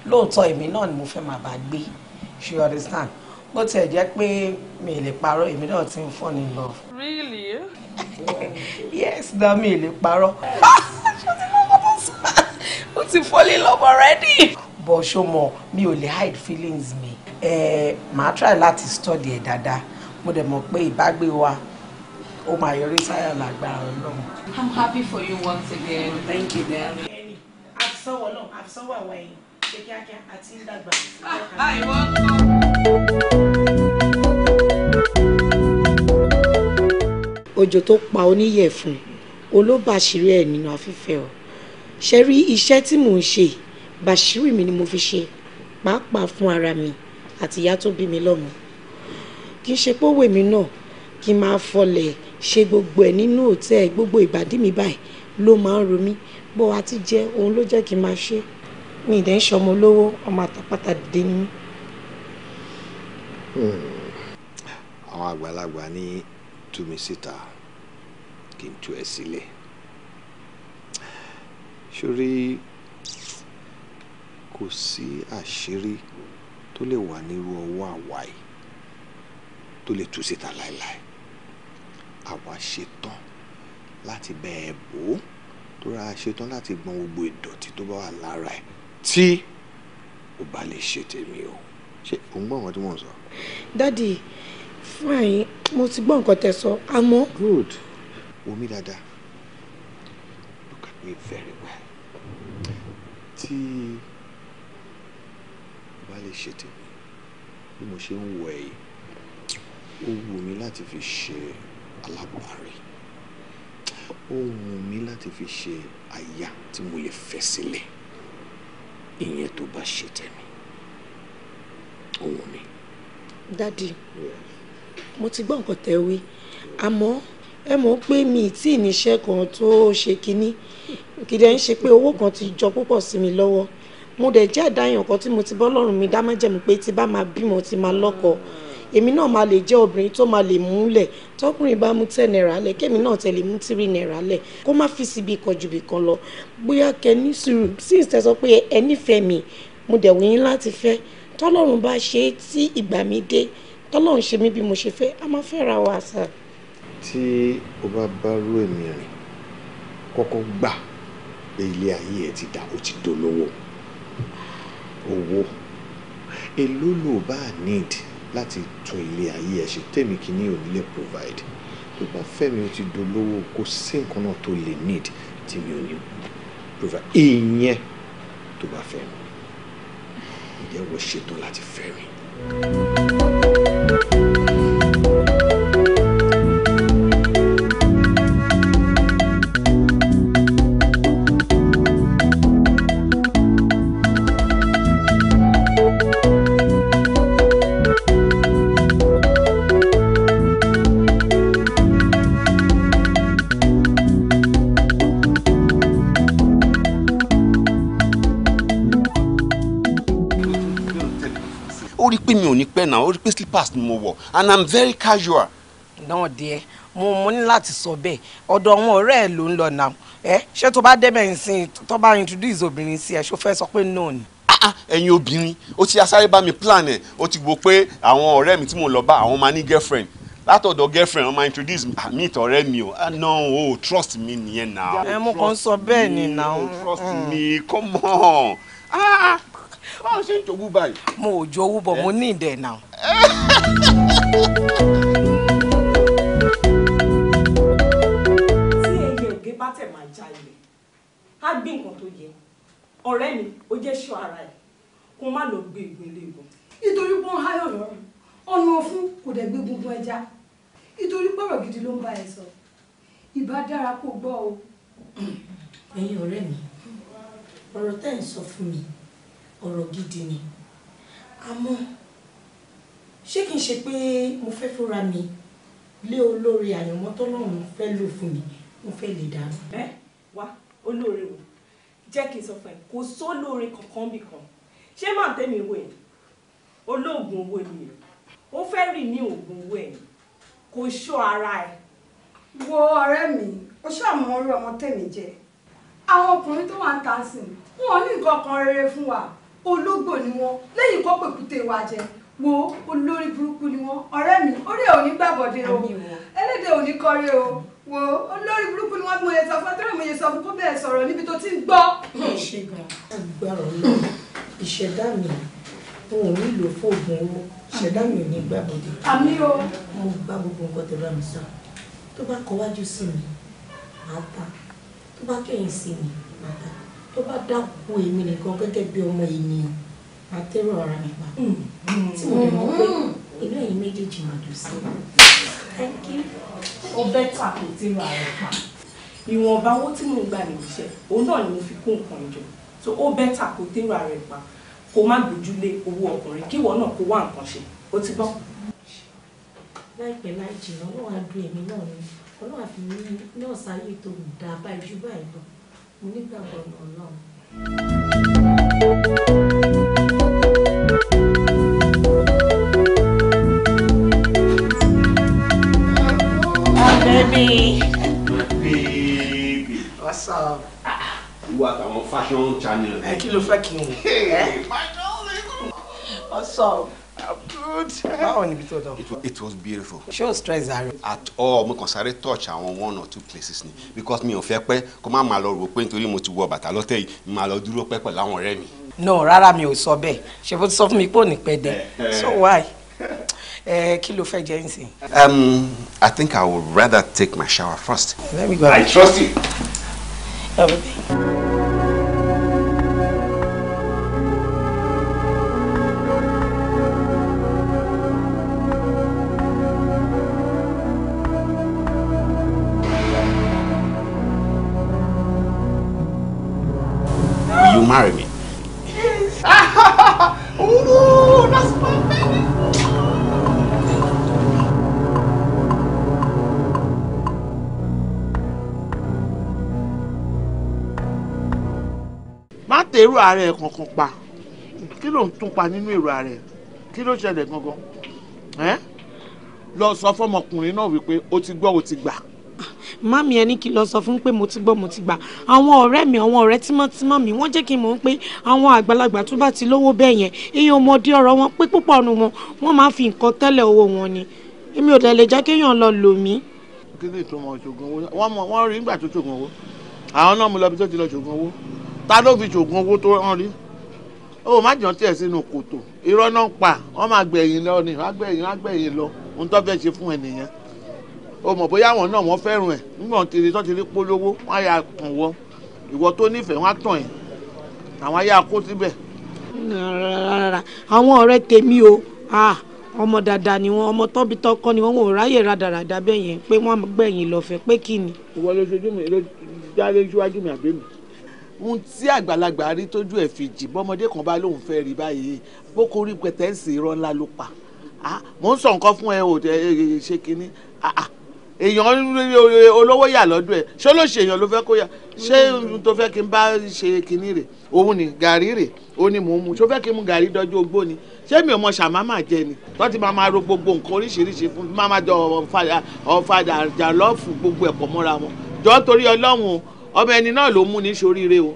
lóòótọ́ èmi náà ni mo fẹ́ máa bá gbé she understand bó tiẹ̀ jẹ́ pé mi ì lè parọ́ èmi náà ti ń fall in love. really. yes na mi ì lè parọ́ ah, ó ti fall in love already. bọ̀ ṣó mọ̀ mi ò lè hide feelings mi màá try láti study ẹ̀ dáadáa mo dẹ̀ mọ̀ pé ìbágbé wa ó máa yọrí sáyà lágbára ọlọ́run. i'm happy for you once again. thank you darling. àfisọ́wọ́ náà àfisọ́wọ́ àwọn ẹ̀yìn ṣe kíákíá àti ń dàgbà. àìwọ ah, ah, ń kọ́. òjò tó pa oníyẹ̀fun olóbàṣírí ẹ̀ nínú afífẹ́ o ṣe rí iṣẹ́ tí mò ń ṣe bàṣírí mi ni mo fi ṣe pàápàá fún ara mi àti ìyá tó bí mi lọ́mọ kì í ṣe pówè mi náà kí n máa fọlẹ̀ ṣe gbogbo ẹ̀ nínú òtẹ́ gbogbo ìbàdí mi báyìí ló máa ń ro mí bó àti jẹ́ òun ló jẹ́ kí n máa ṣe é mi ìdẹ́ ń ṣọmọ olówó ọmọ àtàpàtà dìde ni. Hmm. àwọn àgbàlagbà ní tú mi síta kí n tú ẹ sílẹ̀ sórí kò sí àṣírí tó lè wà nírú ọwọ́ àwa yìí tó lè tú síta láéláé àwa ṣetán láti bẹ́ẹ̀ bò ó tó ra ṣetán láti gbọ́n gbogbo ìdọ̀tí tó bá wà lára ẹ̀ tí ò bá lè ṣe tèmi o ṣe ò ń gbọ́ nǹkan tí mò ń sọ. dádì fine mo ti gbọ́ nǹkan tẹ́ sọ àmọ́. good omi dáadáa look at me very well tí ò bá lè ṣe tèmi bí mo ṣe ń wọ ẹ̀yìn ó wù mí láti fi ṣe alábàárẹ̀ ó wù mí láti fi ṣe aya tí mo lè fẹ́ sílẹ̀. Si ìyẹn tó bá ṣe tẹ̀mí òun ni. dádì mo ti gbọ́ nǹkan tẹ́ wí àmọ́ ẹ mọ̀ pé mi ì tí ì níṣẹ́ kan tó ṣe kínní kìdẹ̀ ń ṣe pé owó kan ti jọ púpọ̀ sí mi lọ́wọ́ mo dẹ̀ jẹ́ àdáyàn kan tí mo ti bọ́ lọ́rùn mi dá májẹ̀mú pé tí bá máa bímọ ti máa lọ́kọ̀ọ́ èmi náà máa lè jẹ́ obìnrin tó máa lè múlẹ̀ tọkùnrin bá mú ten naira lẹ̀ kémi náà tẹ̀lé mú three naira lẹ̀ kó má fi síbi kan ju ibì kan lọ bóyá kẹ́ni sùúrù since tẹ sọ pé ẹ nífẹ̀ẹ́ mi mo dẹ̀ wíyín láti fẹ́ tọ́lọ́run bá ṣe é tí ìgbà mi dé tọ́lọ́run ṣe mí bí mo ṣe fẹ́ a máa fẹ́ ra wa sà. tí o bá bá rú èmi rìn kọ́kọ́ gbà pé ilé ayé ẹ ti dà ó ti dolówó owó èló ló bá need láti tún ilé ayé ẹ ṣe tèmi kìíní ò ní lè provide tó bá fẹ́mi ó ti dolówó kó sí nǹkan náà tó lè need tí mi ò ní provide ìyẹn tó bá fẹ́mi ǹjẹ́ wọ́n ṣetán láti fẹ́mi. thank you slippers ni mo wọ̀ and i'm very casual. náà díẹ̀ mo mo ní láti sọ bẹ́ẹ̀ ọ̀dọ̀ àwọn ọ̀rẹ́ ẹ̀ ló ń lọ náà ẹ ṣé tó bá débẹ̀ ń sìn tó bá introduce obìnrin sí ẹ ṣó fẹ́ sọ pé no ni. Ah, ah, ẹ̀yin obìnrin ó ti asáré bá mi plan ẹ̀ ó ti wo pé àwọn ọ̀rẹ́ mi tí mo lọ bá àwọn máa ní girlfriend látọ̀dọ̀ girlfriend ọmọ introduce mi ah, ìtọ̀rẹ́ mi o no o trust me nìyẹn náà. ẹ mo kàn sọ bẹ́ẹ̀ ni náà. trust me mm. come on. Ah báwo ṣe ń jogún báyìí. mo ò jowú bọ̀ eh? mo ní ìdẹ̀ náà. tí ẹyẹ ògé bá tẹ̀ máa já ilẹ̀ á gbé nǹkan tó yẹ ọ̀rẹ́ mi ó jẹ́ ṣọ́ ara ẹ̀ kó má lọ gbé egun ilé ìbọn. nítorí pé wọ́n háyọ̀ lọ́rùn ọ̀nà ọ̀fun kò dẹ̀ gbé gbogbo ẹja nítorí pé gidi ló ń bá ẹ sọ ìbá dára kó gbọ́ o. ẹ̀yin ọ̀rẹ́ mi ọ̀rọ̀ tẹ́ ń sọ fún mi ọ̀rọ̀ gidi ni àmọ́ ṣé kìí ṣe pé mo fẹ́ fúnra mi lé olórí àyànmọ́ tọ́lọ́run fẹ́ lò fún mi mo fẹ́ lè dànù. ẹ wá olóore o jẹ́ kí n sọ fún ẹ kò sólóore kankan bì kan ṣé máa tẹ́mi owó ẹ̀ olóògùn owó ni o ó fẹ́ rì ní oògùn owó ẹ̀ kò ṣọ́ ara ẹ̀. wo ọ̀rẹ́ mi o ṣàmọ́ orí ọmọ tèmi jẹ àwọn ọkùnrin tó wà ń ta sí wọn ò ní nǹkan kan rere fún wa ológbò ni wọn lẹ́yìn kọ́ pèkúté wa jẹ wo olórí burúkú ni wọn ọ̀rẹ́ mi orí ẹ̀ ò ní gbàbọ̀dé o ẹlẹ́dẹ̀ ò ní kọ́rẹ́ o wo olórí burúkú ni wọn mo yẹ sọ fún ẹtọ́rọ̀ mo sọ fún kó bẹ́ẹ̀ sọ̀rọ̀ níbi tó ti ń gbọ́. ṣé ga agbára Ọlọ́run ìṣẹ̀dá mi òun nílò fún owó ìṣẹ̀dá mi ò ní gbàbọ̀dé. àmì o. mo gbá gbogbo nǹkan tẹ bá mi sọ tó bá kọwájú sí mi màá ta tó bá kẹ́yìn sí mi màá ta tó bá dàpọ̀ èmi nìkan gẹ́gẹ́ bí ọmọ ènìyàn àtẹ́rọ ara mi pa hmm. Hmm. tí mo lè mọ̀ pé hmm. inú ẹ̀yin méjèèjì máa dùn sí i. ó bẹ́ tà kó tẹ́rọ ara pa ìwọ̀nba owó tí mò gbà níbi iṣẹ́ òun náà ni mo fi kó nǹkan jọ so ó bẹ́tà kó tẹ́rọ ara ẹ̀ pa kó má gbójúlé owó ọkùnrin kí ìwọ náà kó wá nǹkan ṣe ó ti gbọ́. láìpẹ́ láì jìnnà ọlọ́run á dùn èmi náà ni ọlọ́run àfi ní ọ̀sán ayé tó dáa báyìí ju báyìí lọ. My baby. My Baby. What's up? Who are our fashion channel? Kí ló fẹ́ kí n wò? What's up? good. báwo ni ibi tó dán. it was beautiful. ṣé o stress are. at all mo kàn sáré touch àwọn one or two places ni because mi ò fẹ́ pẹ́ kó má máa lọ rò pé nítorí mo ti wọ bàtà lọ́tẹ̀ yìí máa lọ dúró pẹ́ pẹ̀lú àwọn ọ̀rẹ́ mi. no rárá mi ò sọ bẹ́ẹ̀ ṣe bó ti sọ fún mi pé ò ní pẹ́ dé so why eh, kí ló fẹ́ jẹ́ nsìn. um i think i would rather take my shower first. let me go. i trust you. Oh, marry me. Yes. Ooh, that's perfect. má tẹ èrò ààrẹ kankan pa kí ló ń tún pa nínú èrò ààrẹ kí ló ṣẹlẹ̀ gangan lọ sọ fọmọkùnrin náà wípé o ti gbọ́ o ti gbà mami ẹni kí lọ sọ fún pé mo ti gbọ́ mo ti gbà àwọn ọ̀rẹ́ mi àwọn ọ̀rẹ́ tímọ́tímọ́ mi wọ́n jẹ́ kí n mọ̀ pé àwọn àgbàlagbà tó bá ti lówó bẹ́ẹ̀ yẹn iye ọmọdé ọ̀rọ̀ wọn pé púpọ̀ nu wọn wọ́n máa fi nǹkan tẹ́lẹ̀ owó wọn ni èmi ò dẹ̀ jẹ́ kéèyàn lọ lò mí. kí ni ìtumọ̀ ìṣògùn owó wọ́n rí nígbà tó ṣògùn owó àwọn náà mo lọ bí tó ti lọ ṣògùn ni wọ́n á gbẹ̀yìn lọ ohun tó fẹ́ ṣe fún o mọ̀ bóyá àwọn náà wọ́n fẹ́ràn ẹ̀ nígbà tí irítọ́ ti rí polówó wọ́n á yà kàn wọ́ ìwọ tó nífẹ̀ẹ́ wọ́n á tàn ẹ̀ àwọn á yà kó síbẹ̀. rárá àwọn ọ̀rẹ́ tèmi o ọmọ dada ni wọn ọmọ tọ́bi tọ́kọ́ ni wọn wọn ò ráyè radarada bẹ́ẹ̀ yẹn pé wọ́n gbẹ̀yìn lọ́fẹ̀ẹ́ pé kí ni. ìwọ ló ṣojú mi ló jáde síwájú mi àbẹ́mi. ohun tí àgbàlagbà rí tójú ẹ̀ fi jì bọ́mọdé kan bá lóun fẹ́ rí báyìí boko rí pẹ̀tẹ́sì irọ́ ńlá ló pa mò ń sọ nǹkan fún ẹ ò ṣe kínní èèyàn olówó yà lọ́dọ̀ ẹ̀ ṣé ló ṣe èèyàn ló fẹ́ kó yà ṣé tó fẹ́ kí n bá ṣe kinní rẹ̀ òun ni gàrí rẹ̀ òun ni mò ń mu ṣó fẹ́ kí n mu gàrí dọ́jú ogbó ni ṣé mi ò mọ ṣàmámà jẹ ni wọ́n ti máa ma ro gbogbo nǹkan oríṣiríṣi fún mi máa ma jọ ọ̀fadà jàlọ́ọ̀fù gbogbo ẹ̀pọ̀ mọ́ra wọn jọ torí ọlọ́run ọmọ ẹni náà ló mú ní ṣoríire o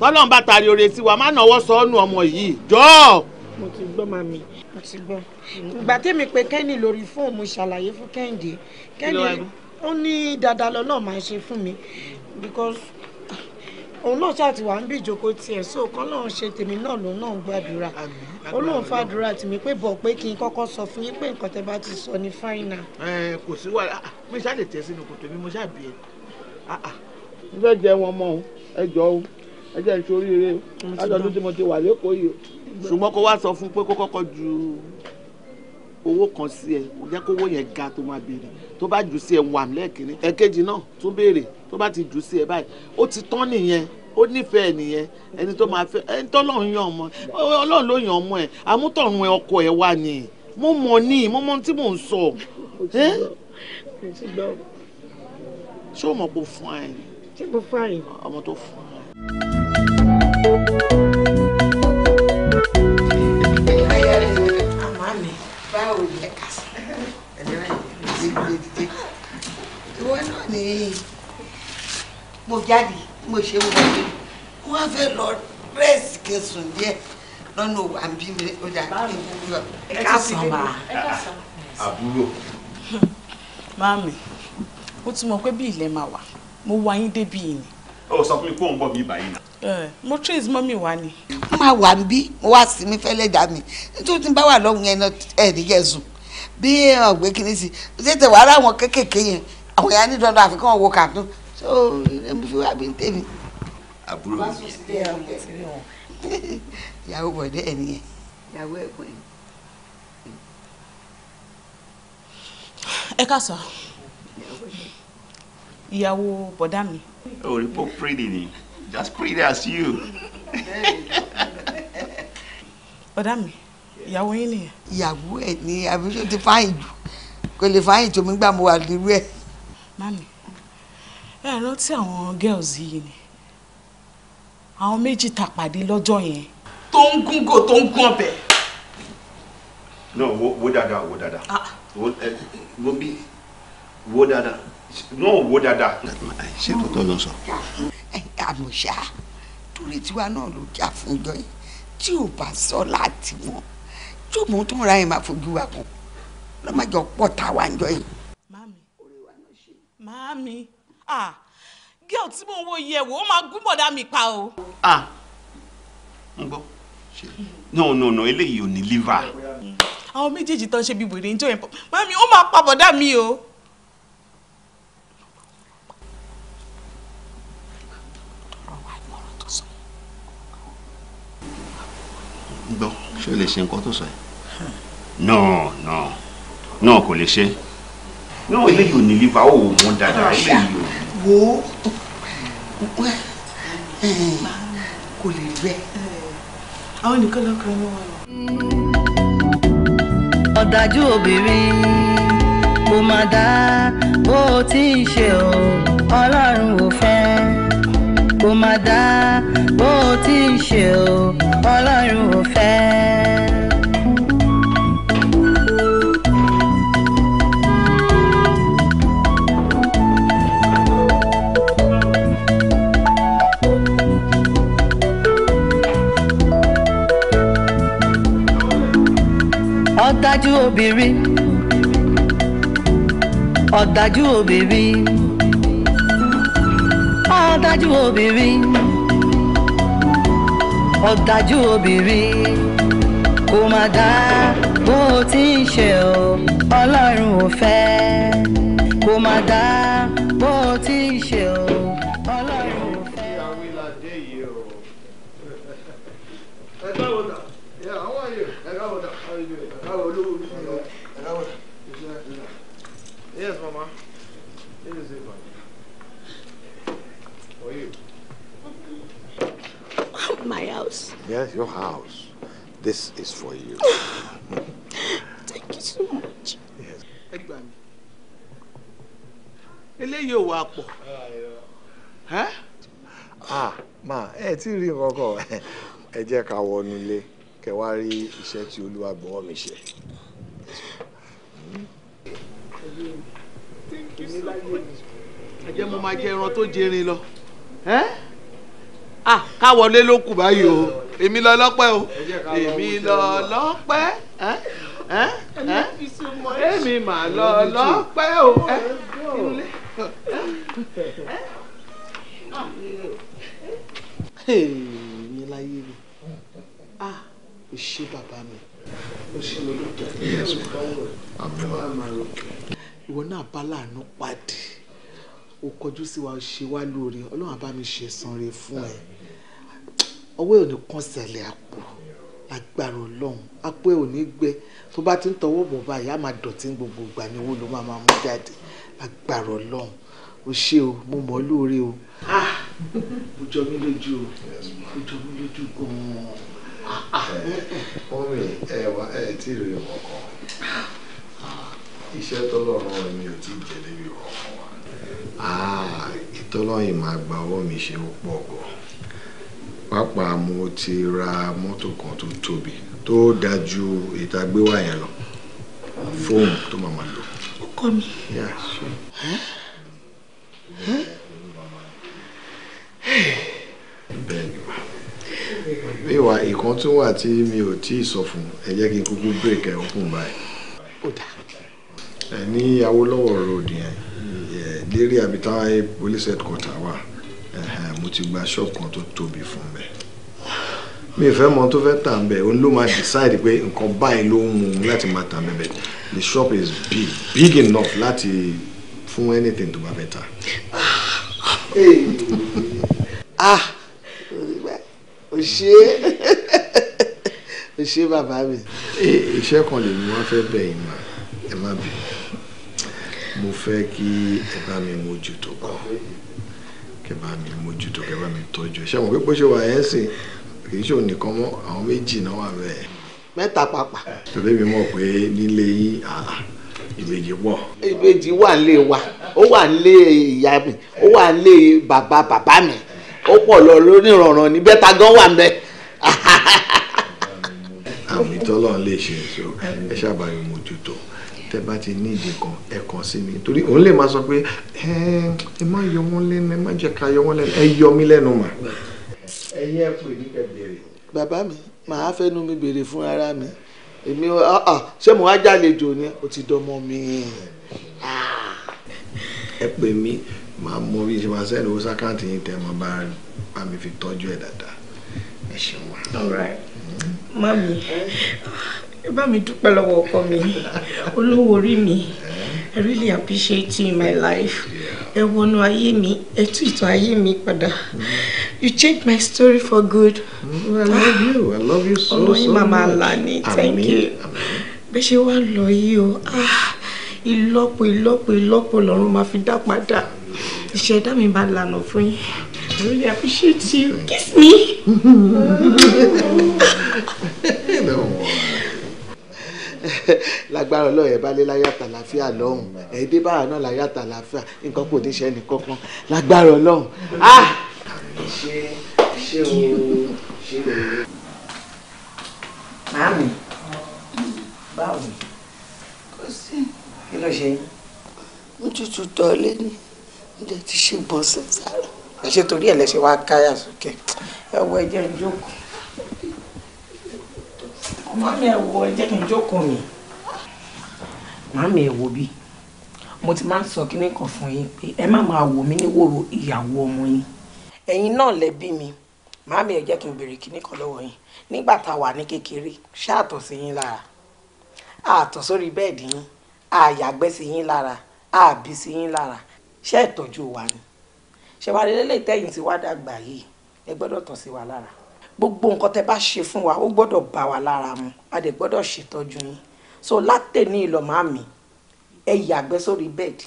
tọ́lọ́run tari oore sí wa má náwó sọ́ọ́nù ọmọ yìí jọ́ọ́. mo ti gbọ́ mami mo ti gbọ́ ìgbà tèmi pé kẹ́ni lórí fóònù mo ṣàlàyé fún kẹ́hìndé kẹ́ni ó ní dáadáa lọ́nà máa ṣe fún mi because òun náà ṣáàtì wà ń bí ìjókòó tiẹ̀ so kọ́ lóun ṣe tèmi náà lòun náà ń gbàdúrà ó lóun fàdúrà tèmi pé bọ̀ pé kí n kọ́kọ́ sọ fún yín pé nǹkan tẹ́ bá ti sọ ní fáìnà. ẹ kò sí wàhálà ah, mi ṣáà lè tẹ sínú kòtò mi mo ṣáà bí ẹ. Ah, ah. mo fẹ́ jẹ wọn mọ́ o ẹ jọ o ẹ jẹ́ ìṣoríire o lájọ́ tó ti mo ti wà lẹ́kọ̀ọ́ yìí o. ṣùgbọ́n kó wá sọ fún pé kó kọ́kọ́ ju owó kan sí ẹ jẹ́ kówó yẹn ga tó máa béèrè tó bá jù sí ẹ wà lẹ́ẹ̀kínní ẹ̀kejì náà tún béèrè tó bá ti jù sí ẹ báyìí ó ti tán nìyẹn ó nífẹ̀ẹ́ nìyẹn ẹni tó máa fẹ́ ẹni tó lọ́n yan ọmọ ọlọ́run ló yan ọmọ ẹ àmútọ̀run ẹ ọkọ ẹ wà ní mo mọ̀ ní mo mọ̀ tí mò ń sọ. ṣé o mọ̀ pé fún àyìn. ṣé mo fún àyìn. ọmọ tó fún àyìn. dìde dìde ìwọ náà mo jáde mo ṣe mo wọlé mo wá fẹ́ lọ rẹ́ẹ̀sì kẹsùn díẹ̀ lọ́nà òwà ń bí mi ó dà kí n kú lọ. ẹ ká sàn ti mọ̀ pé bí ilẹ̀ máa wà, mo wá yín débi yìí ni. Ó sọ fún mi kó ń bọ̀ mí báyìí náà. mo trace mọ́ mi wá ni. Mo máa wà ń bí, mo wá sí mi fẹ́lẹ́ dà mí. Nítorí tí n bá wà lọ́hùn-ún náà ẹ̀ bí èèyàn gbé kiri sí tètè wàá ráwọn kéékèèké yẹn àwọn èèyàn ní dandan àfi kàn kàtún so ilé mi fi wá bí àbúrò mi yẹn. bọ̀dé ẹ̀ nìyẹn ìyàwó ẹ̀gbọ́n ẹ̀. ẹ káàsán ìyàwó bọ̀dá mi. o rí pọ pretty ni just pretty as you. bọ̀dá mi ìyàwó yín nìyẹn. ìyàwó ẹ ní àbíṣe ti fáyìn jù kò lè fáyìn tó mi gbà mo wà lérú ẹ. mami ẹ rántí àwọn girls yìí ni àwọn méjì tá pàdé lọ́jọ́ yẹn. tó ń gúngò tó ń gún ọbẹ̀. no wo wo dáadáa wo dáadáa ah. wo bí wo dáadáa no wo dáadáa. ṣé tòótọ́ ló ń sọ. àmọ́ ṣá torí tiwa náà ló jà fún jọ yìí tí ò bá sọ láti wọn ṣùgbọ́n tó ń ra yẹn máa fojú wa kù lọ́mọdé pọ̀ tá a wà ń jọ yìí. màámi màámi ah girl tí mò ń wo yẹ̀wò ó máa gún bọ̀dá mi pa o. ah ń gbọ́ no no no eléyìí ò ní liver. àwọn méjèèjì tán ṣe bí wèrè ń jọ yẹn pọ̀ màámi ó máa pa bọ̀dá mi o. gbọ́ ṣé lè ṣe nǹkan tó sọ yìí. no no no kò lè ṣe no eléyìí ò ní liver ó wò mọ́ dáadáa eléyìí ò. wo eh, kò lè bẹ àwọn nìkan lọkàn ní wọn. ọ̀dájú obìnrin kò má dá bó o ti ṣe o ọlọ́run ò fẹ́ kò má dá bó o ti ń ṣe o ọlọ́run ò fẹ́. ọ̀dájú obìnrin ọ̀dájú obìnrin ọ̀dájú obìnrin ọ̀dájú obìnrin kò má dá bó o ti ń ṣe o ọlọ́run ò fẹ́ kò má dá bó o ti. Yes, your house. This is for you. Thank you so much. Yes. Ẹ gbà yo Eléyìí ò wá pọ̀. Ah, ma, ẹ tí rí nǹkan kan. Ẹ jẹ́ ká wọnú ilé kẹ wá rí iṣẹ́ tí Olúwa mi ṣe. Thank you so much. Ẹ jẹ́ mo máa jẹ ẹran tó jẹrin lọ. Eh? ah ká wọlé ló kù báyìí o èmi lọ lọ́pẹ́ o èmi lọ lọ́pẹ́ èmi mà lọ lọ́pẹ́ o. èmi láyé mi ah o ṣe bàbá mi o ṣe olùkọ́ ìwọ náà bá láàánú pàdé o kọjú sí wa ṣe wá lóore ọlọ́run á mi ṣe sanre fún ẹ ọwọ́ ẹ̀ ò ní kàn sẹ̀lẹ̀ àpò agbára ọlọ́run àpò ẹ̀ ò ní gbẹ tó bá ti ń tọwọ́ bọ̀ báyìí á máa dọ̀tí gbogbo ìgbà ni owó ló máa máa mú jáde agbára ọlọ́run o ṣé o mo mọ̀ lóore o ó jọ mí lójú o ó jọ mí lójú gan-an. mọ́mí ẹ wá ẹ tí ì rí ọmọ kan iṣẹ́ tọ́lọ́run mi ò tí ì jẹ́ débi ọkàn wa ah, ìtọ́lọ́yìn máa gba ọwọ́ mi ṣe ó pọ̀ gan-an pàápàá mo ti ra mọ́tò kan tó tóbi tó dáa ju ìta gbé wá yẹn lọ fóònù tó máa máa lò. ọkọ mi. Yeah, sure. huh? Huh? bẹ́ẹ̀ni wa bíwá ìkan tún wà tí mi ò tí ì sọ fún ẹ jẹ́ kí n kúkú break ẹ̀ ọkùn báyìí. ó dà. ẹ ní Awólọ́wọ̀ road yẹn lérí àbítá police headquarter wà. Wow mo ti gba ṣọ́ọ̀bù kan tó tóbi fún mi mi ì fẹ́ mọ tó fẹ́ tà ń òun ló máa decide pé nǹkan báyìí ló ń mú un láti máa tà ń the shop is big big enough láti fún anything tó bá fẹ́ tà. ah o ṣe o ṣe bàbá mi. iṣẹ́ kan lèmi wá fẹ́ bẹ̀ yín mà ẹ má bì mo fẹ́ kí ẹ bá mi mójútó kàn kẹ bá mi mójútó kẹ bá mi tọ́jú ṣé àwọn pípọ́ ṣe wà ẹ́ sìn kì í ṣe ònìkan mọ́ àwọn méjì náà wà bẹ́ẹ̀. mẹ́ta pàpà. tòlẹ́ mi mọ̀ pé nílé yín ìbejì pọ̀. ìbejì wà nílé wa ó wà nílé ìyá mi ó wà nílé bàbá bàbá mi ó pọ̀ lọ lónìrànràn ní bẹ́ta gan wà mẹ́. àmì tọ́lọ́ ń lè ṣe èso ẹ ṣàbàyàn mójútó tẹ bá ti ní ìdí kan ẹ kàn sí mi torí òun lè máa sọ pé ẹ ẹ má yọ wọn lẹ́nu ẹ má jẹ ká yọ wọn lẹ́nu ẹ yọ mí lẹ́nu mà. ẹ̀yin ẹ pè mí kẹ béèrè. bàbá mi màá fẹnu mi béèrè fún ara mi èmi ah, ah, ṣé mo wá jàlejò ni o ti dọmọ mi. ẹ pè mí màá mọ bí ṣe máa sẹ́ni owó sákàǹtì yìí tẹ́ mọ bá bá mi fi tọ́jú ẹ̀ dáadáa ẹ ṣeun wa. mami ẹ bá mi dúpẹ́ lọ́wọ́ ọkọ mi olówó orí mi I really appreciate you in my life ẹ wọnú ayé mi ẹ tú ìtàn ayé mi padà you changed my story for good. Mm, I love ah, you I love you so much ọlọ́yin màmá lani thank you bẹ́ẹ̀ ṣe wá lọ yìí o ah, ìlọ́po ìlọ́po ìlọ́po lọ́run máa fi dá padà ìṣẹ̀dá mi máa lànà fún yín. I really appreciate you. Kiss me. no. lágbára ọlọ́run ẹ̀ bá lé láyé àtàlàáfíà lọ́hùn ẹ̀ dé náà láyé àtàlàáfíà nǹkan kò ní ṣe ẹnì kankan lágbára ọlọ́run. Ah! màámi báwo kò sí kí ló ṣe yín. mo tutù tọ́ lé ní ilé ti ṣe gbọ̀nsẹ̀ sára. ẹ ṣe torí ẹ lẹ ṣe wá káyà sókè ẹ wọ ẹ̀jẹ̀ ìjókòó màmí ẹ wo ẹ jẹ́ kí n jókòó mi màmí ẹ wo bí mo ti máa ń sọ kíní kan fún yín pé ẹ má máa wò mí níwòrò ìyàwó ọmọ yín ẹ̀yin náà lẹ bí mi màmí ẹ jẹ́ kí n béèrè kíní kan lọ́wọ́ yín nígbà tá a wà ní kékeré ṣáàtọ̀ sí yín lára àtọ̀ sórí bẹ́ẹ̀dì yín àyàgbẹ́ sí yín lára àbí sí yín lára ṣé ìtọ́jú wa ni ṣe wàá lélẹ́yìn tẹ́yìn tí wàá dàgbà yìí ẹ gbọ́dọ̀ tọ̀ sí wa lára gbogbo nǹkan tẹ bá ṣe fún wa ó gbọ́dọ̀ bá wa lára mu a dẹ̀ gbọ́dọ̀ ṣètọ́jú yín so látẹ̀ní ìlọ màámi ẹ yàgbẹ́ sórí bẹ́ẹ̀dì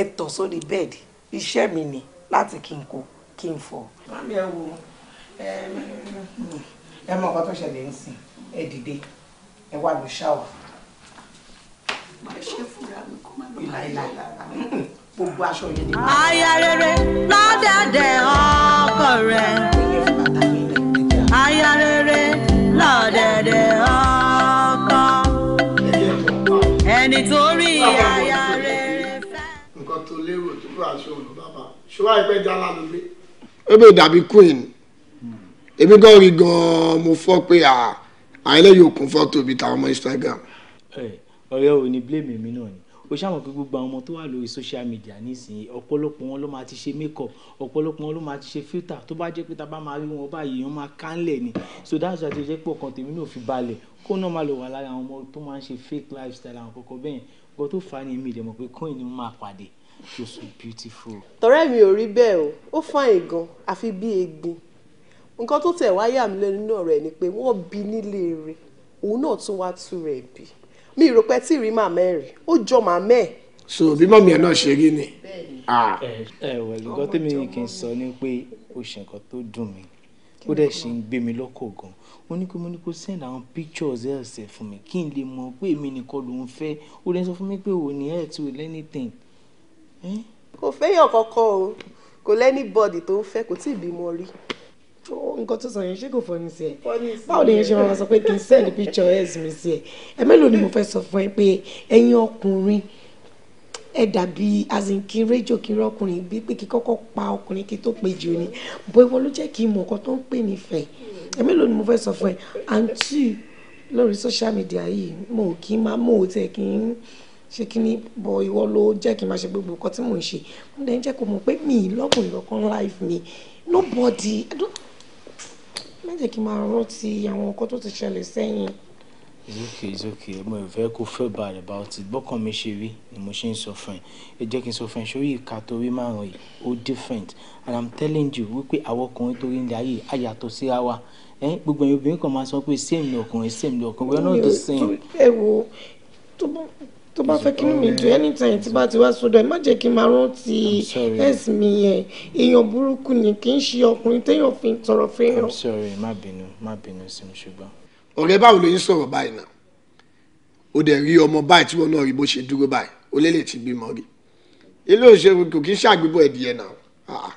ẹ tọ̀ sórí bẹ́ẹ̀dì iṣẹ́ mi ni láti kí n kó kí n fọ. màmí ẹ wo ẹ mọ nǹkan tó ṣẹlẹ̀ ń sìn ẹ dìde ẹ wá lọ ṣáwà. màá ṣe fúnra ọkọ rẹ̀ aya rere lọ́dẹ̀dẹ̀ ọkọ ẹni tó rí aya rere fẹ́. nǹkan tó lérò tó bá aṣọ òun bàbá ṣùgbọ́n àìpẹ́ jálá ló gbé. ó bè dàbí queen èmi gan rí gan mo fọ́ pé àìlẹ́yìn òkun fọ́tò bíi tàwọn ọmọ Instagram. ọ̀rẹ́ ò ní blame èmi náà ni o ṣàmọ̀ pé gbogbo àwọn ọmọ tó wà lórí social media nísìnyí ọ̀pọ̀lọpọ̀ wọn ló máa ti ṣe makeup ọ̀pọ̀lọpọ̀ wọn ló máa ti ṣe filter tó bá jẹ́ pé tá a bá máa rí wọn báyìí wọ́n máa kánlẹ̀ ni so that's why tó jẹ́ pé ọkàn tèmi náà fi balẹ̀ kó náà máa lọ wà lára àwọn ọmọ tó máa ń ṣe fake lifestyle àwọn kọ̀ọ̀kan bẹ́ẹ̀ nǹkan tó fà á ní èmi ìdẹ̀ pé kóyìn ni mo máa pàdé you're so beautiful. tọ̀rẹ́ mi ò rí bẹ́ẹ̀ o ó fàìn gan àfi bí egbin nǹkan tó tẹ̀ wáyà mi lẹ́nu náà rẹ̀ ni pé wọ́n bí nílé rẹ̀ òun náà tún wá tú rẹ̀ bí mi rò pé tí rí màmá ẹ ó jọ màmá ẹ. so bí mọ̀mí ẹ náà ṣe rí ni. ẹ wẹ̀ lùgọ́ tèmi kì í sọ ni pé ó ṣe nǹkan tó dùn mí ó dẹ̀ ṣe ń gbé mi lọ́kọ̀ gan mo ní kí mo ní kó send àwọn pictures ẹ̀ ṣẹ̀ fún mi kí n lè mọ̀ pé èmi nìkan ló ń fẹ́ ó dẹ̀ sọ fún mi pé òun ni ẹ̀ tí ò lẹ́nìtìn. kò fẹ́yàn kankan o kò lẹ́nìbọ̀dì tó ń fẹ́ kò tí ì bímọ rí nǹkan tó sọ yẹn ṣé kò fọ́ni sí ẹ báwo lè yẹn ṣe máa sọ pé kì í send picture ẹ̀sìn mi sí ẹ ẹ mélòó ni mo fẹ́ sọ fún ẹ pé ẹ̀yin ọkùnrin ẹ dàbí azinkin rédíò kí rọkùnrin bíi pé kí kọ́kọ́ pa ọkùnrin kí tó pe jù ni bó ìwọ ló jẹ́ kí n mọ̀ nǹkan tó ń pè nífẹ̀ẹ́ ẹ mélòó ni mo fẹ́ sọ fún ẹ àǹtí lórí social media yìí mo ò kí n máa mo ò tẹ̀ kí n ṣe kí ni bọ ìwọ ló jẹ́ kí n máa ṣe gbogbo nǹkan tí mò ń ṣe mo dẹ̀ ń jẹ́ kó mọ̀ pé mi lọ́kùnrin kankan life mi nobody I don't má kí n máa rántí àwọn nǹkan tó ti ṣẹlẹ̀ sẹ́yìn. it's okay it's okay mo ò fẹ́ kó feel bad about it bọ́kàn mi ṣe rí ni mo ṣe ń sọ fún ẹ ẹ jẹ́ kí n sọ fún ẹ sórí ìka torí márùn-ún yìí ó different and i'm telling you wípé àwọn ọkùnrin torí ń darí àyàtọ̀ síra wa gbogbo ẹ̀yin obìnrin kan máa sọ pé same ni ọkùnrin same ni ọkùnrin we are not the same. ẹ wo tó bá fẹ́ kí mi dùn anytime tí bá ti wá sọ́dọ̀ ẹ má jẹ́ kí n máa rántí ẹ̀sì mi e yẹn èèyàn burúkú ni kì í ṣe ọkùnrin téèyàn fi ń tọrọ fẹ́ràn. i'm sorry má bínú má bínú sí mi ṣùgbọ́n. ọ̀rẹ́ báwo ló ń sọ̀rọ̀ báyìí náà ó dẹ̀ rí ọmọ báyìí tí wọ́n náà rí bó ṣe dúró báyìí ó lè lè ti bímọ rí ilé òṣèlú kò kí ń ṣàgbébọ̀ ẹ̀dìyẹ náà ah.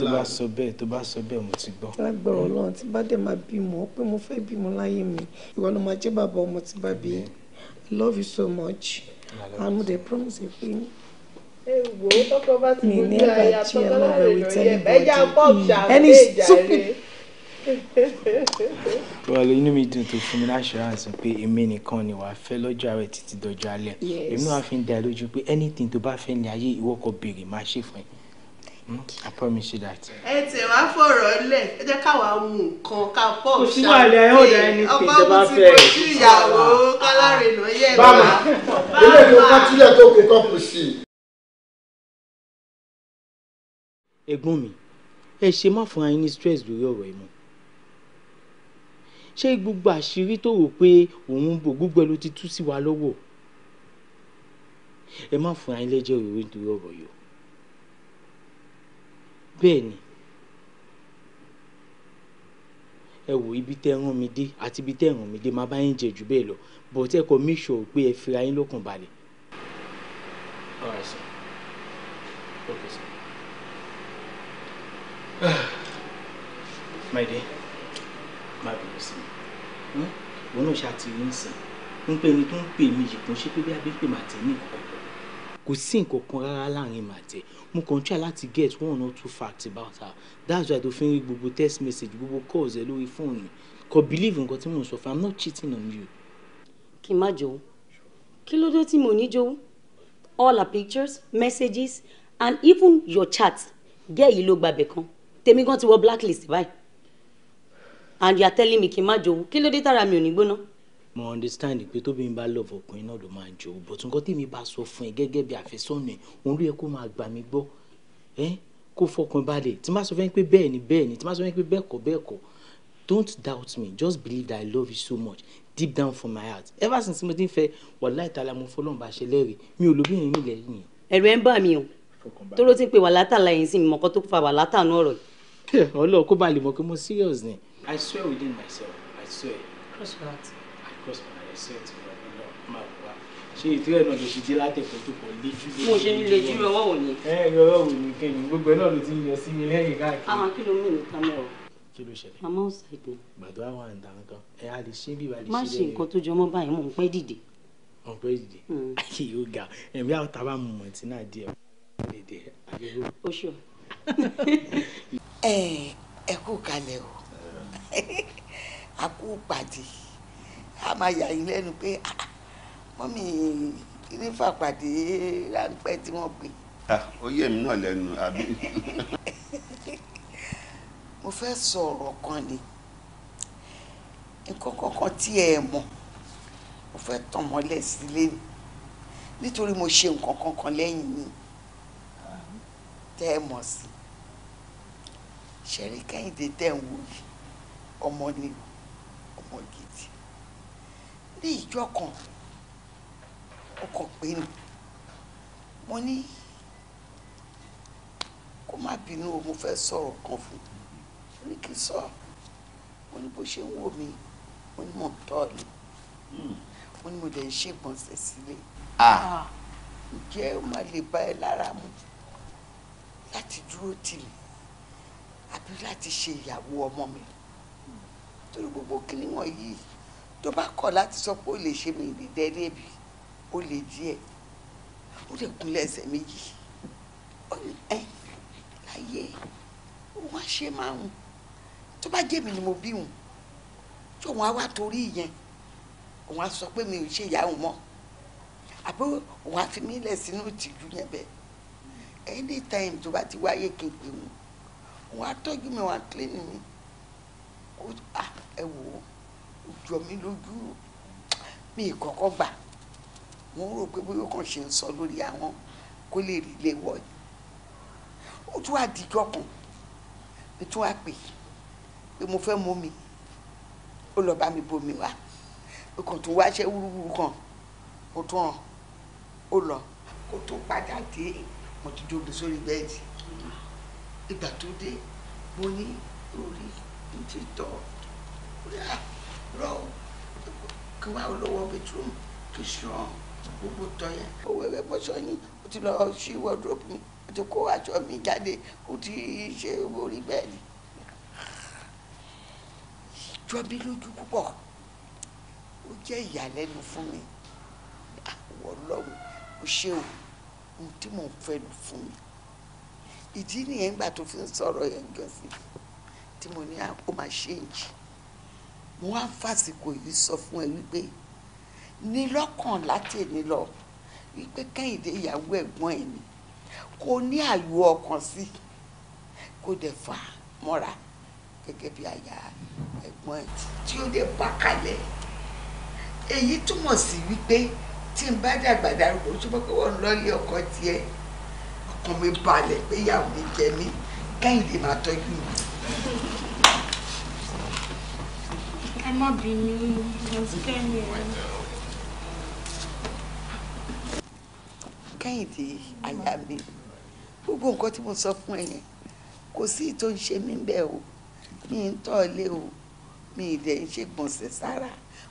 tó bá sọ bẹ́ẹ̀ tó bá sọ bẹ́ẹ̀ mo ti gbọ́. lágbára Ọlọ́run tí bá dẹ̀ máa bímọ pé mo fẹ́ bímọ láyé mi ìwọ ló máa jẹ́ bàbá ọmọ tí bá bí love you so much and they promise you pé mi ní ẹ̀ka tí ẹ love her with anybody hmm. any stupid. well inú mi dùn tó fún mi láṣọránsì pé èmi nìkan ni wàá fẹ́ lọ́jọ́ àárẹ̀ títí dọjọ́ alẹ́ èmi wàá fi ń dá lójú pé anything tó bá fẹ́ ní ayé ìwọ kò béèrè máa ṣe fún ẹ. I promise you that. ẹ tẹ wá fọ̀rọ̀ lẹ̀ ẹ jẹ́ káwa mú nǹkan ká pọ̀ ṣá. kò sí wàhálà ẹ ó da ẹni pé ìjọba fẹ́ ẹ. ọba mo ti kojú ìyàwó kálárè lọ yẹ ẹ. bàmà ilé tó kọtílẹ̀ tó kó kọ́pù sí i. ẹ̀gbọ́n mi ẹ ṣe má fún ayé ní stress lórí ọ̀rọ̀ ẹ̀ mọ́ ṣé gbogbo àṣírí tó rò pé òun bò gbogbo ẹ ló ti tú sí wa lọ́wọ́ ẹ má fún ayé lẹ́jẹ̀ òróró nítorí ọ̀rọ̀ yìí bẹ́ẹ̀ ni ẹ wò ibi tẹ́ rán mi dé àti ibi tẹ́ rán mi dé máa bá yín jẹ jù bẹ́ẹ̀ lọ but ẹ kọ́ make sure pé ẹ fira yín lọ́kàn balẹ̀. all right sir okay sir my dear má bẹ̀rẹ̀ sí mi hmm? wọn náà ṣáà ti rí ń pè ní tó ń pè mí yìí kò ṣe pé bí abẹ́pẹ́ màtí ní ìkọ́ kò sí nǹkan kan rárá láàrin màtẹ mo kàn try láti get one or two facts about her that's why tó fi ń rí gbogbo text message gbogbo calls ẹ lórí fóònù kò believe nǹkan tí mo sọ fún i'm not cheating on you. kí n má jowú kí ló dé tí mo ní jowú all her pictures messages and even your chat gẹ́ yìí ló gbàbẹ̀ kan tèmi gan ti wọ blacklist báyìí and you are telling me kí n má jowú kí ló dé tára mi ò ní gbóná mo understand pé tóbìnrin bá lọ ọkùnrin náà ló máa jò ó bọ̀tún nǹkan tèmi bá sọ fún ẹ gẹ́gẹ́ bí àfẹ́sọ́nà ẹ òun ló yẹ kó máa gbà mí gbọ́ ẹ kó fọkàn balẹ̀ tí má sọ fẹ́ pé bẹ́ẹ̀ ni bẹ́ẹ̀ ni tí má sọ fẹ́ pé bẹ́ẹ̀ kọ́ bẹ́ẹ̀ kọ́ don't doubt me just believe that I love you so much deep down from my heart ever since mo ti ń fẹ́ wàláì tààlà mo fọlọ́run bá ṣe lẹ́rìí mi ò lóbìnrin nílẹ̀ yìí. ẹ̀rù ẹ̀ ń bà mí o tóró ti ń pe wàhálà láyìn sí mi mọ̀kọ́ tó fa wàhálà náà rọ̀ ọlọ́ọ̀ kó ba lè mọ̀ pé mo serious ni. I swear within myself I swear. cross your heart cross my reset lọ máa wá ṣé ìtúrẹ náà ló ṣe dé látẹkọọ tó pọ̀ léjú lójú. mo ṣe ń lejú ọwọ́ wò ni. ẹ ẹ ọwọ́ wò ni kẹ́ni gbogbo ẹ náà ló ti ń yọ sí mi lẹ́yìn káàkiri. àwọn kí ló mú mi ká mẹ́wọ̀. kí ló ṣẹlẹ̀. màmá ò sàì dùn. gbàdúrà wà ń dáná kan ẹ á lè ṣe bí ìbàdí ṣe má ṣe nǹkan tó jọmọ́ báyìí mò ń pẹ́ dìde. mò ń pẹ́ dìde. Hmm. ayé yóò ga ẹ̀mí àwọn tábà a kú a máa yà yín lẹ́nu pé ah, ah, mọ́mì kiri fàpàdé ráńpẹ́ tí wọ́n pè. Ah, ó yé mi náà lẹ́nu àbí. mo fẹ́ sọ ọ̀rọ̀ kan ni nǹkan kankan tí ẹ mọ̀ mo fẹ́ tàn mọ́lẹ̀ sílé ni nítorí mo ṣe nǹkan kankan lẹ́yìn yìí tẹ́ ẹ mọ̀ sí ṣẹ̀rí kẹ́hìndé tẹ̀ ń wò yìí ọmọ ni ọmọ gidi ní ìjọ kan ọkọ̀ pé ni mo ní kó má bínú o mo fẹ́ sọ̀rọ̀ kan fún un ní kí n sọ mo ní bó ṣe ń wò mí mo ní mò ń tọ́ ni hmm. mo ní mo dẹ̀ ń ṣègbọ̀nsẹ̀ sílé ǹjẹ́ ó má lè bá ẹ lára mu láti dúró tì mí àbí láti ṣe ìyàwó ọmọ mi torí gbogbo kíní yìí tó bá kọ̀ láti sọ pé ó lè ṣe mí ìdídẹ́rí ẹ̀bí ó lè díẹ̀ ó lè kúnlẹ̀ ẹsẹ̀ méjì ó ní ẹ láyé wọn ṣe máa ń tó bá jẹ́ mi ni mo bí wọn tí òun á wá torí yẹn òun á sọ pé mi ò ṣe ìyá òun mọ́ àbí òun á fi mí lẹ̀ sínú ìtìjú yẹn bẹ́ẹ̀ anytime tó bá ti wáyé kí n pè wọn òun á tọ́jú mi wọn á clean mi ah, ẹ wò ó jọ mí lójú mi ìkọ́kọ́ gbà wọ́n rò pé bóyá kàn ṣe ń sọ lórí àwọn kó lè rí ilé wọ̀ yìí ó tún wá dijọ́ kan mi tún wá pè pé mo fẹ́ mú mi ó lọ bá mi bomi wá ó kàn tún wáṣẹ́ wúrúwúrú kan ó tún hàn ó lọ kó tó padà dé mo ti jókòó sórí bẹ́ẹ̀dì ìgbà tó dé mo ní orí ní títọ́ ah, orí rọ kí wàá olówó bẹtúrúmù kì í ṣan gbogbo tọ yẹn. owó ẹgbẹ́ bọ́sọ yín o ti lọ sí wọ́dúrópù mi o ti kó aṣọ mi jáde o ti ṣe orí bẹ́ẹ̀ni. jọ mí lójú púpọ̀ ó jẹ́ ìyàlẹ́nu fún mi àwọ̀ ọlọ́run ó ṣe o ohun tí mò ń fẹ́ lù fún mi ìdí nìyẹn gbà tó fi ń sọ̀rọ̀ yẹn gẹ̀ẹ́sì tí mo ní àpò máa ṣe èyí mo wá ń fàsìkò yìí sọ fún ẹ wípé ní lọ́kàn láti èmi lọ wípé kẹ́hìndé ìyàwó ẹ̀gbọ́n ẹ̀ ni kò ní àyò ọkàn sí kó dẹ̀ fà á mọ́ra gẹ́gẹ́ bí àyà ẹ̀gbọ́n ẹ̀ tí ó dẹ̀ bá kalẹ̀ èyí túmọ̀ sí wípé tí n bá dàgbà darúgbó tó bá kọ́wọ́ ń lọ́lé ọkọ tiẹ̀ ọkàn mi balẹ̀ pé ìyàwó mi jẹ mí kẹ́hìndé máa tọ́jú mi ẹ má bínú àti kẹ́mi ẹ̀. kẹ́hìndé àyà mi gbogbo nǹkan tí mo sọ fún ẹ yẹn kò sí ìtò ń ṣe mí bẹ́ẹ̀ o mi ń tọ́ ilé o mi ì dẹ̀ ń ṣe gbọ̀nsẹ̀ sára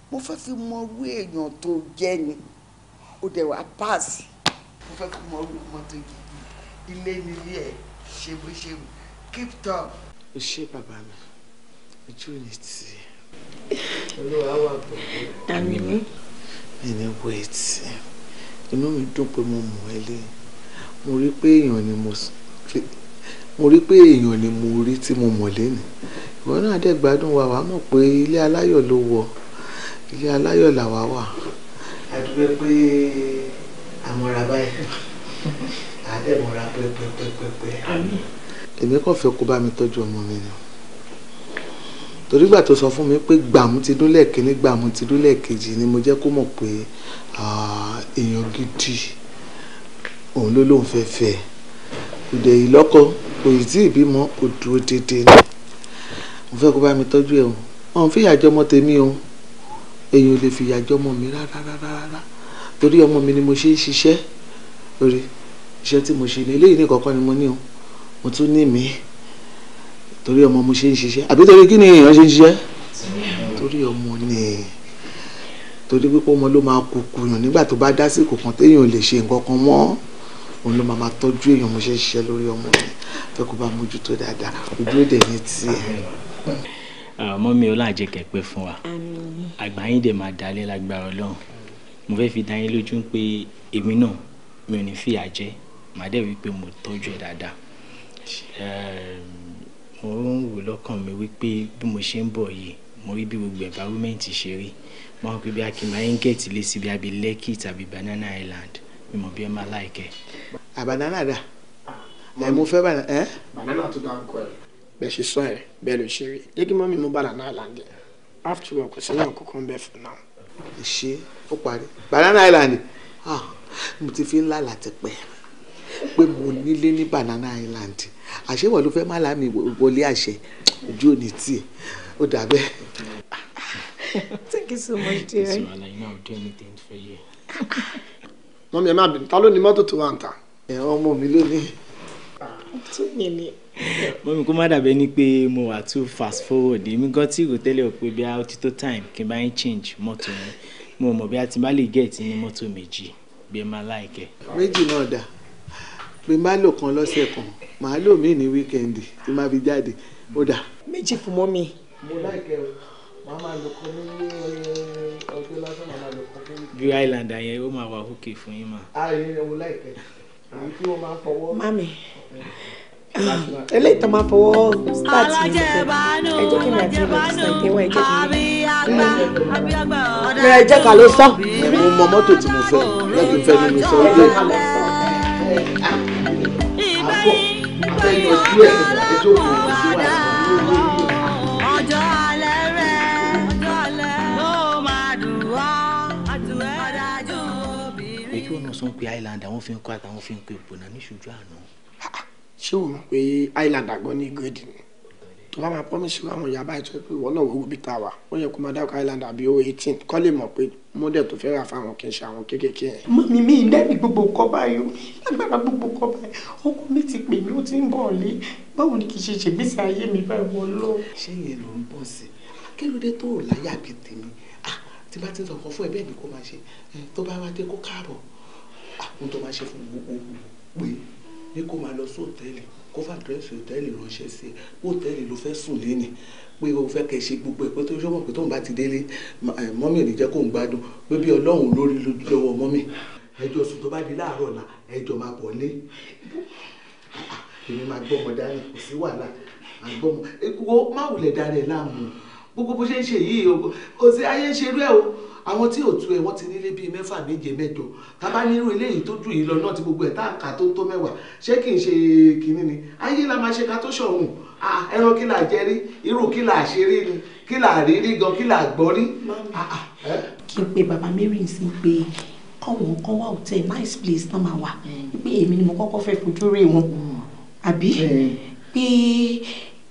mo fẹ́ fi mọ irú èèyàn tó jẹ́ ni ó dẹ̀ wá páàsì mo fẹ́ fi mọ irú ọmọ tó yẹ ilé nílé ẹ̀ ṣe bó ṣe wù keep top. o ṣe bàbá mi ojú ò ní tì í olúwa wà pẹ̀lú ẹ̀. àmì mi ní wẹ́ẹ̀tì inú mi dùn pé mo mọ̀ ẹ́ lé mo rí pé èèyàn ni mo mo rí pé èèyàn ni mo rí tí mo mọ̀ lẹ́nu ìwọ náà dẹ̀ gbádùn wa wàá mọ̀ pé ilé aláyọ̀ ló wọ ilé aláyọ̀ làwa wà. àdúgbò pé àmọ́ra báyìí àdẹ̀mọ́ra pẹ́pẹ́pẹ́pẹ́. èmi kàn fẹ́ kó bá mi tọ́jú ọmọ mi ni torí gbà tó sọ fún mi pé gbàmú ti dún lẹ́ẹ̀kínní gbàmú ti dún lẹ́ẹ̀kejì ni mo jẹ́ kó mọ̀ pé èèyàn gidi òun ló lóun fẹ́ fẹ́ kò dẹ̀ yìí lọ́kọ kò yìí tí ìbímọ kò dúró ni mo fẹ́ kó bá mi tọ́jú ẹ̀ o wọn fi ìyàjọ́ ọmọ tèmi o èèyàn ò lè fi ìyàjọ́ ọmọ mi rárá rárá rárá torí ọmọ mi ni mo ṣe ń ṣiṣẹ́ lórí iṣẹ́ tí mo ṣe ní eléyìí nìkan kọ́ ni mo ní o mo tún ní mi torí ọmọ mo ṣe ń ṣiṣẹ́ àbí torí kí ni èèyàn ṣe ń ṣiṣẹ́ torí ọmọ ni torí pípọ́ ọmọ ló máa kúkú yàn nígbà tó bá dá síkò kan téèyàn ò lè ṣe nǹkan kan mọ́ òun ló máa tọ́jú èèyàn mo ṣe ń ṣiṣẹ́ lórí ọmọ mi fẹ́ kó bá mójútó dáadáa ojú èdè ní tiẹ̀. ọmọ ah, mi ọlá jẹ́ kẹpẹ fún wa àgbà yín dẹ̀ máa dalẹ̀ lágbára Ọlọ́run mo fẹ́ fi dá yín lójú pé èmi náà mi ò ní fìyà jẹ màá dẹ̀ wí mo tọ́jú ẹ̀ dáadáa. Eh, mo ń wò lọ́kàn mi wípé bí mo ṣe ń bọ̀ yìí mo rí bí gbogbo environment ṣe rí mo rò pé bí akínmá ń gẹ̀ẹ́tì lé síbi àbí Lekki tàbí Banana Island mi mọ̀ bí ẹ máa láìkẹ́. àbànánà dà ẹ mo fẹ́ bànà banana tó dáa ń kọ ẹ. ẹ bẹ́ẹ̀ ló ṣe rí mọ́mí after work sẹ́yìn fún Banana Island ah, mo ti fi ń pẹ́ pé mo nílé ní Banana Island àṣewọ̀ ló fẹ́ má láàmì wọlé àṣẹ ojú òní tiẹ̀ o dà bẹ́ẹ̀. thank you so much dear. ṣé wàhálà iná ò dé anything for you. mọ́mí ẹ má bínú ta ló ní mọ́tò tó wà ń ta. ẹ ọmọ mi ló ní. tún yẹn ni mọ́mi kó má dàbẹ́ ni pé mo wà too fast forward èmi gan tí ìrò tẹ́lẹ̀ pé bí a ti tó time kí n bá ń change mọ́tò mi mo mọ̀ bí a ti bá lè get ní mọ́tò méjì bí ẹ máa láìkẹ́. méjì náà dáa bí n bá lò kan lọ́sẹ̀ kan màá lò mí ní wíkẹ́ndì tí màá fi jáde ó dà. méjì fún mọ́ mi. mo láìkẹ́ o màá máa lò kan ní eh, ọjọ́ lásán màá máa lò kan fún bí island yẹn ó máa wà òkè fún yín mà. a yẹ ẹ mo láìkẹ́ èyí tí wọ́n máa fọwọ́. mami eléyìí tó máa fọwọ́ start ní ìfẹ́ ẹjọ́ kí ni àti ìlú ti sàìtẹ́ wá ẹjẹ́ mi. ẹ jẹ́ ká ló sọ. mo mọ mọ́tò tí mo fẹ́ lọ́kùnfẹ́ ni mo sọ island. fi ń kọ́ àtàwọn fi ń pe òpònà níṣojú àná. ṣé o rò pé island àgbọn ní gòdì ni wọ́n máa promise wa àwọn ìyàbá ìtọ́ pé wọ́n náà wọ́wọ́ bí ta wà ó yẹ kó máa dáwọ́ island àbí o eighteen kọ́ lè mọ̀ pé mọ́dẹ̀ tó fẹ́ rà fáwọn kì í ṣe àwọn kéékèèké yẹn. mọ̀mí mi dẹ́bi gbogbo nǹkan báyìí o lágbára gbogbo nǹkan báyìí ọkọ mi ti pè mí ó ti ń bọ̀ lé báwo ni kì í ṣe ṣègbésí ayé mi báyìí wọ́n lọ. ṣé yẹn ló ń bọ̀ sí kí ló dé tó o láyà bí tèmi tí bá ti ń sọ̀kan fún ẹ bẹ́ẹ̀ ni kó máa ṣe tó bá wá dé kó káàbọ̀ àwọn tó kó fàdírẹ́sì òtẹ́ẹ̀lì ránṣẹ́ sí ẹ pé òtẹ́ẹ̀lì ló fẹ́ sùn léni pé o fẹ́ kẹ́ ṣe gbogbo ẹ̀ pé tó ṣọ́mọ̀ pé tóun bá ti délé mọ́mì ò ní jẹ́ kóun gbádùn pé bí ọlọ́run lórí lọ́wọ́ mọ́mì ẹjọ́ sùn tó bá di láàárọ̀ ọ̀la ẹjọ́ máa bọ̀ lé èmi máa gbọ́mọ dání kò sí wàhálà àgbọ́mọ èkó má wulẹ̀ dára ẹ̀ láàmú gbogbo bó ṣe ń ṣe yìí o kò sí ayé ń ṣe rẹ o àwọn tí ò tu ẹ wọn ti nílé bíi mẹ́fà méje mẹ́jọ tábà nírú eléyìí tó jù yìí lọ náà tí gbogbo ẹ tá à ń kà tó ń tó mẹ́wàá ṣé kì í ṣe kínní ni ayé la máa ṣe ká tó ṣọ̀hún ẹran kí là jẹ rí irú kí là ṣe rí ni kí là rí rí gan kí là gbọ́ rí. kí n pe bàbá mary sí pé kọ́wọ́n kan wá nice place náà máa wà mm. pé èmi ni mo kọ́kọ́ fẹ́ fojú rí wọn mm. àbí mm. pé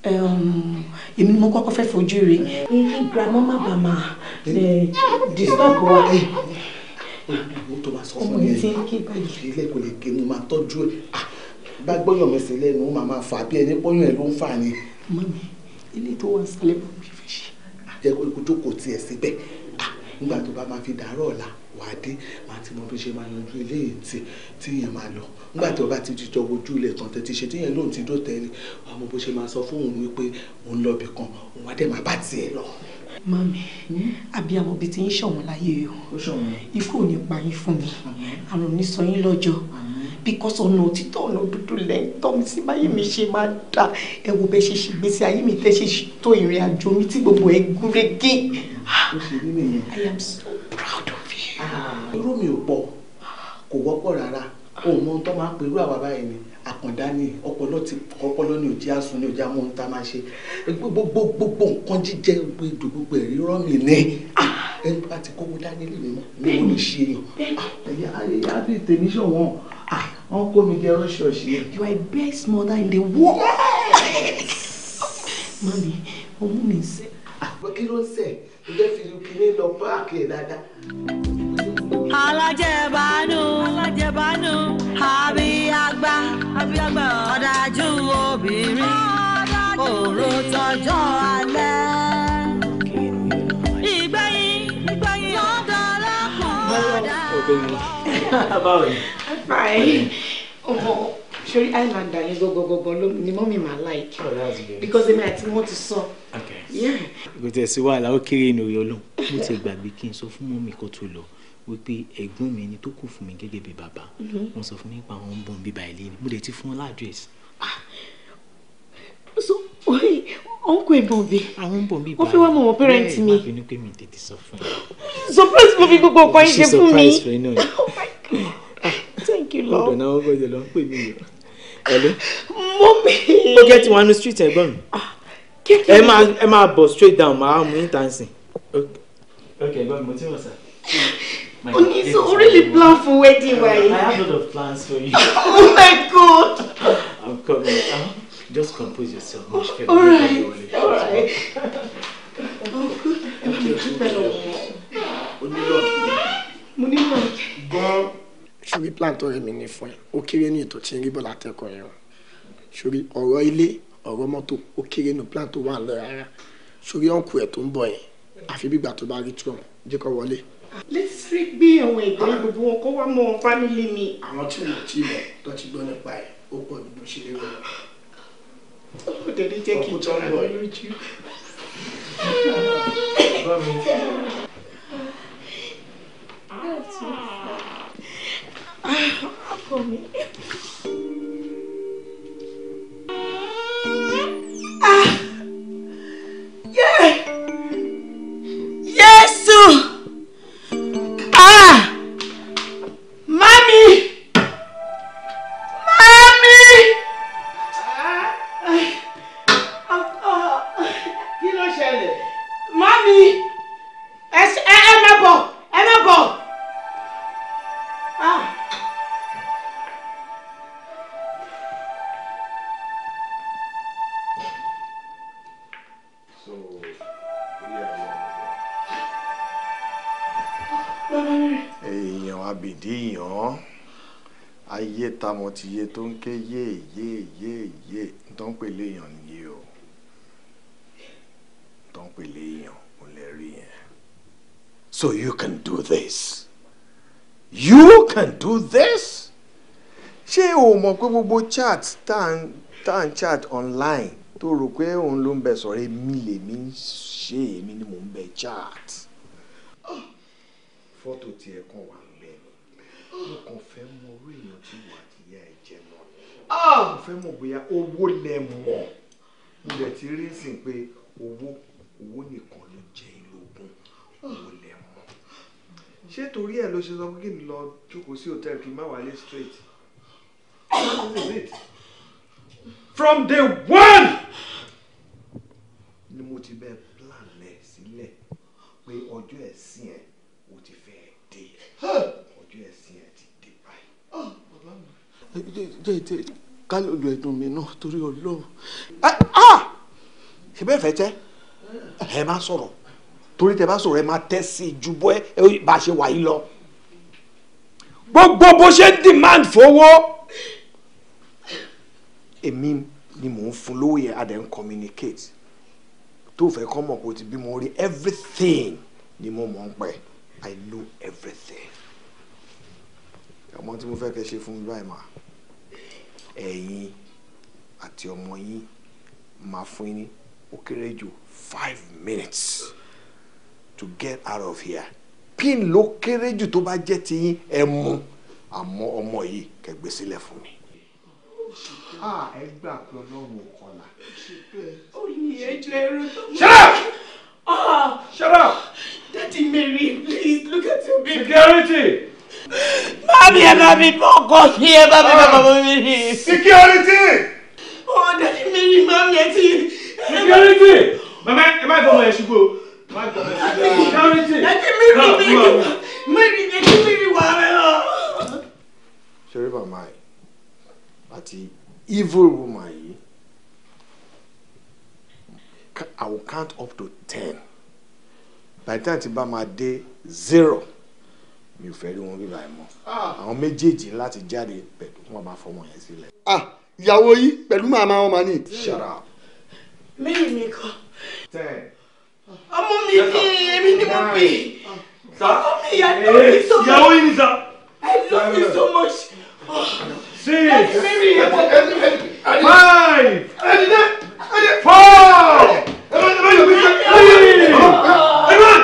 èmi ni mo kọ́kọ́ fẹ́ fojú rí kí grandma má bàa máa eh, eh, disturb wa. mo eh, tó máa sọ fún mi ilé kò lè ké mo máa tọ́jú ẹ̀ ah, bá gbọ́yàn mi sí lẹ́nu màá máa fà bí ẹni pọ́yàn ẹ̀ ló ń fà ni. mami ilé tó wà sálẹ̀ bọ̀ mi fi ṣe. àjẹkọ̀ọ́ ah, ìkójókòó tiẹ̀ síbẹ̀ ah, nígbà tó bá máa fi dàárọ̀ ọ̀la wà màá ti mọ bí ṣe máa yanjú eléyìí tí tíyẹn máa lọ nígbà tí ọba ti jíjọ wojú ilẹ̀ kan tẹ́tí ṣe tíyẹn lóun ti dó tẹ́lẹ̀ wàá bó ṣe máa sọ fún òun wípé òun lọ bì kan òun á máa bá tiẹ̀ lọ. mami àbí àwọn òbí ti ń ṣọ̀wọ́n láyé o ikú ò ní pa yín fún mi àrùn ní sọ yín lọ́jọ́ because ọ̀nà òtítọ́ ọ̀nà òdodo lẹ̀ tọ́ mi sí báyìí mi ṣe máa dà ẹ bẹ́ẹ̀ ṣe ṣègbésí ayé mi tẹ́ ṣe tó ìrìn àjò mi tí gbogbo ẹ̀ gúnrégé. I am so proud of Ah. irú mi ò pọ̀ kò wọ́pọ̀ rárá òun mọ ohun tó máa ń pe irú àwa báyìí ni àkàndá ni ọpọlọ ti ọpọlọ ni òjì àsun ni òjì àmọ ohun tá a máa ṣe gbogbo gbogbo nǹkan jíjẹ gbogbo gbogbo ẹ̀rí rọ́ọ̀mì ni ah. ẹni bá ti kówó dání lè mímọ́ ni ah, mo lè ṣe èèyàn ẹ̀yà àbí tèmi ṣọ̀wọ́n wọ́n kó mi jẹ rọ́ṣọ̀ṣì. you are a best mother in the world. mami ọmú mi ń sẹ́. kí ló ń sẹ́ ẹ jẹ́ fi kí lọ páàkì ẹ̀ dáadáa alájẹbánú alájẹbánú abíyágbá abíyágbá ọ̀dájú obìnrin òru tọjọ́ alẹ́. ìgbẹ̀yìn ìgbẹ̀yìn ọ̀dọ́ lápọ̀dá. báwo ni. báyìí ọmọ Go Go Go gọgọgọgọ ni mommy máa like oh, because èmi àti wọn ti sọ. kò tẹ̀síwájú àwọn kéré ní orí ọlọ́run mo ti gbàgbé kí n so fún mommy kó tó lọ wípé ẹ̀gbọ́n mi ẹni tó kù fún mi gẹ́gẹ́ bí bàbá mhm. wọ́n sọ fún mi nípa àwọn ọmọ bíbá ilé ni mo dẹ̀ ti fún wọn ládírẹ́sì. Ah! so ọ̀nkù ẹ̀gbọ́n mi àwọn ọmọ bíbá wọ́n fi wá mọ̀ wọ́n pẹ́rẹ́ǹtì mi. bẹ́ẹ̀ má bínú pé mi tètè sọ fún ẹ. surprise mo fi gbogbo ọkọ yín ṣe fún mi. Oh thank you lord. ọ̀dọ̀ náà wọ́n gbọ́dọ̀ lọ ń pè mí yìí. hello. mummy. ó gẹ́ ti wọn ní street ẹ̀gbọ́n mi. Ah, ẹ máa ẹ straight down màá mú yín tàǹsìn. ok ẹ̀gbọ́n mi mo ti wọ̀ sá. Oni, oh, so we really for wedding, right? I have a lot of plans for you. oh my god! I'm coming. I'm uh-huh. just compose yourself, much All right. All right. Gan ṣorí planto rẹ̀ mi ní fún ẹ, ó Okay, we need to change the bọ̀ látẹ̀kọ̀ yẹn o. Ṣorí ọ̀rọ̀ ilé, ọ̀rọ̀ mọ́tò, ó kéré ní planto wà lọ rárá. Ṣorí ọ̀nkù ẹ̀ tó ń bọ̀ yẹn, àfi bí ìgbà tó bá rí Trump, jẹ́ wọlé let's rí gbé àwọn ẹ̀gbọ́n gbogbo wọn kó wá mọ wọn fámìlì mi. àwọn tí mo ti mọ̀ tó ti gbọ́ nípa ẹ̀ ó pọ̀ ju bó ṣe lè wọ̀. ó tẹ̀lé jẹ́ kí n jọra lọ lójú. Ah, ọkọ mi. Ah! Yeah! Yes! èèyàn abìdí yàn ayé tamọ ti yé tó ń ké yé yé yé yé tó ń pè léèyàn nìyí o tó ń pè léèyàn ò lè rí yẹn. So you can do this. You can do this. ṣé o mọ̀ pé gbogbo chat tá à ń chat online tó rò pé òun ló ń bẹ sọ̀rọ̀ èmi lèmi ń ṣe èmi ni mò ń bẹ chat fọ́tò tí ẹ kàn wà ńbẹ̀ mo kàn fẹ́ mọ orí èèyàn tí wà ìyá ẹ jẹ mọ́ ah! mo fẹ́ mọ̀ bóyá owó lẹ mọ̀ mo ti rí sìn pé owó owó nìkan ló jẹ́ ìlógún owó lẹ mọ̀ ṣé torí ẹ ló ṣe sọ pé kí n lọ jókòó sí hòtẹ́ẹ̀lì kí n má wálé straight from day one ni mo ti bẹ plan ẹ sílẹ̀ pé ọjọ́ ẹ̀sìn ẹ̀ ọjọ́ ẹ̀sìn ẹ̀ ti dé báyìí. Ah, jẹ́ ìtẹ́ ká ló lu ẹ̀dùn mi náà torí ọlọ́run. Ah, ah! ṣe bẹ́ẹ̀ fẹ́ tẹ́ ẹ má sọ̀rọ̀ torí tẹ bá sọ̀rọ̀ ẹ má tẹ́ sí ju bọ́ ẹ bá ṣe wà yí lọ. gbogbo bó ṣe demand fowó èmi ni mò ń fún lówó yẹn adẹ̀ ń communicate tó fẹ́ kọ́ mọ̀ kó ti bí mo rí everything ni mo mọ̀ ń pẹ́ I know everything ọmọ tí mo fẹ́ kẹ́ ṣe fún mi báyìí mà ẹ̀yin àti ọmọ yín máa fún yín ní ó kéré jù five minutes to get out of here pin ló kéré jù tó bá jẹ́ ti yín ẹ mú àmọ́ ọmọ yìí kẹgbẹ́ sílẹ̀ fún mi. Ah, ẹ gbà pé ọlọ́run ò kọlà. Oyin ẹjọ́ ẹrú tó mú. Shut up! Ah! Shut up! Daddy Mary, please look at your baby. Security! Mami ẹ bá mi bọ́ ọkọ sí ẹ bá mi Security. Oh, mi ni mami ẹ Security. Mama ẹ má gbọ́mọ ẹ ṣubú o. Security. Ẹ ti mi rí mi rí mi rí ẹ ti mi rí wà rẹ lọ. evil woman I will count up to ten by the time ti bá máa dé zero mi ò fẹ́ rí wọn bíbá ẹ̀ mọ́ ah. àwọn méjèèjì láti jáde pẹ̀lú wọn máa fọmọ yẹn sílẹ̀. Ah, ìyàwó yìí pẹ̀lú màmá wọn máa ní. ṣara. méjì mi kọ. ọmọ mi ni èmi ni mo bí ọmọ mi ìyá ló mi so much. ìyàwó yìí ni sa. I love you so much. six five four three.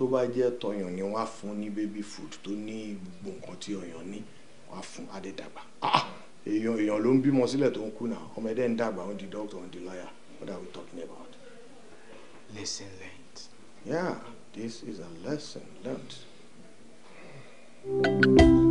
tó bá jẹ́ tọyàn ni wọ́n á fún ní baby food tó ní gbogbo nǹkan tí ọyàn ní wọ́n á fún adédàgbà ah! èèyàn èèyàn ló ń bímọ sílẹ̀ tó ń kùnà ọmọ ẹ̀dẹ̀ ń dàgbà ó di doctor ó di lawyer what are we talking about. lesson learned. yeah this is a lesson learned.